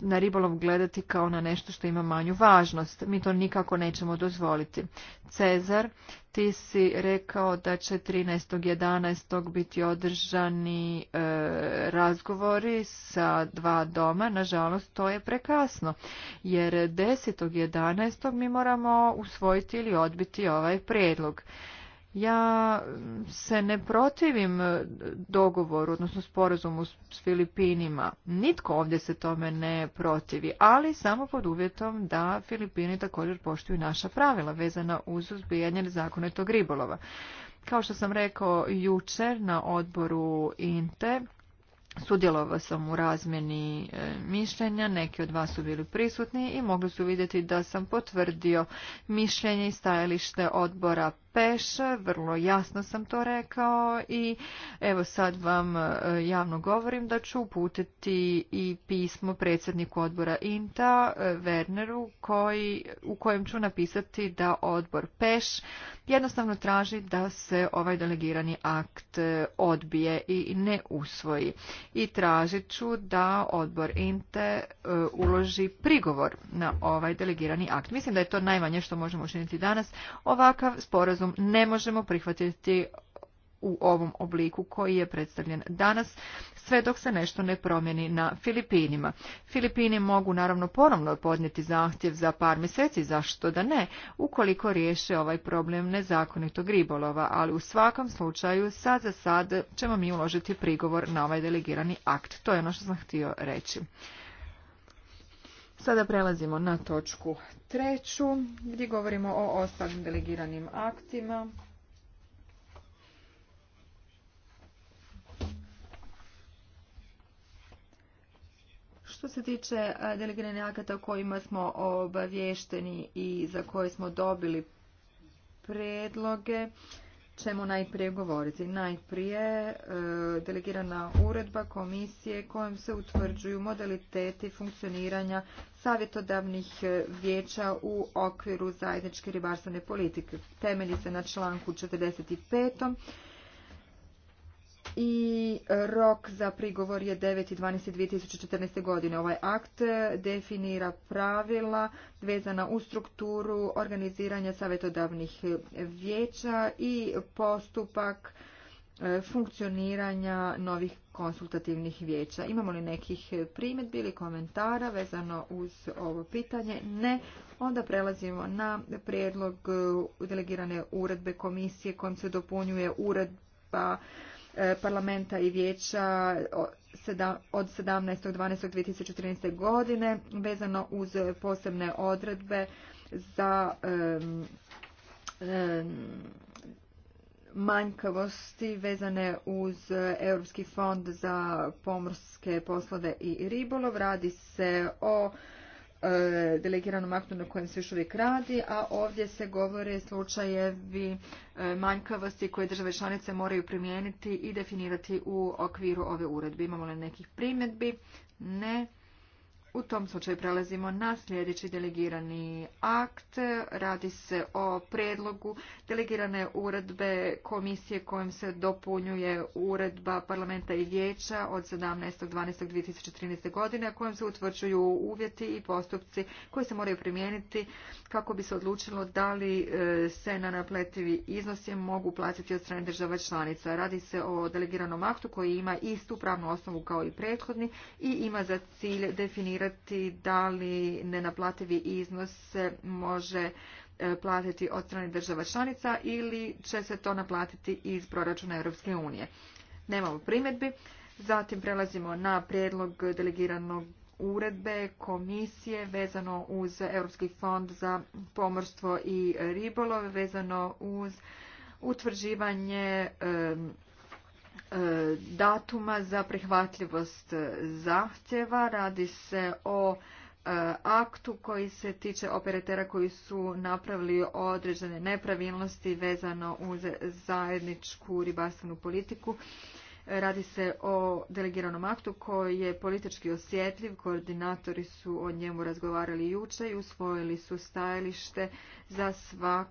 na ribolov gledati kao na nešto što ima manju važnost. Mi to nikako nećemo dozvoliti. Cezar, ti si rekao da će 13.11. biti održani e, razgovori sa dva doma. Nažalost, to je prekasno, jer 10.11. mi moramo usvojiti ili odbiti ovaj prijedlog. Ja se ne protivim dogovoru, odnosno sporazumu s Filipinima. Nitko ovdje se tome ne protivi, ali samo pod uvjetom da Filipini također poštuju naša pravila vezana uz uzbijanje nezakonitog ribolova. Kao što sam rekao jučer na odboru INTE, Sudjelovao sam u razmjeni e, mišljenja, neki od vas su bili prisutni i mogli su vidjeti da sam potvrdio mišljenje i stajalište odbora Peša, vrlo jasno sam to rekao i evo sad vam e, javno govorim da ću uputiti i pismo predsjedniku odbora INTA, e, Werneru, koji, u kojem ću napisati da odbor Peš jednostavno traži da se ovaj delegirani akt e, odbije i ne usvoji. I tražit ću da odbor INTE uloži prigovor na ovaj delegirani akt. Mislim da je to najmanje što možemo učiniti danas. Ovakav sporazum ne možemo prihvatiti u ovom obliku koji je predstavljen danas, sve dok se nešto ne promjeni na Filipinima. Filipini mogu naravno ponovno podnijeti zahtjev za par mjeseci, zašto da ne, ukoliko riješe ovaj problem nezakonitog ribolova, ali u svakom slučaju sad za sad ćemo mi uložiti prigovor na ovaj delegirani akt. To je ono što sam htio reći. Sada prelazimo na točku treću gdje govorimo o ostalim delegiranim aktima. Što se tiče delegiranih akata o kojima smo obavješteni i za koje smo dobili predloge, ćemo najprije govoriti. Najprije e, delegirana uredba komisije kojom se utvrđuju modaliteti funkcioniranja savjetodavnih e, vijeća u okviru zajedničke ribarstvene politike. Temelji se na članku 45. I rok za prigovor je 9.12.2014. godine. Ovaj akt e, definira pravila vezana u strukturu organiziranja savjetodavnih e, vijeća i postupak funkcioniranja novih konsultativnih vijeća. Imamo li nekih primjedbi ili komentara vezano uz ovo pitanje? Ne. Onda prelazimo na prijedlog uh, delegirane uredbe komisije kojom se dopunjuje uredba uh, parlamenta i vijeća od 17.12.2013. godine vezano uz posebne odredbe za um, um, manjkavosti vezane uz Europski fond za pomorske poslove i ribolov. Radi se o e, delegiranom aktu na kojem se još uvijek radi, a ovdje se govore slučajevi e, manjkavosti koje države članice moraju primijeniti i definirati u okviru ove uredbe. Imamo li nekih primjedbi? Ne. U tom slučaju prelazimo na sljedeći delegirani akt. Radi se o predlogu delegirane uredbe komisije kojom se dopunjuje uredba parlamenta i vijeća od 17.12.2013. godine kojom se utvrđuju uvjeti i postupci koji se moraju primijeniti kako bi se odlučilo da li e, se na napletivi iznosi mogu platiti od strane država članica. Radi se o delegiranom aktu koji ima istu pravnu osnovu kao i prethodni i ima za cilj definirati kontrolirati da li nenaplativi iznos se može e, platiti od strane država članica ili će se to naplatiti iz proračuna Europske unije. Nemamo primjedbi. Zatim prelazimo na prijedlog delegiranog uredbe komisije vezano uz Europski fond za pomorstvo i ribolov, vezano uz utvrđivanje E, datuma za prihvatljivost zahtjeva. Radi se o e, aktu koji se tiče operatera koji su napravili određene nepravilnosti vezano uz zajedničku ribarstvenu politiku. Radi se o delegiranom aktu koji je politički osjetljiv, koordinatori su o njemu razgovarali jučer i usvojili su stajalište za svak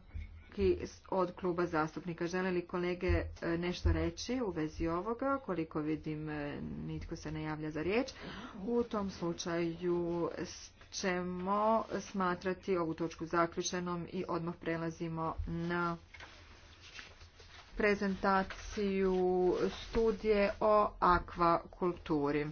i od kluba zastupnika. Žele li kolege e, nešto reći u vezi ovoga? Koliko vidim, e, nitko se ne javlja za riječ. U tom slučaju ćemo smatrati ovu točku zaključenom i odmah prelazimo na prezentaciju studije o akvakulturi.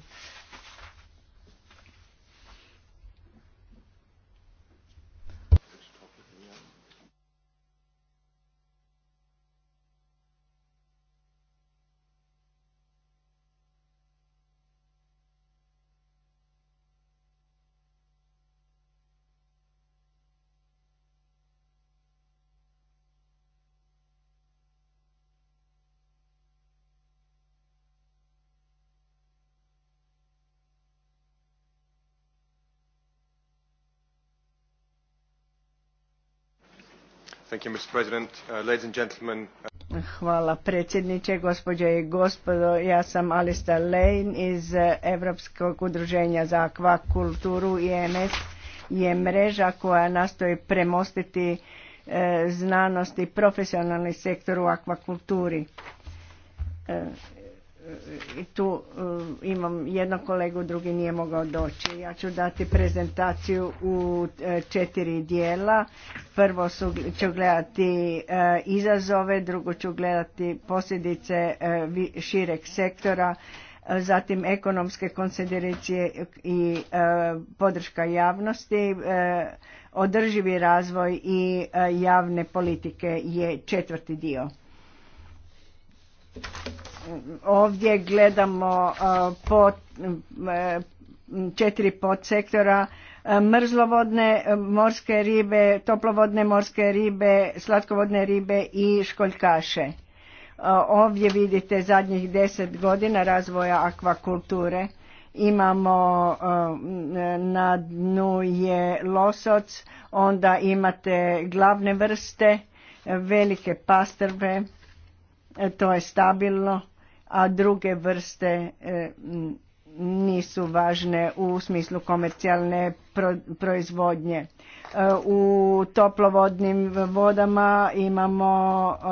Uh, uh, Hvala predsjedniče, gospođe i gospodo. Ja sam Alista Lane iz uh, Europskog udruženja za akvakulturu IMS je mreža koja nastoji premostiti znanost i profesionalni sektor u akvakulturi tu e, imam jednog kolegu, drugi nije mogao doći. Ja ću dati prezentaciju u e, četiri dijela. Prvo ću gledati e, izazove, drugo ću gledati posljedice šireg sektora, zatim ekonomske konsideracije i podrška javnosti, održivi razvoj i javne politike je četvrti dio ovdje gledamo e, po e, četiri podsektora e, mrzlovodne morske ribe, toplovodne morske ribe, slatkovodne ribe i školjkaše. Ovdje vidite zadnjih deset godina razvoja akvakulture. Imamo na dnu je losoc, onda imate glavne vrste, velike pastrve, to je stabilno a druge vrste e, nisu važne u smislu komercijalne proizvodnje. E, u toplovodnim vodama imamo e,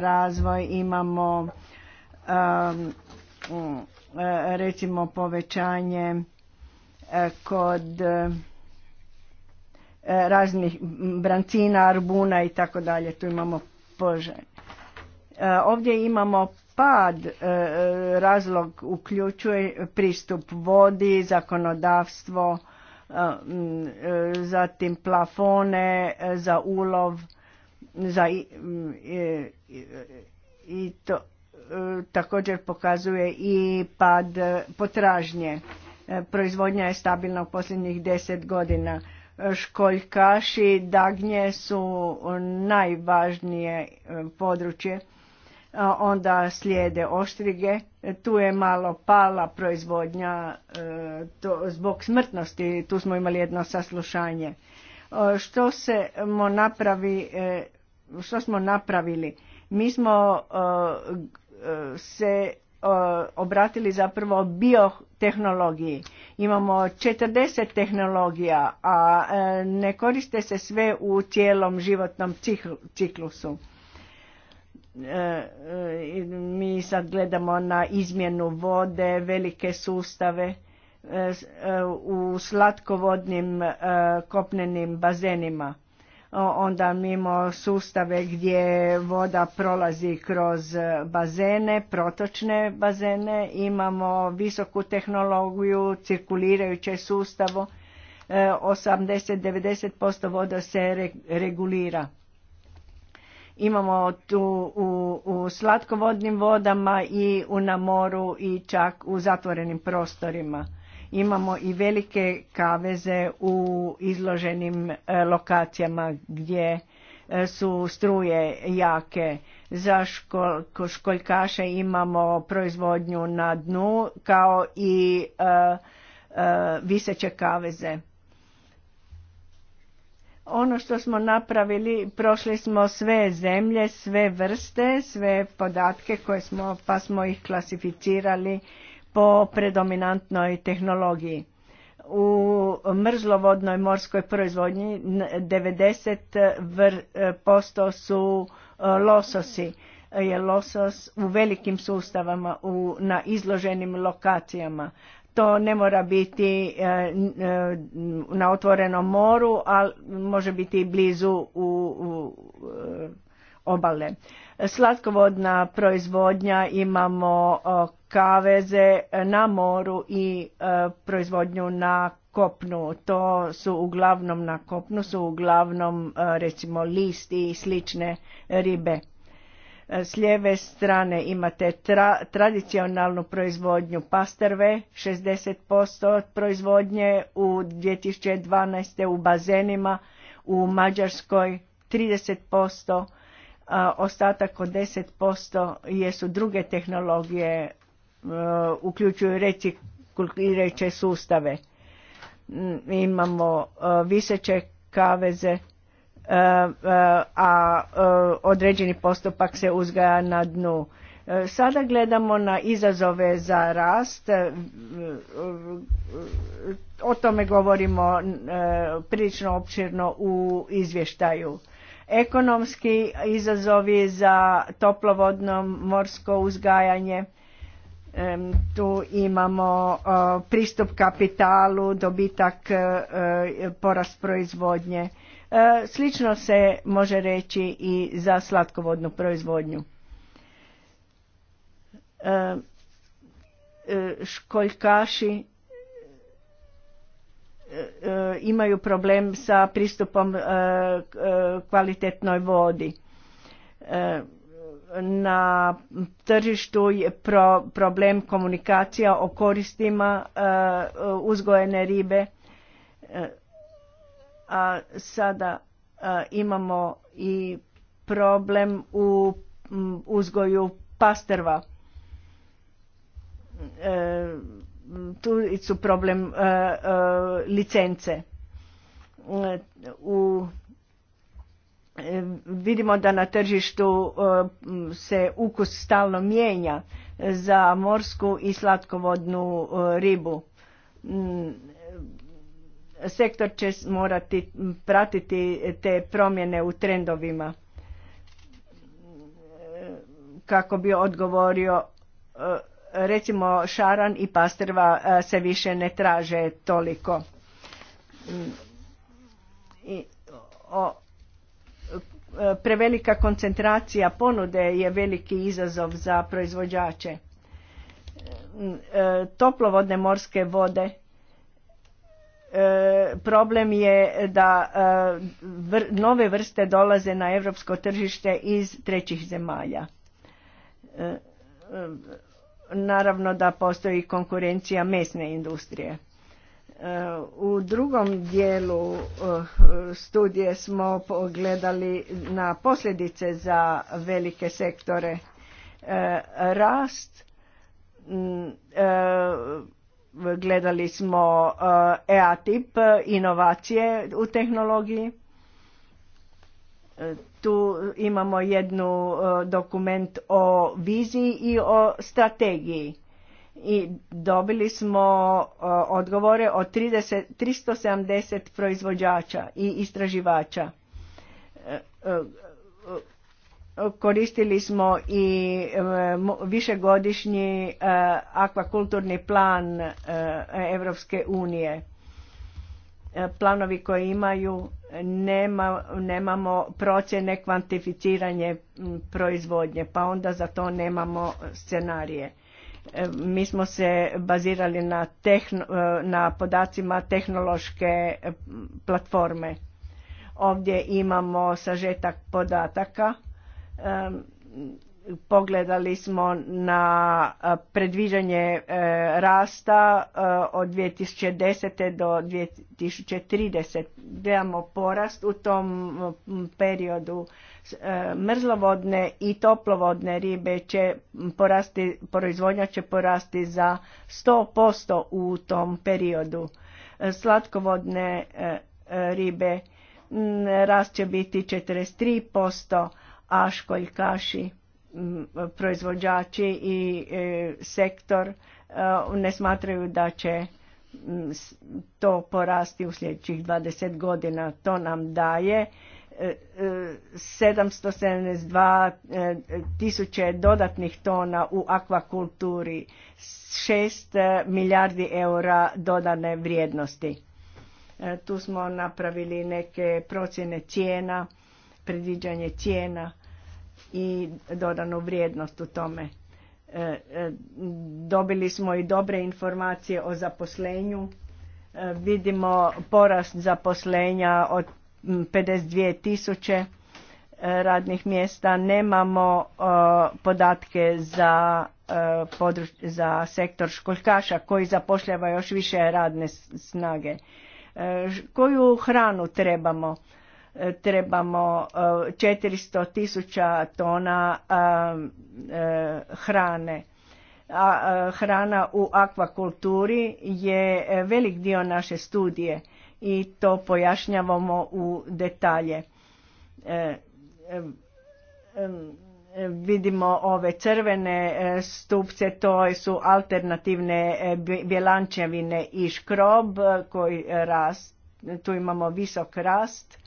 razvoj, imamo recimo povećanje kod raznih brancina, arbuna i tako dalje. Tu imamo pože. Ovdje imamo pad e, razlog uključuje pristup vodi, zakonodavstvo, e, e, zatim plafone za ulov za i, to također pokazuje i pad potražnje. Proizvodnja je stabilna u posljednjih deset godina. Školjkaši, dagnje su najvažnije područje onda slijede oštrige, tu je malo pala proizvodnja e, to, zbog smrtnosti, tu smo imali jedno saslušanje. E, što se mo napravi, e, što smo napravili? Mi smo se obratili zapravo biotehnologiji. Imamo 40 tehnologija, a ne koriste se sve u cijelom životnom ciklusu E, e, mi sad gledamo na izmjenu vode, velike sustave e, u slatkovodnim kopnenim bazenima. Onda imamo sustave gdje voda prolazi kroz bazene, protočne bazene, imamo visoku tehnologiju, cirkulirajuće sustavo, 80-90% voda se regulira Imamo tu u, u slatkovodnim vodama i u na moru i čak u zatvorenim prostorima. Imamo i velike kaveze u izloženim e, lokacijama gdje e, su struje jake. Za škol, školjkaše imamo proizvodnju na dnu kao i e, viseće kaveze ono što smo napravili, prošli smo sve zemlje, sve vrste, sve podatke koje smo, pa smo ih klasificirali po predominantnoj tehnologiji. U mrzlovodnoj morskoj proizvodnji 90% e, su e, lososi, e, je losos u velikim sustavama na izloženim lokacijama. To ne mora biti e, e, na otvorenom moru, ali može biti i blizu u e, obale. Slatkovodna proizvodnja imamo kaveze na moru i proizvodnju na kopnu. To su uglavnom na kopnu, su uglavnom recimo listi i slične ribe. E, s lijeve strane imate tradicionalnu proizvodnju pasterve, 60% proizvodnje u 2012. u bazenima, u Mađarskoj 30%, a ostatak od 10% jesu druge tehnologije, e, uključuju reciklirajuće sustave. Imamo e, viseće kaveze E, e, a e, određeni postupak se uzgaja na dnu. Sada gledamo na izazove za rast, o tome govorimo prilično opširno u izvještaju. Ekonomski izazovi za toplovodno morsko uzgajanje, tu imamo pristup kapitalu, dobitak, porast proizvodnje E, slično se može reći i za slatkovodnu proizvodnju. E, e, školjkaši imaju problem sa pristupom kvalitetnoj vodi. Na tržištu je problem komunikacija o koristima uzgojene ribe a sada imamo i problem u uzgoju pasterva. E, tu su problem e, e, licence. U vidimo da na tržištu se ukus stalno mijenja za morsku i slatkovodnu ribu sektor će morati pratiti te promjene u trendovima kako bi odgovorio e, recimo šaran i pastrva e, se više ne traže toliko e, prevelika koncentracija ponude je veliki izazov za proizvođače toplovodne morske vode problem je da e, nove vrste dolaze na europsko tržište iz trećih zemalja. E, e, naravno da postoji konkurencija mesne industrije. U drugom dijelu studije smo pogledali na posljedice za velike sektore rast Gledali smo EATIP, eh, e eh, inovacije u tehnologiji. Eh, tu imamo jednu dokument o viziji i o strategiji. I dobili smo odgovore od 30, 370 proizvođača i istraživača koristili smo i e, višegodišnji e, akvakulturni plan Europske unije. E, planovi koje imaju, nema, nemamo procjene kvantificiranje proizvodnje, pa onda za to nemamo scenarije. Mi smo se bazirali na, na podacima tehnološke platforme. Ovdje imamo sažetak podataka pogledali smo na predviđanje e, rasta e, od 2010. do 2030. Gledamo porast u tom periodu e, mrzlovodne i toplovodne ribe će porasti, proizvodnja će porasti za 100% u tom periodu. Slatkovodne ribe rast će biti 43%, aškoljkaši, proizvođači i e, sektor e, ne smatraju da će to porasti u sljedećih 20 godina. To nam daje 772 e, tisuće dodatnih tona u akvakulturi, 6 milijardi eura dodane vrijednosti. Tu smo napravili neke procjene cijena, predviđanje cijena i dodanu vrijednost u tome. E, e, dobili smo i dobre informacije o zaposlenju. E, vidimo porast zaposlenja od 52 tisuće radnih mjesta. Nemamo podatke za, za sektor školjkaša koji zapošljava još više radne snage. Koju hranu trebamo? E, trebamo 400 e, tisuća tona e, hrane. A hrana u akvakulturi je velik dio naše studije i to pojašnjavamo u detalje. Vidimo ove crvene stupce, to su alternativne bjelančevine i škrob koji rast, tu imamo visok rast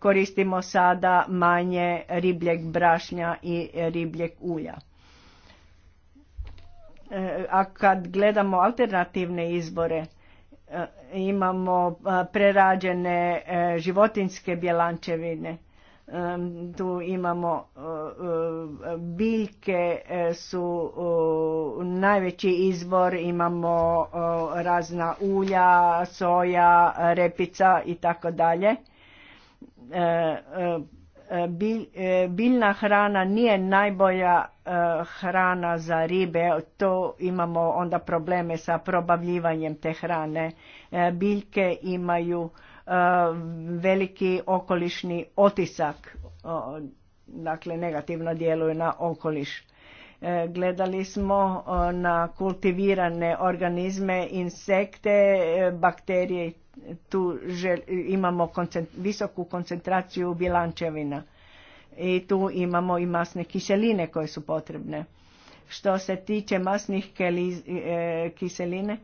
koristimo sada manje ribljeg brašnja i ribljeg ulja. E, a kad gledamo alternativne izbore, e, imamo e, prerađene životinske bjelančevine, tu imamo biljke su najveći izbor, imamo razna ulja, soja, repica i tako dalje E, e, e, biljna hrana nije najbolja hrana za ribe, to imamo onda probleme sa probavljivanjem te hrane. Biljke imaju veliki okolišni otisak, dakle negativno djeluju na okoliš. Gledali smo na kultivirane organizme, insekte, bakterije i tu žel, imamo visoku koncentraciju bilančevina i tu imamo i masne kiseline koje su potrebne. Što se tiče masnih keliz, e, kiseline,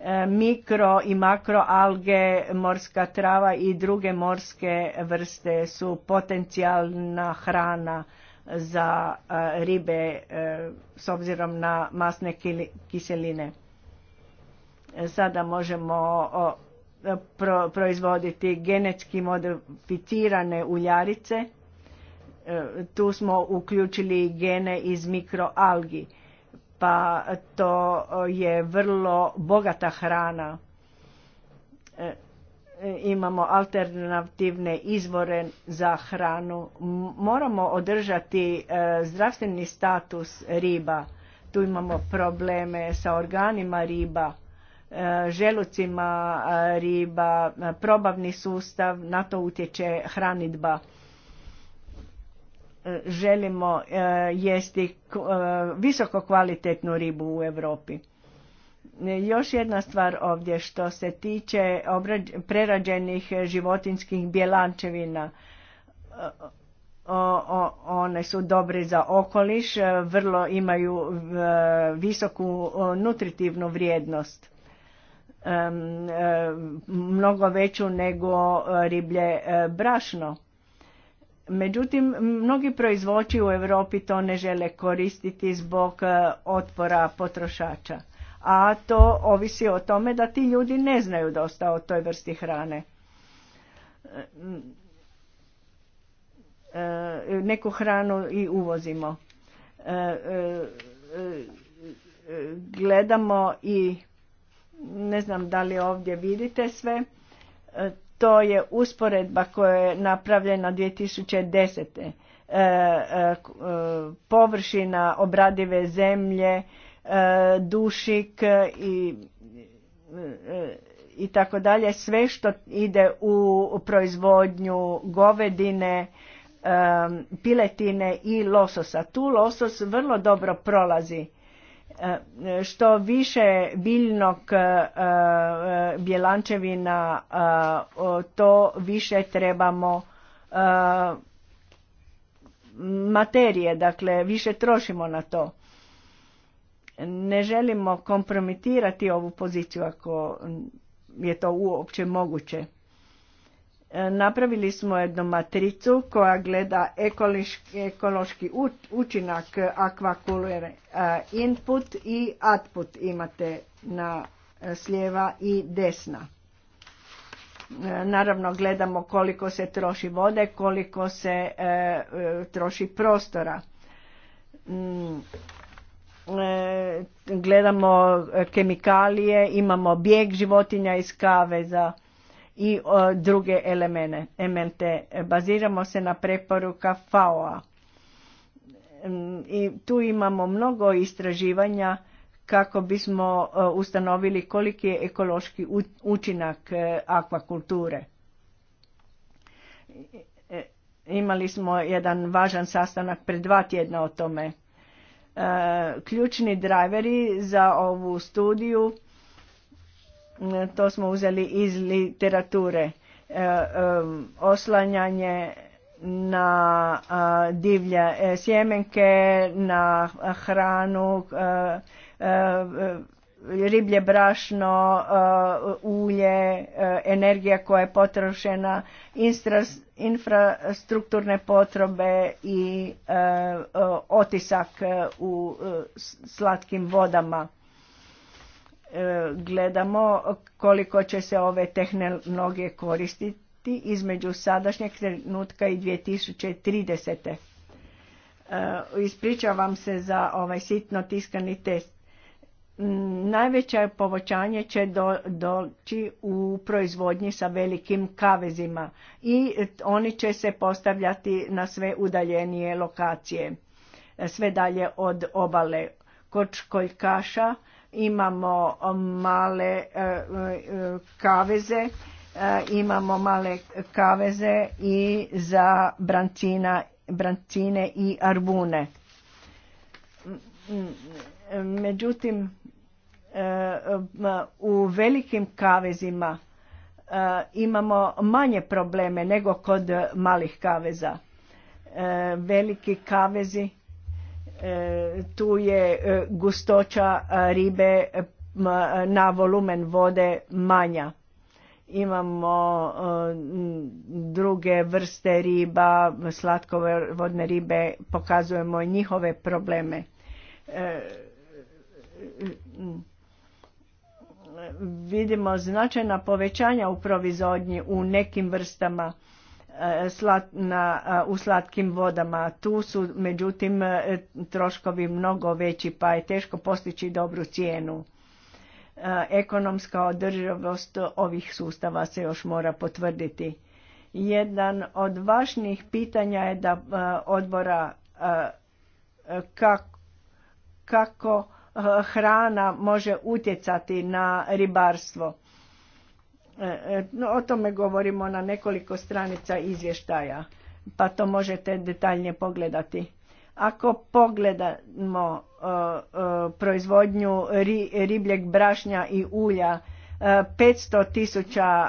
e, mikro i makro alge, morska trava i druge morske vrste su potencijalna hrana za e, ribe s obzirom na masne kiseline. Sada možemo proizvoditi genetski modificirane uljarice. E, tu smo uključili gene iz mikroalgi, pa to je vrlo bogata hrana. E, e, imamo alternativne izvore za hranu. Moramo održati zdravstveni status riba. Tu imamo probleme sa organima riba želucima riba, probavni sustav, na to utječe hranidba. E, želimo e, jesti e, visoko kvalitetnu ribu u Europi. Još jedna stvar ovdje što se tiče prerađenih životinskih bjelančevina. One su dobre za okoliš, vrlo imaju visoku nutritivnu vrijednost mnogo veću nego e, riblje e, brašno. Međutim, mnogi proizvođači u Europi to ne žele koristiti zbog e, otpora potrošača. A to ovisi o tome da ti ljudi ne znaju dosta o toj vrsti hrane. Neku hranu i uvozimo. Gledamo i ne znam da li ovdje vidite sve, e, to je usporedba koja je napravljena 2010. E, e, površina obradive zemlje, dušik i i tako dalje, sve što ide u proizvodnju govedine, piletine i lososa. Tu losos vrlo dobro prolazi što više biljnog e, e, bjelančevina e, to više trebamo materije, dakle više trošimo na to. Ne želimo kompromitirati ovu poziciju ako je to uopće moguće. Napravili smo jednu matricu koja gleda ekološki, učinak akvakulture. Eh, input i output imate na eh, slijeva i desna. Eh, naravno gledamo koliko se troši vode, koliko se troši prostora. Mm. gledamo kemikalije, imamo bijeg životinja iz kaveza i e, druge elemente. Baziramo se na preporuka FAO-a. Mm, I tu imamo mnogo istraživanja kako bismo e, ustanovili koliki je ekološki učinak e, akvakulture. Imali smo jedan važan sastanak pred dva tjedna o tome. Ključni driveri za ovu studiju to smo uzeli iz literature e, oslanjanje na divlje e, sjemenke, na hranu, e, riblje brašno, ulje, energija koja je potrošena, infrastrukturne potrebe i otisak u slatkim vodama gledamo koliko će se ove tehnologije koristiti između sadašnjeg trenutka i 2030. E, ispričavam se za ovaj sitno tiskani test. Najveće povećanje će doći u proizvodnji sa velikim kavezima i oni će se postavljati na sve udaljenije lokacije, sve dalje od obale. Kod školjkaša imamo eh, male eh, eh, kaveze, imamo male kaveze i za brancina, brancine i arbune. Međutim, u velikim kavezima imamo manje probleme nego kod malih kaveza. Veliki kavezi E, tu je e, gustoća e, ribe na volumen vode manja. Imamo druge vrste riba, slatkovodne ribe, pokazujemo njihove probleme. Vidimo značajna povećanja u provizodnji u nekim vrstama E, slat, na, e, u slatkim vodama. Tu su međutim e, troškovi mnogo veći pa je teško postići dobru cijenu. Ekonomska održivost ovih sustava se još mora potvrditi. Jedan od važnijih pitanja je da odbora kako hrana može utjecati na ribarstvo E, e, o tome govorimo na nekoliko stranica izvještaja, pa to možete detaljnije pogledati. Ako pogledamo e, proizvodnju ribljeg brašnja i ulja, 500 tisuća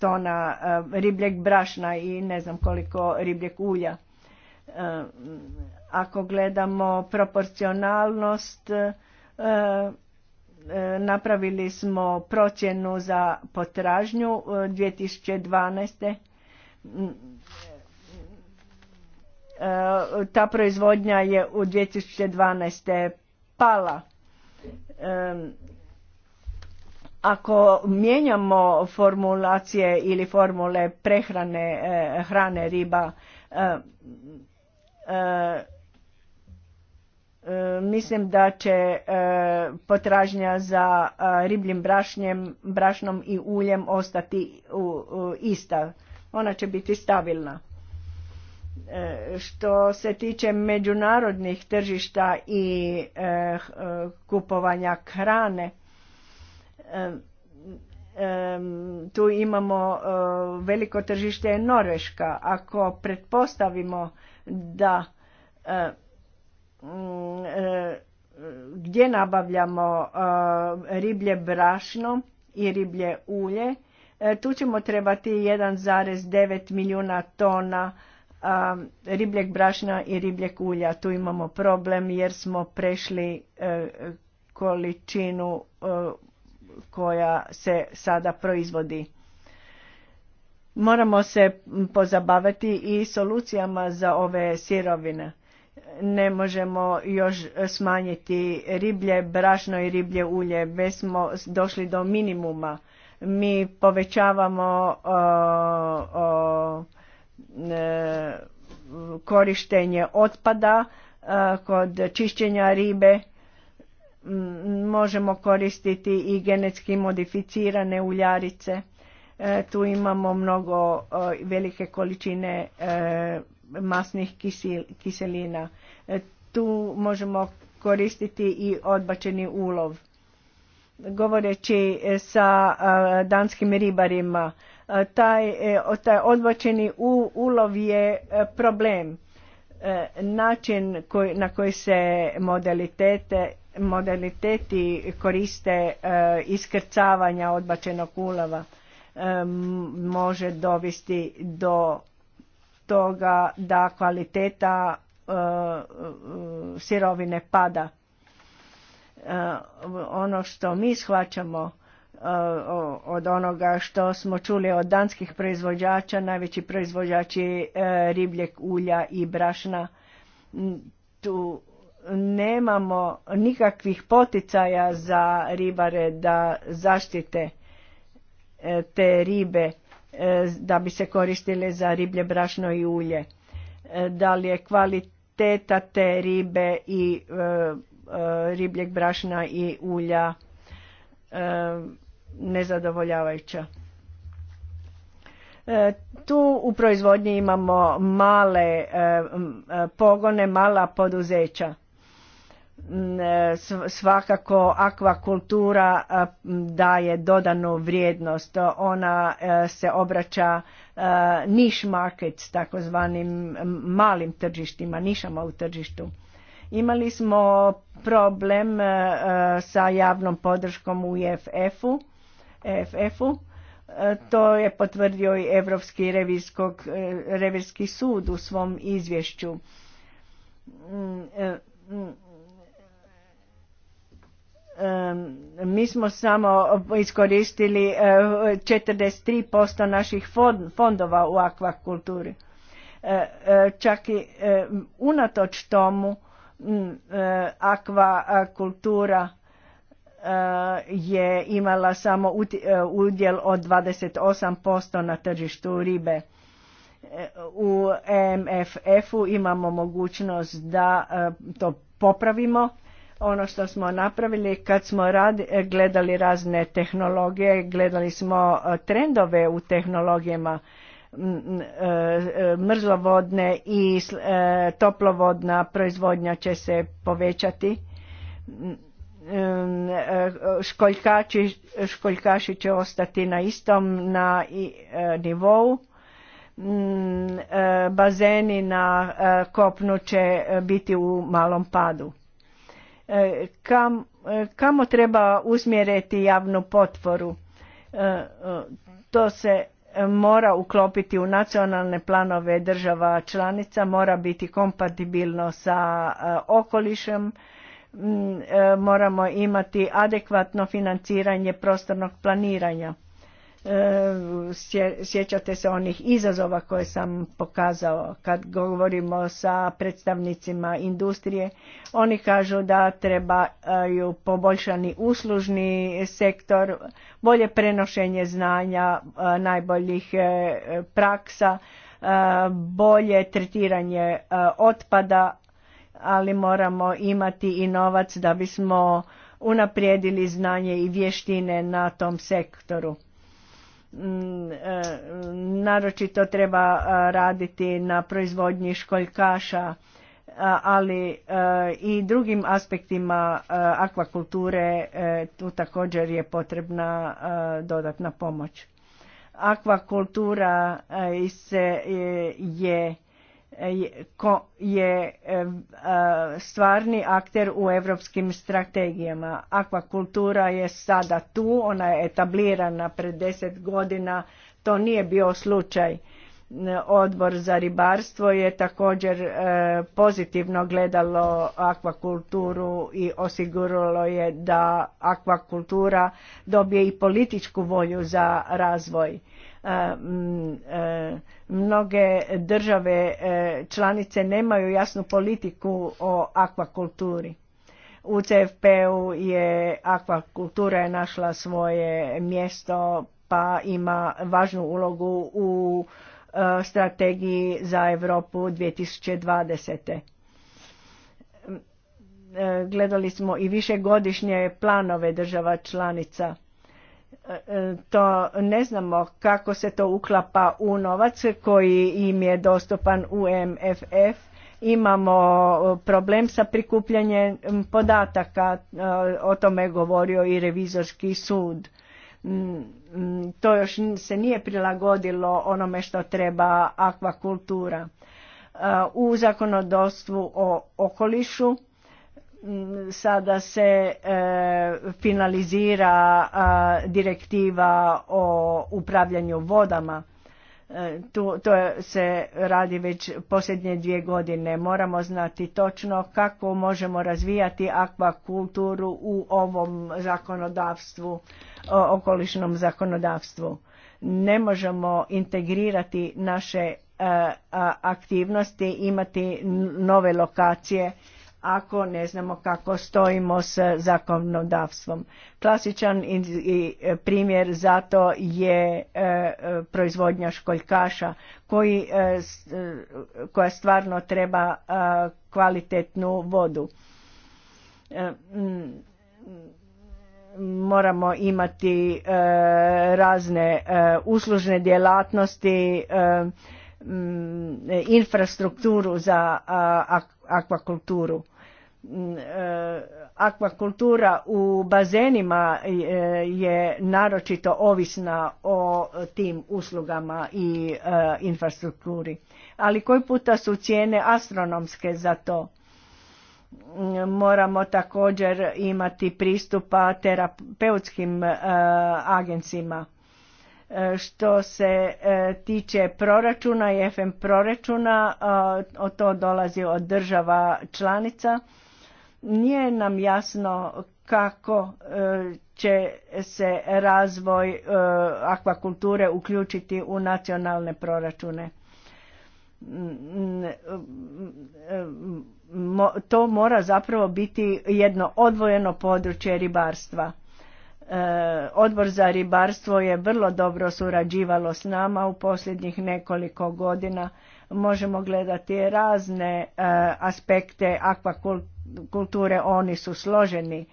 tona ribljeg brašna i ne znam koliko ribljeg ulja. Ako gledamo proporcionalnost, E, napravili smo procjenu za potražnju 2012. E, mm, e, ta proizvodnja je u 2012. pala. Ako mijenjamo formulacije ili formule prehrane hrane riba, E, mislim da će e, potražnja za e, ribljim brašnjem, brašnom i uljem ostati ista. Ona će biti stabilna. Što se tiče međunarodnih tržišta i kupovanja hrane, tu imamo veliko tržište Norveška. Ako pretpostavimo da Mm, e, gdje nabavljamo e, riblje brašno i riblje ulje. E, tu ćemo trebati 1,9 milijuna tona ribljeg brašna i ribljeg ulja. Tu imamo problem jer smo prešli količinu koja se sada proizvodi. Moramo se pozabaviti i solucijama za ove sirovine ne možemo još smanjiti riblje, brašno i riblje ulje, već smo došli do minimuma. Mi povećavamo o, e, korištenje otpada e, kod čišćenja ribe, možemo koristiti i genetski modificirane uljarice. E, tu imamo mnogo velike količine masnih kiselina. E, tu možemo koristiti i odbačeni ulov. Govoreći e, sa e, danskim ribarima, taj, taj odbačeni ulov je problem. Način na koji se modalitete modaliteti koriste iskrcavanja odbačenog ulova može dovesti do toga da kvaliteta e, e, sirovine pada. E, ono što mi shvaćamo od onoga što smo čuli od danskih proizvođača, najveći proizvođači ribljeg ulja i brašna, tu nemamo nikakvih poticaja za ribare da zaštite te ribe E, da bi se koristile za riblje brašno i ulje. E, da li je kvaliteta te ribe i e, ribljeg brašna i ulja nezadovoljavajuća. Tu u proizvodnji imamo male pogone, mala poduzeća svakako akvakultura daje dodanu vrijednost. Ona e, se obraća e, niš s takozvanim malim tržištima, nišama u tržištu. Imali smo problem e, sa javnom podrškom u EFF-u. EFF to je potvrdio i Europski revizijski sud u svom izvješću mm, mm, mi smo samo iskoristili 43% eh, naših fondova u akvakulturi. Eh, eh, čak i unatoč tomu mm, akvakultura je imala samo udjel od 28% na tržištu ribe. U e mff u imamo mogućnost da to popravimo ono što smo napravili kad smo e, gledali razne tehnologije, gledali smo e, trendove u tehnologijama e, mrzlovodne i toplovodna proizvodnja će se povećati. Školjkači, školjkaši će ostati na istom na nivou. Bazeni na kopnu će biti u malom padu. E, kam, e, kamo treba usmjeriti javnu potporu? E, to se mora uklopiti u nacionalne planove država članica, mora biti kompatibilno sa okolišem, moramo imati adekvatno financiranje prostornog planiranja E, sjećate se onih izazova koje sam pokazao kad govorimo sa predstavnicima industrije oni kažu da trebaju poboljšani uslužni sektor bolje prenošenje znanja e, najboljih e, praksa bolje tretiranje otpada ali moramo imati i novac da bismo unaprijedili znanje i vještine na tom sektoru Mm, e, naročito treba e, raditi na proizvodnji školjkaša, e, ali i drugim aspektima akvakulture tu također je potrebna dodatna pomoć. Akvakultura se je E, je e, e, stvarni akter u europskim strategijama. Akvakultura je sada tu, ona je etablirana pred deset godina, to nije bio slučaj. Odbor za ribarstvo je također pozitivno gledalo akvakulturu i osiguralo je da akvakultura dobije i političku volju za razvoj E, mnoge države e, članice nemaju jasnu politiku o akvakulturi. U CFP-u je akvakultura je našla svoje mjesto pa ima važnu ulogu u e, strategiji za Europu 2020 gledali smo i godišnje planove država članica E, to ne znamo kako se to uklapa u novac koji im je dostupan u MFF. Imamo problem sa prikupljanjem podataka, e, o tome je govorio i revizorski sud. To još se nije prilagodilo onome što treba akvakultura. E, u zakonodostvu o okolišu sada se e, finalizira direktiva o upravljanju vodama e, tu, to se radi već posljednje dvije godine. Moramo znati točno kako možemo razvijati akvakulturu u ovom zakonodavstvu, okolišnom zakonodavstvu. Ne možemo integrirati naše e, aktivnosti, imati nove lokacije ako ne znamo kako stojimo s zakonodavstvom. Klasičan e, primjer za to je e, e, proizvodnja školjkaša koji, koja stvarno treba kvalitetnu vodu. Moramo imati razne uslužne djelatnosti, infrastrukturu za akvakulturu E, akvakultura u bazenima e, je naročito ovisna o tim uslugama i e, infrastrukturi. Ali koji puta su cijene astronomske za to? Moramo također imati pristupa terapeutskim agencima. Što se tiče proračuna i FM proračuna, o to dolazi od država članica. Nije nam jasno kako e, će se razvoj e, akvakulture uključiti u nacionalne proračune. To mora zapravo biti jedno odvojeno područje ribarstva. E, Odbor za ribarstvo je vrlo dobro surađivalo s nama u posljednjih nekoliko godina. Možemo gledati razne aspekte akvakulture kulture, oni su složeni,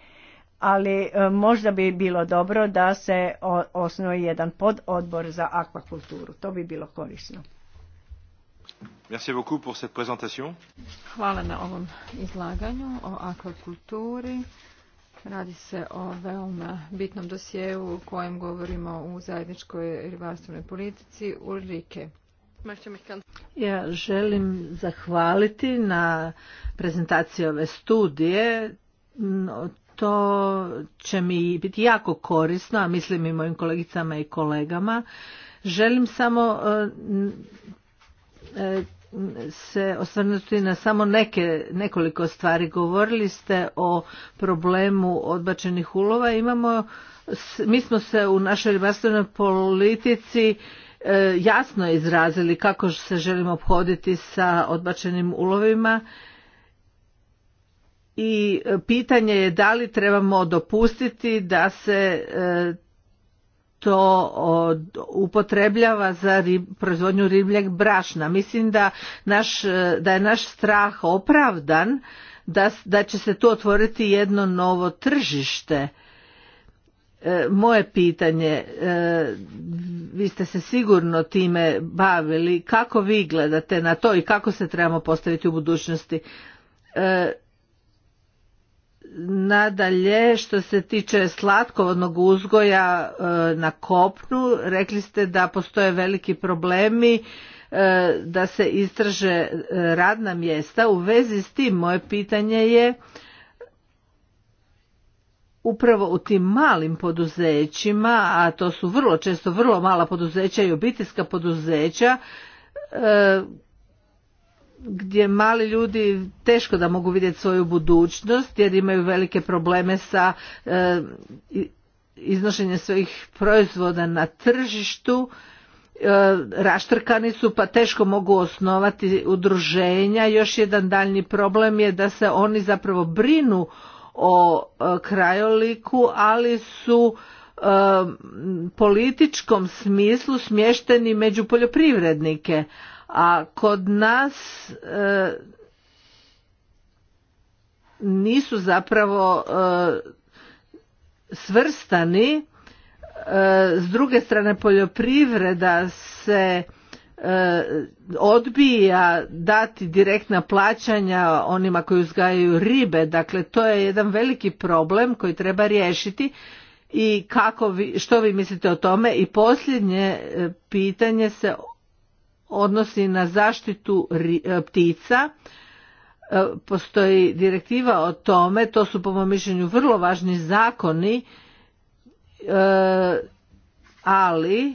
ali e, možda bi bilo dobro da se osnuje jedan pododbor za akvakulturu. To bi bilo korisno. Merci beaucoup pour cette présentation. Hvala na ovom izlaganju o akvakulturi. Radi se o veoma bitnom dosjeu u kojem govorimo u zajedničkoj ribarstvenoj politici Ulrike. Ja želim zahvaliti na prezentaciji ove studije. To će mi biti jako korisno, a mislim i mojim kolegicama i kolegama. Želim samo e, e, se osvrnuti na samo neke, nekoliko stvari. Govorili ste o problemu odbačenih ulova. Imamo, mi smo se u našoj ribarstvenoj politici E, jasno izrazili kako se želimo obhoditi sa odbačenim ulovima i pitanje je da li trebamo dopustiti da se e, to upotrebljava za proizvodnju ribljeg brašna. Mislim da, naš, e, da je naš strah opravdan da, da će se tu otvoriti jedno novo tržište E, moje pitanje, e, vi ste se sigurno time bavili, kako vi gledate na to i kako se trebamo postaviti u budućnosti? E, nadalje, što se tiče slatkovodnog uzgoja na kopnu, rekli ste da postoje veliki problemi da se istraže radna mjesta. U vezi s tim moje pitanje je upravo u tim malim poduzećima, a to su vrlo često vrlo mala poduzeća i obiteljska poduzeća, e, gdje mali ljudi teško da mogu vidjeti svoju budućnost jer imaju velike probleme sa e, iznošenjem svojih proizvoda na tržištu e, raštrkani su pa teško mogu osnovati udruženja još jedan daljnji problem je da se oni zapravo brinu o e, krajoliku, ali su e, političkom smislu smješteni među poljoprivrednike, a kod nas e, nisu zapravo svrstani. S druge strane poljoprivreda se E, odbija dati direktna plaćanja onima koji uzgajaju ribe. Dakle, to je jedan veliki problem koji treba riješiti i kako vi, što vi mislite o tome. I posljednje e, pitanje se odnosi na zaštitu e, ptica. Postoji direktiva o tome, to su po mom mišljenju vrlo važni zakoni, ali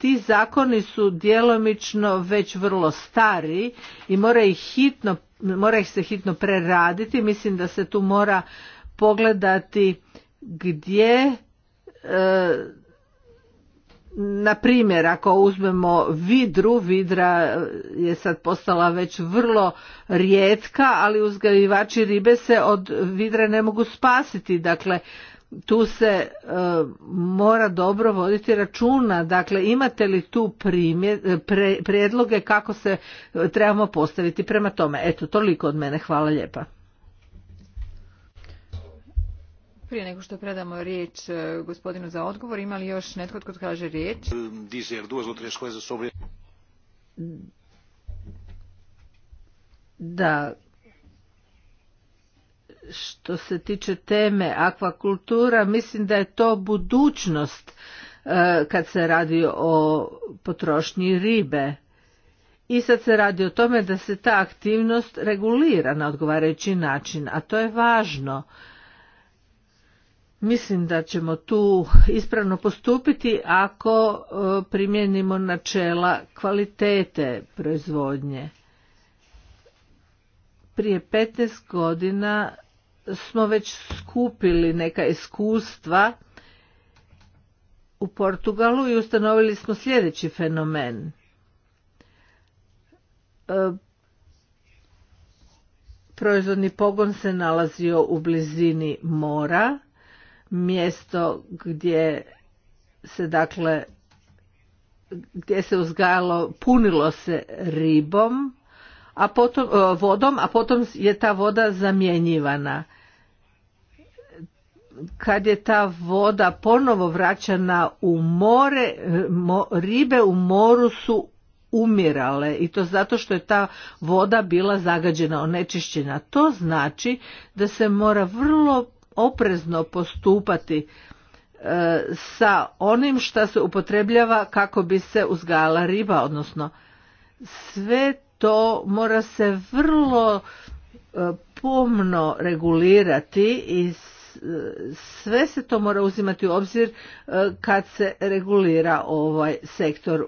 ti zakoni su djelomično već vrlo stari i mora ih, hitno, mora ih se hitno preraditi. Mislim da se tu mora pogledati gdje, e, na primjer, ako uzmemo vidru, vidra je sad postala već vrlo rijetka, ali uzgajivači ribe se od vidre ne mogu spasiti. Dakle, tu se e, mora dobro voditi računa dakle imate li tu primje, e, pre, prijedloge kako se e, trebamo postaviti prema tome eto toliko od mene hvala lijepa prije nego što predamo riječ gospodinu za odgovor ima li još netko tko kaže riječ da što se tiče teme akvakultura, mislim da je to budućnost e, kad se radi o potrošnji ribe. I sad se radi o tome da se ta aktivnost regulira na odgovarajući način, a to je važno. Mislim da ćemo tu ispravno postupiti ako e, primijenimo načela kvalitete proizvodnje. Prije 15 godina smo već skupili neka iskustva u Portugalu i ustanovili smo sljedeći fenomen. E, proizvodni pogon se nalazio u blizini mora, mjesto gdje se dakle gdje se uzgajalo, punilo se ribom, a potom, e, vodom, a potom je ta voda zamjenjivana kad je ta voda ponovo vraćana u more, ribe u moru su umirale i to zato što je ta voda bila zagađena, onečišćena. To znači da se mora vrlo oprezno postupati e, sa onim što se upotrebljava kako bi se uzgajala riba, odnosno sve to mora se vrlo e, pomno regulirati i sve se to mora uzimati u obzir e, kad se regulira ovaj sektor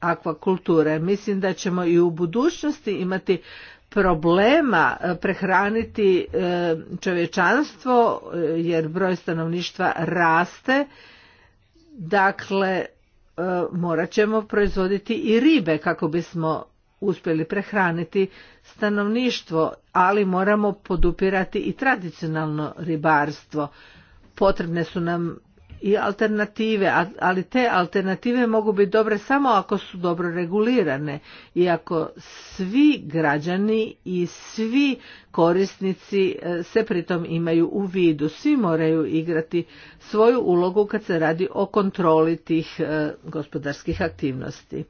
akvakulture. Mislim da ćemo i u budućnosti imati problema e, prehraniti e, čovječanstvo jer broj stanovništva raste. Dakle, morat ćemo proizvoditi i ribe kako bismo uspjeli prehraniti stanovništvo, ali moramo podupirati i tradicionalno ribarstvo. Potrebne su nam i alternative, ali te alternative mogu biti dobre samo ako su dobro regulirane i ako svi građani i svi korisnici e, se pritom imaju u vidu. Svi moraju igrati svoju ulogu kad se radi o kontroli tih e, gospodarskih aktivnosti.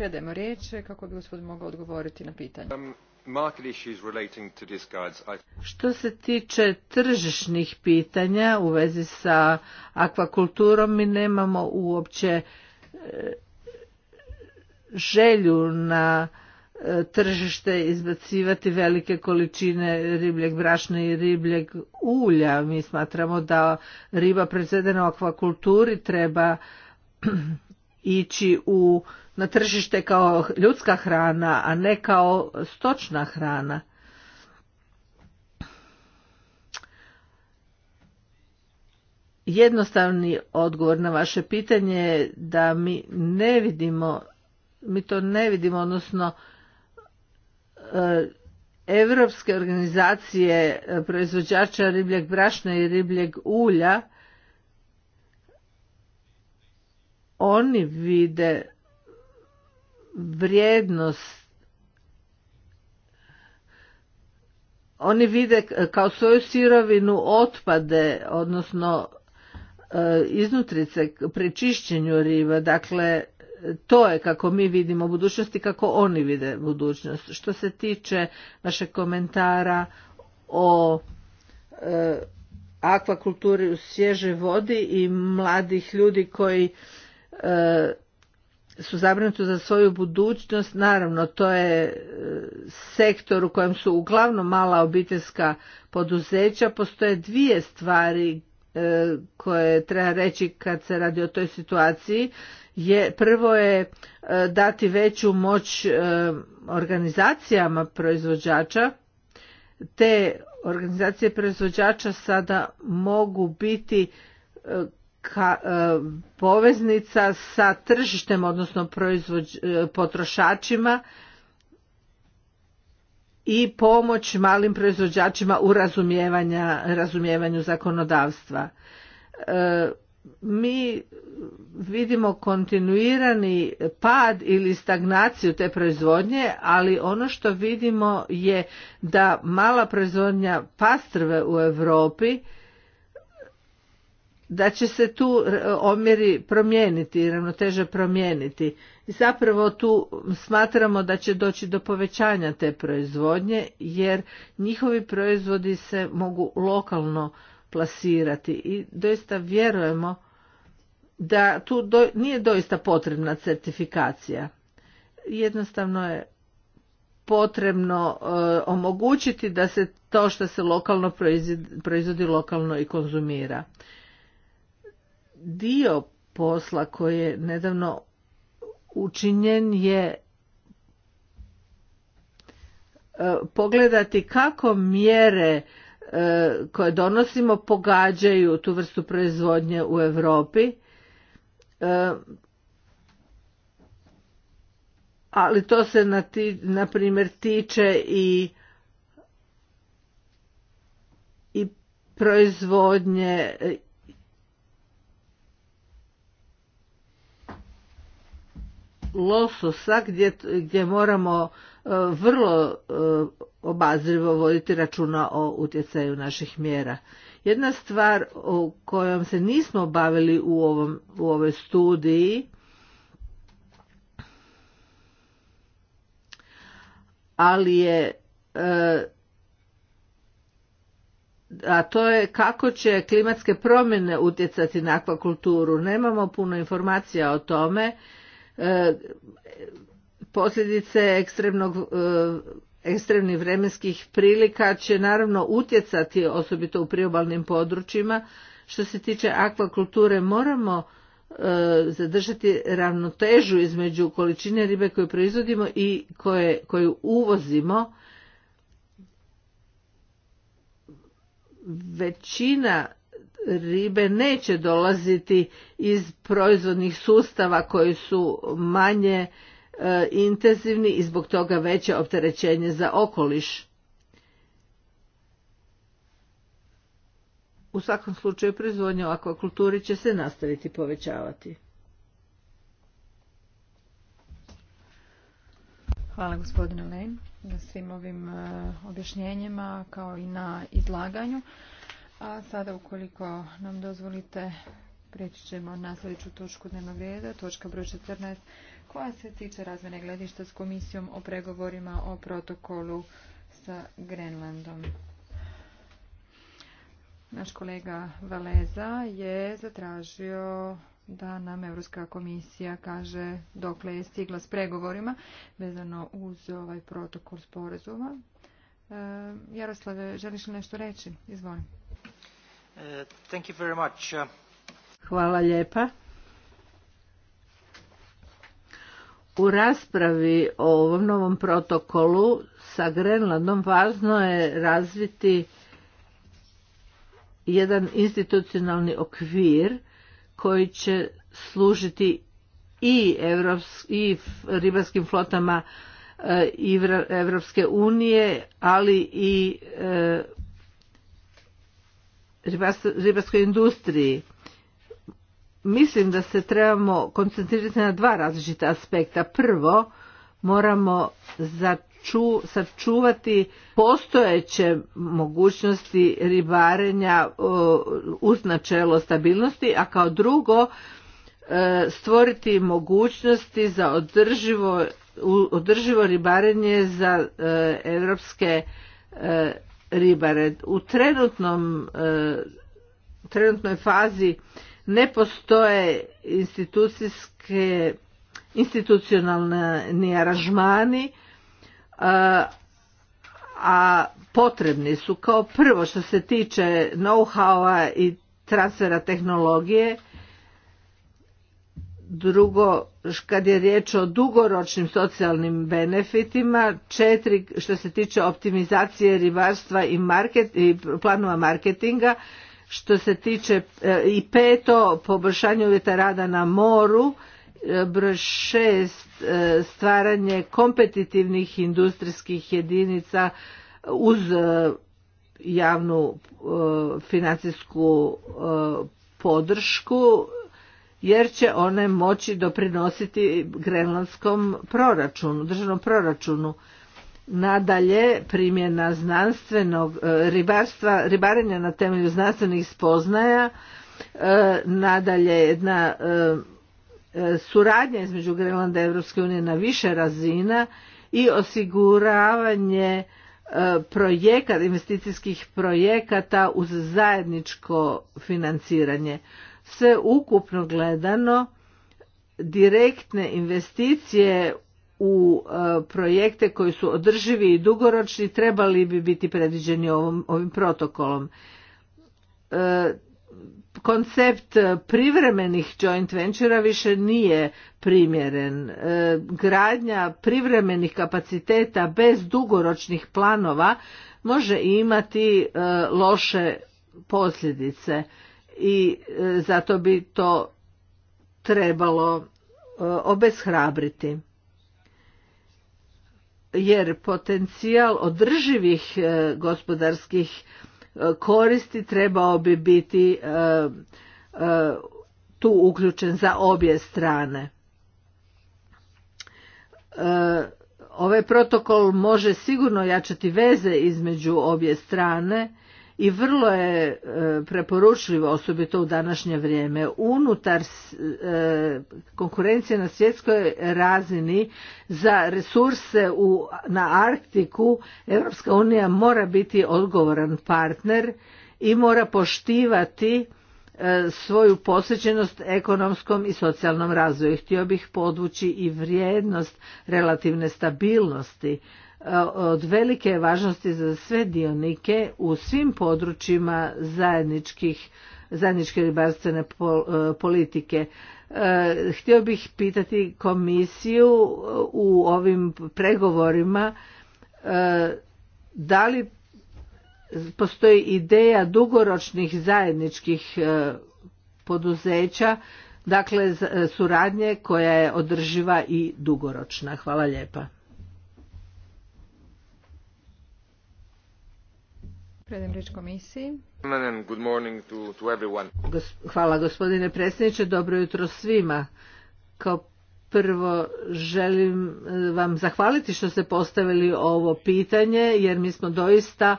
Predajemo riječ kako bi gospodin mogao odgovoriti na pitanje. Um, Što se tiče tržišnih pitanja u vezi sa akvakulturom, mi nemamo uopće e, želju na e, tržište izbacivati velike količine ribljeg brašna i ribljeg ulja. Mi smatramo da riba proizvedena u akvakulturi treba ići u, na tržište kao ljudska hrana, a ne kao stočna hrana. Jednostavni odgovor na vaše pitanje je da mi ne vidimo, mi to ne vidimo, odnosno e, evropske organizacije e, proizvođača ribljeg brašna i ribljeg ulja oni vide vrijednost oni vide kao svoju sirovinu otpade, odnosno e, iznutrice prečišćenju riva, dakle to je kako mi vidimo budućnost i kako oni vide budućnost. Što se tiče vašeg komentara o e, akvakulturi u svježoj vodi i mladih ljudi koji E, su zabrinuti za svoju budućnost. Naravno, to je e, sektor u kojem su uglavnom mala obiteljska poduzeća. Postoje dvije stvari e, koje treba reći kad se radi o toj situaciji. Je, prvo je dati veću moć organizacijama proizvođača. Te organizacije proizvođača sada mogu biti ka, e, poveznica sa tržištem, odnosno proizvođ, e, potrošačima i pomoć malim proizvođačima u razumijevanju zakonodavstva. E, mi vidimo kontinuirani pad ili stagnaciju te proizvodnje, ali ono što vidimo je da mala proizvodnja pastrve u Europi da će se tu e, omjeri promijeniti ravnoteža ravnoteže promijeniti. I zapravo tu smatramo da će doći do povećanja te proizvodnje jer njihovi proizvodi se mogu lokalno plasirati i doista vjerujemo da tu nije doista potrebna certifikacija. Jednostavno je potrebno e, omogućiti da se to što se lokalno proizvodi, proizvodi lokalno i konzumira dio posla koji je nedavno učinjen je e, pogledati kako mjere e, koje donosimo pogađaju tu vrstu proizvodnje u Europi. E, ali to se na, na primjer tiče i i proizvodnje lososa gdje, gdje moramo e, vrlo e, obazrivo voditi računa o utjecaju naših mjera. Jedna stvar o kojom se nismo bavili u, ovom, u ovoj studiji, ali je e, a to je kako će klimatske promjene utjecati na akvakulturu. Nemamo puno informacija o tome E, posljedice ekstremnog e, ekstremnih vremenskih prilika će naravno utjecati osobito u priobalnim područjima što se tiče akvakulture moramo e, zadržati ravnotežu između količine ribe koju proizvodimo i koje, koju uvozimo većina ribe neće dolaziti iz proizvodnih sustava koji su manje e, intenzivni i zbog toga veće opterećenje za okoliš. U svakom slučaju proizvodnja u akvakulturi će se nastaviti povećavati. Hvala gospodine Lane na svim ovim e, objašnjenjima kao i na izlaganju. A sada, ukoliko nam dozvolite, preći ćemo na sljedeću točku dnevnog reda, točka broj 14, koja se tiče razmjene gledišta s komisijom o pregovorima o protokolu sa Grenlandom. Naš kolega Valeza je zatražio da nam Europska komisija kaže dokle je stigla s pregovorima vezano uz ovaj protokol sporazuma. E, Jaroslave, želiš li nešto reći? Izvolite. Thank Hvala lijepa. U raspravi o ovom novom protokolu sa Grenlandom važno je razviti jedan institucionalni okvir koji će služiti i, i ribarskim flotama e, i Evropske unije, ali i e, ribarskoj industriji. Mislim da se trebamo koncentrirati na dva različita aspekta. Prvo, moramo začu, sačuvati postojeće mogućnosti ribarenja uz načelo stabilnosti, a kao drugo e, stvoriti mogućnosti za održivo, održivo ribarenje za europske e, ribare. U trenutnom, e, trenutnoj fazi ne postoje institucijske institucionalni aranžmani e, a potrebni su kao prvo što se tiče know-howa i transfera tehnologije drugo kad je riječ o dugoročnim socijalnim benefitima četiri što se tiče optimizacije ribarstva i, market, i planova marketinga što se tiče eh, i peto poboljšanje uvjeta rada na moru eh, broj šest eh, stvaranje kompetitivnih industrijskih jedinica uz javnu financijsku podršku jer će one moći doprinositi grenlandskom proračunu, državnom proračunu. Nadalje, primjena znanstvenog e, ribarstva, ribarenja na temelju znanstvenih spoznaja, e, nadalje jedna e, suradnja između Grenlanda i Europske unije na više razina i osiguravanje projekata, investicijskih projekata uz zajedničko financiranje. Sve ukupno gledano, direktne investicije u e, projekte koji su održivi i dugoročni trebali bi biti predviđeni ovim protokolom. E, koncept privremenih joint ventura više nije primjeren. E, gradnja privremenih kapaciteta bez dugoročnih planova može imati loše posljedice i e, zato bi to trebalo e, obeshrabriti jer potencijal održivih e, gospodarskih koristi trebao bi biti tu uključen za obje strane. Ovaj protokol može sigurno jačati veze između obje strane i vrlo je e, preporučljivo, osobito u današnje vrijeme, unutar e, konkurencije na svjetskoj razini za resurse u, na Arktiku, Europska unija mora biti odgovoran partner i mora poštivati e, svoju posvećenost ekonomskom i socijalnom razvoju. Htio bih podvući i vrijednost relativne stabilnosti od velike važnosti za sve dionike u svim područjima zajedničkih zajedničke ribarstvene e, politike. E, htio bih pitati komisiju u ovim pregovorima e, da li postoji ideja dugoročnih zajedničkih poduzeća, dakle suradnje koja je održiva i dugoročna. Hvala lijepa. Predem komisiji. Hvala gospodine predsjedniče, dobro jutro svima. Kao prvo želim e, vam zahvaliti što ste postavili ovo pitanje jer mi smo doista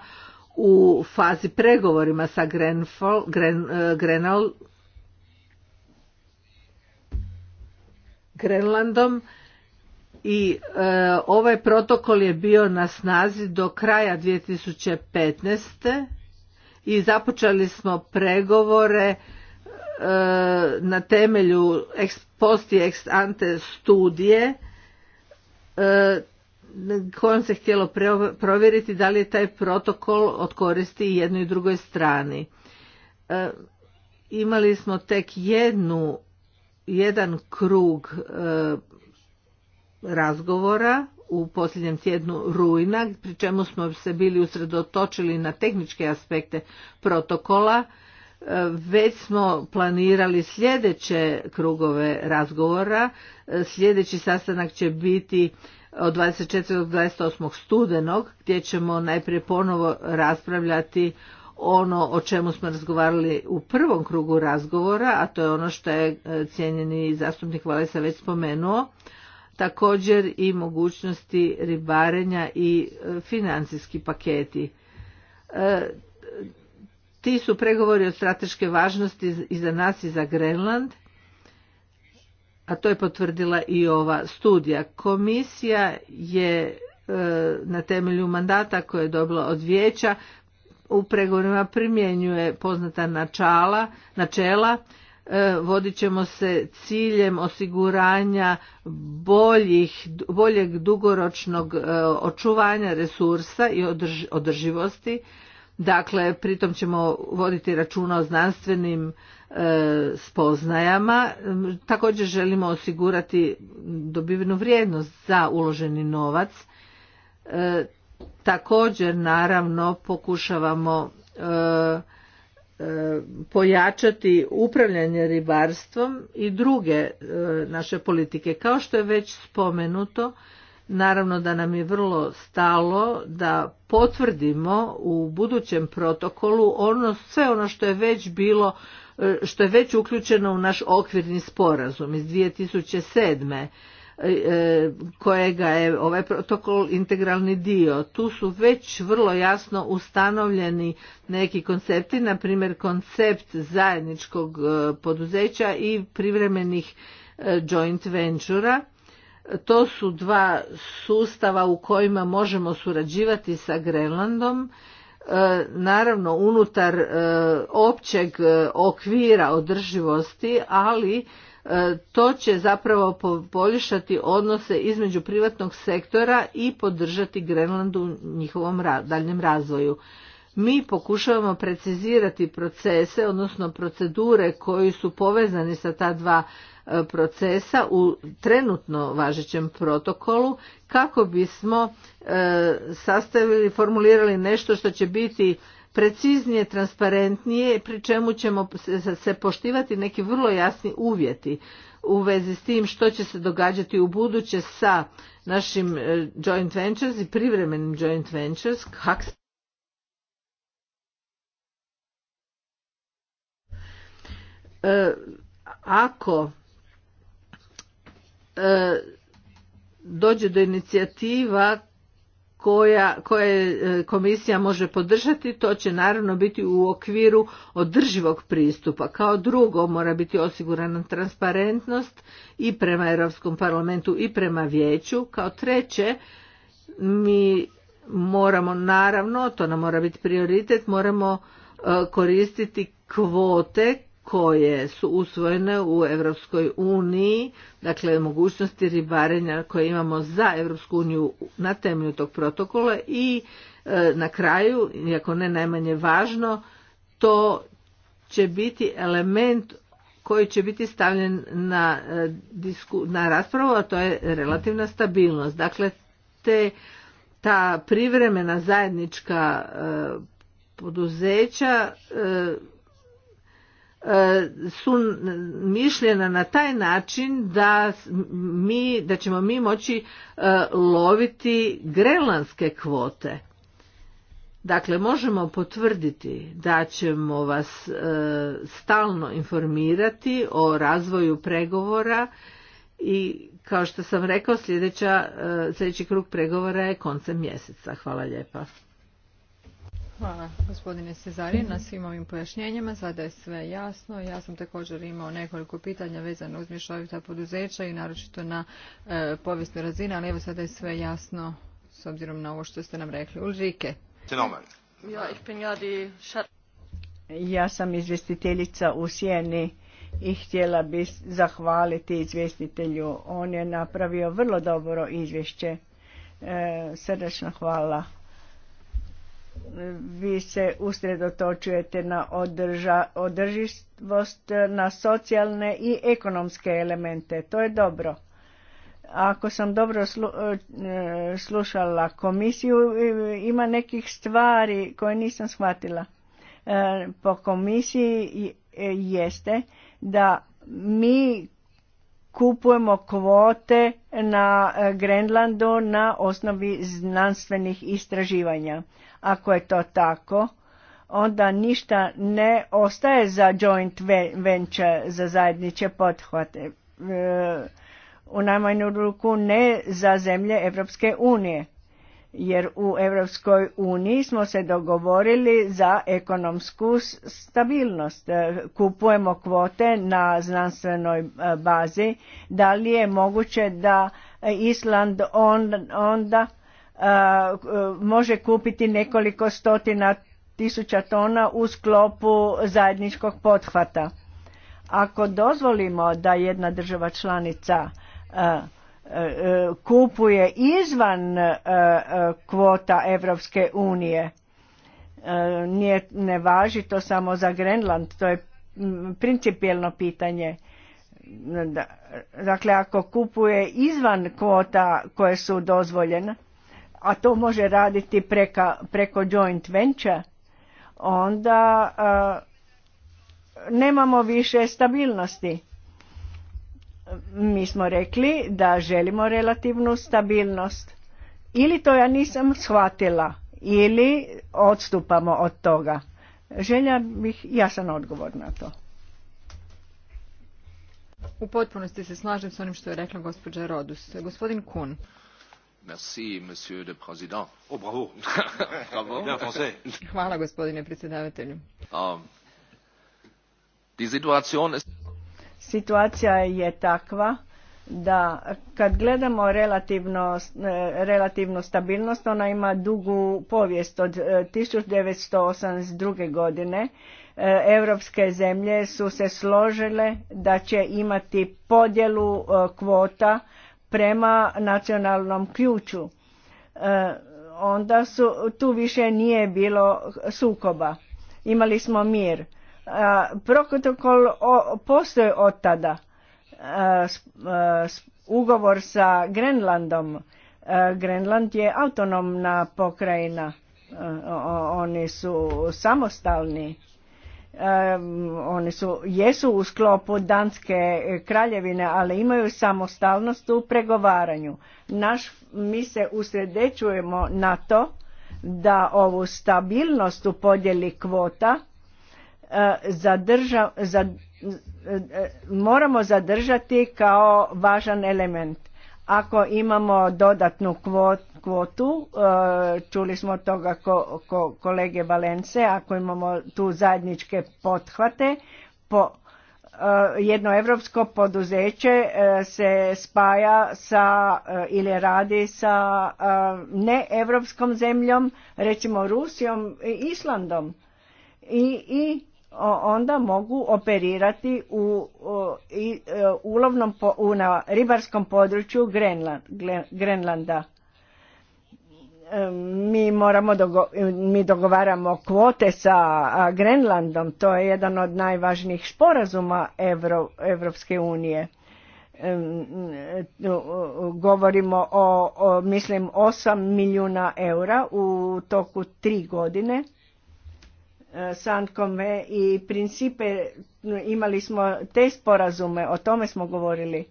u fazi pregovorima sa Gren, e, Grenlandom i e, ovaj protokol je bio na snazi do kraja 2015. i započeli smo pregovore e, na temelju ex posti ex ante studije e, kojom se htjelo provjeriti da li je taj protokol od koristi jednoj i drugoj strani. E, imali smo tek jednu jedan krug razgovora u posljednjem tjednu rujna, pri čemu smo se bili usredotočili na tehničke aspekte protokola, e, već smo planirali sljedeće krugove razgovora. E, sljedeći sastanak će biti od 24. do 28. studenog gdje ćemo najprije ponovo raspravljati ono o čemu smo razgovarali u prvom krugu razgovora, a to je ono što je e, cijenjeni zastupnik Valesa već spomenuo, također i mogućnosti ribarenja i e, financijski paketi. E, ti su pregovori od strateške važnosti i za nas i za Grenland, a to je potvrdila i ova studija. Komisija je e, na temelju mandata koje je dobila od vijeća u pregovorima primjenjuje poznata načela E, vodit ćemo se ciljem osiguranja boljih, boljeg dugoročnog e, očuvanja resursa i održivosti. Dakle, pritom ćemo voditi računa o znanstvenim e, spoznajama. Također želimo osigurati dobivenu vrijednost za uloženi novac. Također, naravno, pokušavamo E, pojačati upravljanje ribarstvom i druge e, naše politike. Kao što je već spomenuto, naravno da nam je vrlo stalo da potvrdimo u budućem protokolu ono, sve ono što je već bilo, e, što je već uključeno u naš okvirni sporazum iz 2007 kojega je ovaj protokol integralni dio. Tu su već vrlo jasno ustanovljeni neki koncepti, na primjer koncept zajedničkog e, poduzeća i privremenih e, joint ventura. To su dva sustava u kojima možemo surađivati sa Grenlandom e, naravno unutar općeg okvira održivosti, ali E, to će zapravo poboljšati odnose između privatnog sektora i podržati Grenlandu u njihovom daljem razvoju. Mi pokušavamo precizirati procese, odnosno procedure koji su povezani sa ta dva e, procesa u trenutno važećem protokolu kako bismo e, sastavili, formulirali nešto što će biti preciznije, transparentnije, pri čemu ćemo se poštivati neki vrlo jasni uvjeti u vezi s tim što će se događati u buduće sa našim e, joint ventures i privremenim joint ventures, e, ako e, dođe do inicijativa koja, koje e, komisija može podržati, to će naravno biti u okviru održivog pristupa. Kao drugo mora biti osigurana transparentnost i prema Europskom parlamentu i prema vijeću. Kao treće, mi moramo naravno, to nam mora biti prioritet, moramo e, koristiti kvote koje su usvojene u Europskoj uniji, dakle mogućnosti ribarenja koje imamo za Europsku uniju na temelju tog protokola i e, na kraju, iako ne najmanje važno, to će biti element koji će biti stavljen na, e, na raspravu, a to je relativna stabilnost. Dakle, te, ta privremena zajednička e, poduzeća E, su mišljena na taj način da, mi, da ćemo mi moći e, loviti grenlandske kvote. Dakle, možemo potvrditi da ćemo vas e, stalno informirati o razvoju pregovora i kao što sam rekao sljedeća, sljedeći krug pregovora je koncem mjeseca. Hvala lijepa. Hvala gospodine Cezari na svim ovim pojašnjenjima. Sada je sve jasno. Ja sam također imao nekoliko pitanja vezano uz mješovita poduzeća i naročito na e, povijesnu razinu, ali evo sada je sve jasno s obzirom na ovo što ste nam rekli. Ulrike. Ja sam izvjestiteljica u Sjeni i htjela bi zahvaliti izvjestitelju. On je napravio vrlo dobro izvješće. E, hvala vi se usredotočujete na održa, održivost, na socijalne i ekonomske elemente. To je dobro. Ako sam dobro e, slušala komisiju, e, ima nekih stvari koje nisam shvatila. E, po komisiji jeste da mi kupujemo kvote na Grenlandu na osnovi znanstvenih istraživanja. Ako je to tako, onda ništa ne ostaje za joint venture, za zajedniče pothvate. E, u najmanju ruku ne za zemlje Evropske unije. Jer u Evropskoj uniji smo se dogovorili za ekonomsku stabilnost. E, kupujemo kvote na znanstvenoj e, bazi. Da li je moguće da Island onda može kupiti nekoliko stotina tisuća tona u sklopu zajedničkog pothvata. Ako dozvolimo da jedna država članica kupuje izvan kvota Evropske unije, nije, ne važi to samo za Grenland, to je principijelno pitanje. Dakle, ako kupuje izvan kvota koje su dozvoljene, a to može raditi preko joint venture, onda nemamo više stabilnosti. Mi smo rekli da želimo relativnu stabilnost. Ili to ja nisam shvatila, ili odstupamo od toga. Želja bih jasan odgovor na to. U potpunosti se slažem s onim što je rekla gospođa Rodus. Gospodin Kun. Merci, monsieur le président. Oh, bravo. bravo. Bien français. Hvala, gospodine predsjedavatelju. Um, Situacija je takva da kad gledamo relativno, e, relativnu stabilnost, ona ima dugu povijest od 1982. E, godine. Europske zemlje su se složile da će imati podjelu e, kvota prema nacionalnom ključu. E, onda su, tu više nije bilo sukoba. Imali smo mir. E, protokol postoji od tada. E, ugovor sa Grenlandom. Grenland je autonomna pokrajina. Oni su samostalni oni su, jesu u sklopu Danske kraljevine, ali imaju samostalnost u pregovaranju. Naš, mi se usredećujemo na to da ovu stabilnost u podjeli kvota e, zadrža, e, e, moramo zadržati kao važan element ako imamo dodatnu kvotu, e, čuli smo toga ko, kolege Valence, ako imamo tu zajedničke pothvate, po, e, jedno europsko poduzeće e, se spaja sa ili radi sa neevropskom zemljom, recimo Rusijom i Islandom. I, i onda mogu operirati u, e, ulovnom, u, na ribarskom području Grenlanda. E, mi, moramo e, mi dogovaramo kvote sa Grenlandom, to je jedan od najvažnijih sporazuma Evro, Evropske unije. Govorimo o, mislim, 8 milijuna eura u toku tri godine Sankome i principe, imali smo te sporazume, o tome smo govorili.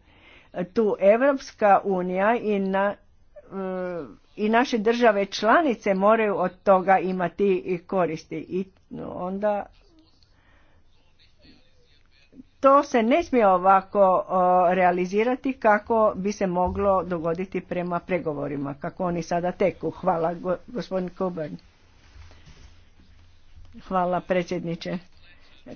Tu Evropska unija i, na, e, i naše države članice moraju od toga imati i koristi. I onda to se ne smije ovako realizirati kako bi se moglo dogoditi prema pregovorima, kako oni sada teku. Hvala, gospodin Hvala predsjedniče.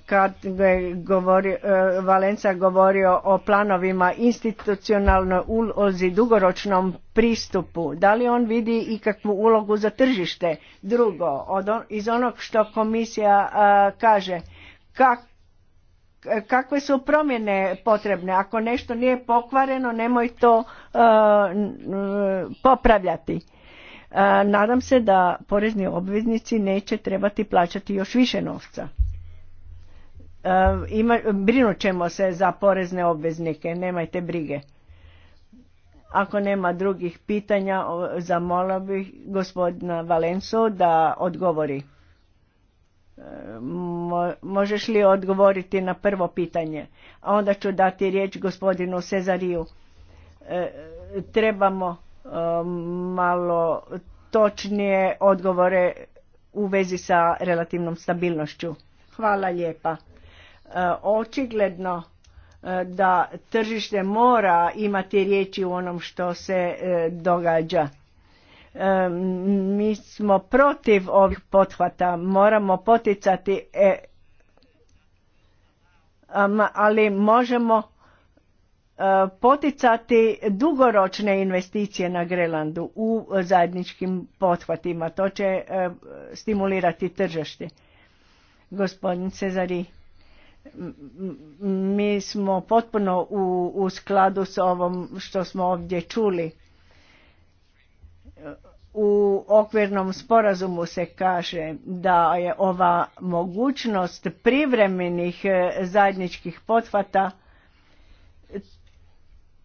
Kad je govori, e, Valenca govorio o planovima institucionalnoj ulozi, dugoročnom pristupu, da li on vidi ikakvu ulogu za tržište? Drugo, iz onog što komisija e, kaže, kak, e, kakve su promjene potrebne? Ako nešto nije pokvareno, nemoj to popravljati nadam se da porezni obveznici neće trebati plaćati još više novca. Ima, brinut ćemo se za porezne obveznike, nemajte brige. Ako nema drugih pitanja, zamolio bih gospodina Valenso da odgovori. E, možeš li odgovoriti na prvo pitanje? A onda ću dati riječ gospodinu Cezariju. E, trebamo Um, malo točnije odgovore u vezi sa relativnom stabilnošću. Hvala lijepa. Uh, očigledno uh, da tržište mora imati riječi u onom što se uh, događa. Um, mi smo protiv ovih pothvata, moramo poticati, e, um, ali možemo E, poticati dugoročne investicije na Grelandu u zajedničkim pothvatima. To će e, stimulirati tržište. Gospodin Cezari, mi smo potpuno u, u skladu s ovom što smo ovdje čuli. U okvirnom sporazumu se kaže da je ova mogućnost privremenih e, zajedničkih pothvata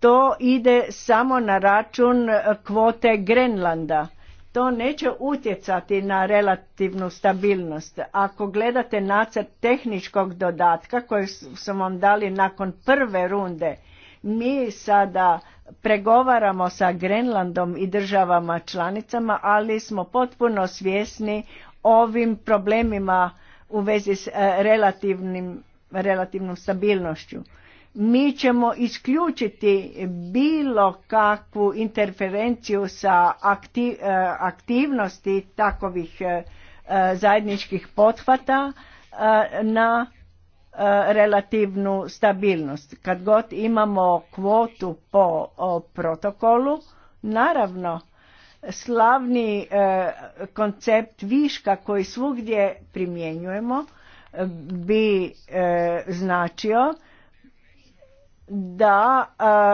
to ide samo na račun e, kvote Grenlanda. To neće utjecati na relativnu stabilnost. Ako gledate nacrt tehničkog dodatka koji smo vam dali nakon prve runde, mi sada pregovaramo sa Grenlandom i državama članicama, ali smo potpuno svjesni ovim problemima u vezi s e, relativnim, relativnom stabilnošću mi ćemo isključiti bilo kakvu interferenciju sa eh, aktivnosti takovih eh, eh, zajedničkih pothvata na relativnu stabilnost. Kad god imamo kvotu po protokolu, naravno slavni koncept viška koji svugdje primjenjujemo bi značio da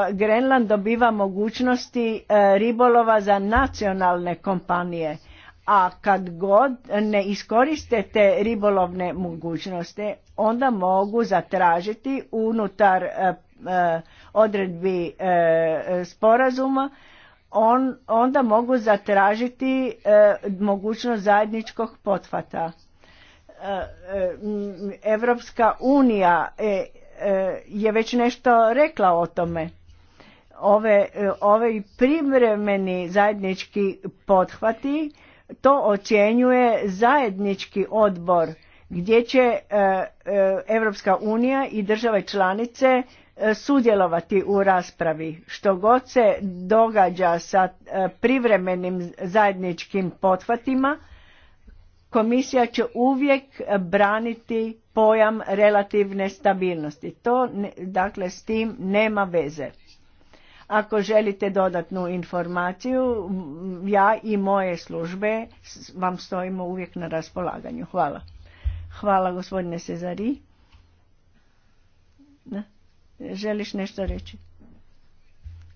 e, Grenland dobiva mogućnosti e, ribolova za nacionalne kompanije, a kad god ne iskoriste te ribolovne mogućnosti, onda mogu zatražiti unutar e, odredbi sporazuma, on, onda mogu zatražiti mogućnost zajedničkog potvata. Evropska unija E, je već nešto rekla o tome. Ove, e, ove privremeni zajednički pothvati to ocjenjuje zajednički odbor gdje će Europska e, unija i države članice sudjelovati u raspravi. Što god se događa sa privremenim zajedničkim pothvatima, komisija će uvijek braniti pojam relativne stabilnosti. To, dakle, s tim nema veze. Ako želite dodatnu informaciju, ja i moje službe vam stojimo uvijek na raspolaganju. Hvala. Hvala, gospodine Sezari. Želiš nešto reći?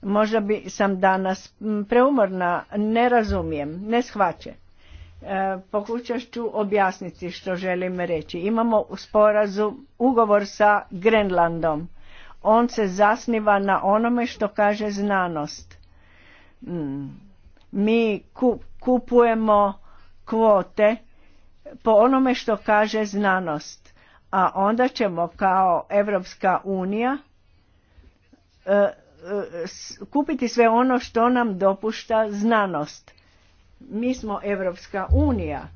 Možda bi sam danas preumorna, ne razumijem, ne shvaćam. E, pokušat ću objasniti što želim reći. Imamo sporazum, ugovor sa Grenlandom. On se zasniva na onome što kaže znanost. Hmm. Mi kupujemo kvote po onome što kaže znanost. A onda ćemo kao Evropska unija e, e, kupiti sve ono što nam dopušta znanost mi smo Evropska unija,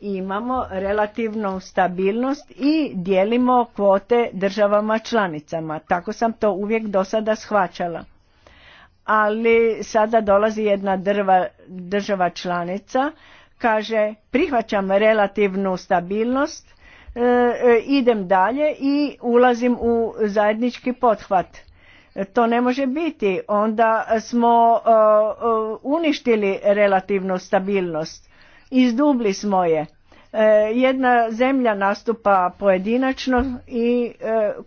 imamo relativnu stabilnost i dijelimo kvote državama članicama. Tako sam to uvijek do sada shvaćala. Ali sada dolazi jedna drva, država članica, kaže prihvaćam relativnu stabilnost, e, e, idem dalje i ulazim u zajednički pothvat to ne može biti. Onda smo uh, uh, uništili relativnu stabilnost. Izdubli smo je. Uh, jedna zemlja nastupa pojedinačno i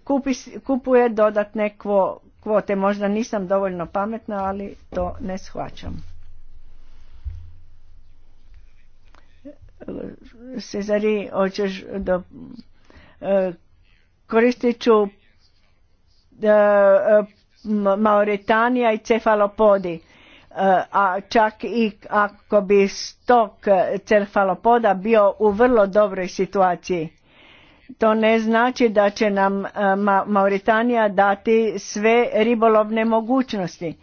kupi, kupuje dodatne kvote. Možda nisam dovoljno pametna, ali to ne shvaćam. Cezari, hoćeš da koristit ću Mauritanija i cefalopodi. E, a čak i ako bi stok e, cefalopoda bio u vrlo dobroj situaciji. To ne znači da će nam e, Mauritanija dati sve ribolovne mogućnosti.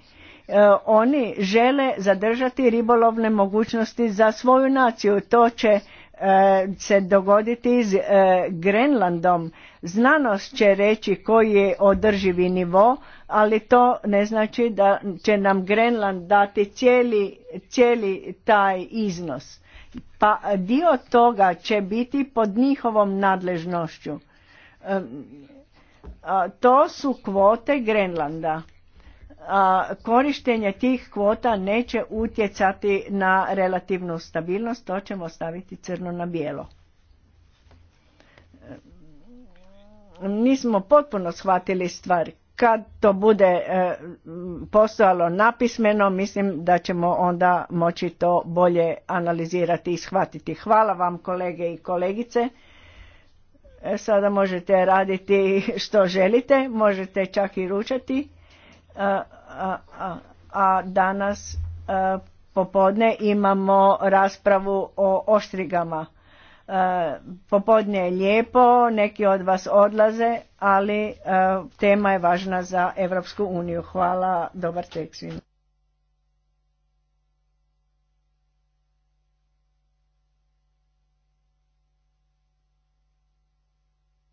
Oni žele zadržati ribolovne mogućnosti za svoju naciju. To će se dogoditi s Grenlandom. Znanost će reći koji je održivi nivo, ali to ne znači da će nam Grenland dati cijeli, taj iznos. Pa dio toga će biti pod njihovom nadležnošću. E, to su kvote Grenlanda. Korištenje tih kvota neće utjecati na relativnu stabilnost, to ćemo staviti crno na bijelo. E, nismo potpuno shvatili stvari kad to bude e, postojalo napismeno, mislim da ćemo onda moći to bolje analizirati i shvatiti. Hvala vam kolege i kolegice. E, sada možete raditi što želite, možete čak i ručati. E, a, a danas popodne imamo raspravu o oštrigama. E, popodne je lijepo, neki od vas odlaze, ali e, tema je važna za Europsku uniju. Hvala, dobar tek svima.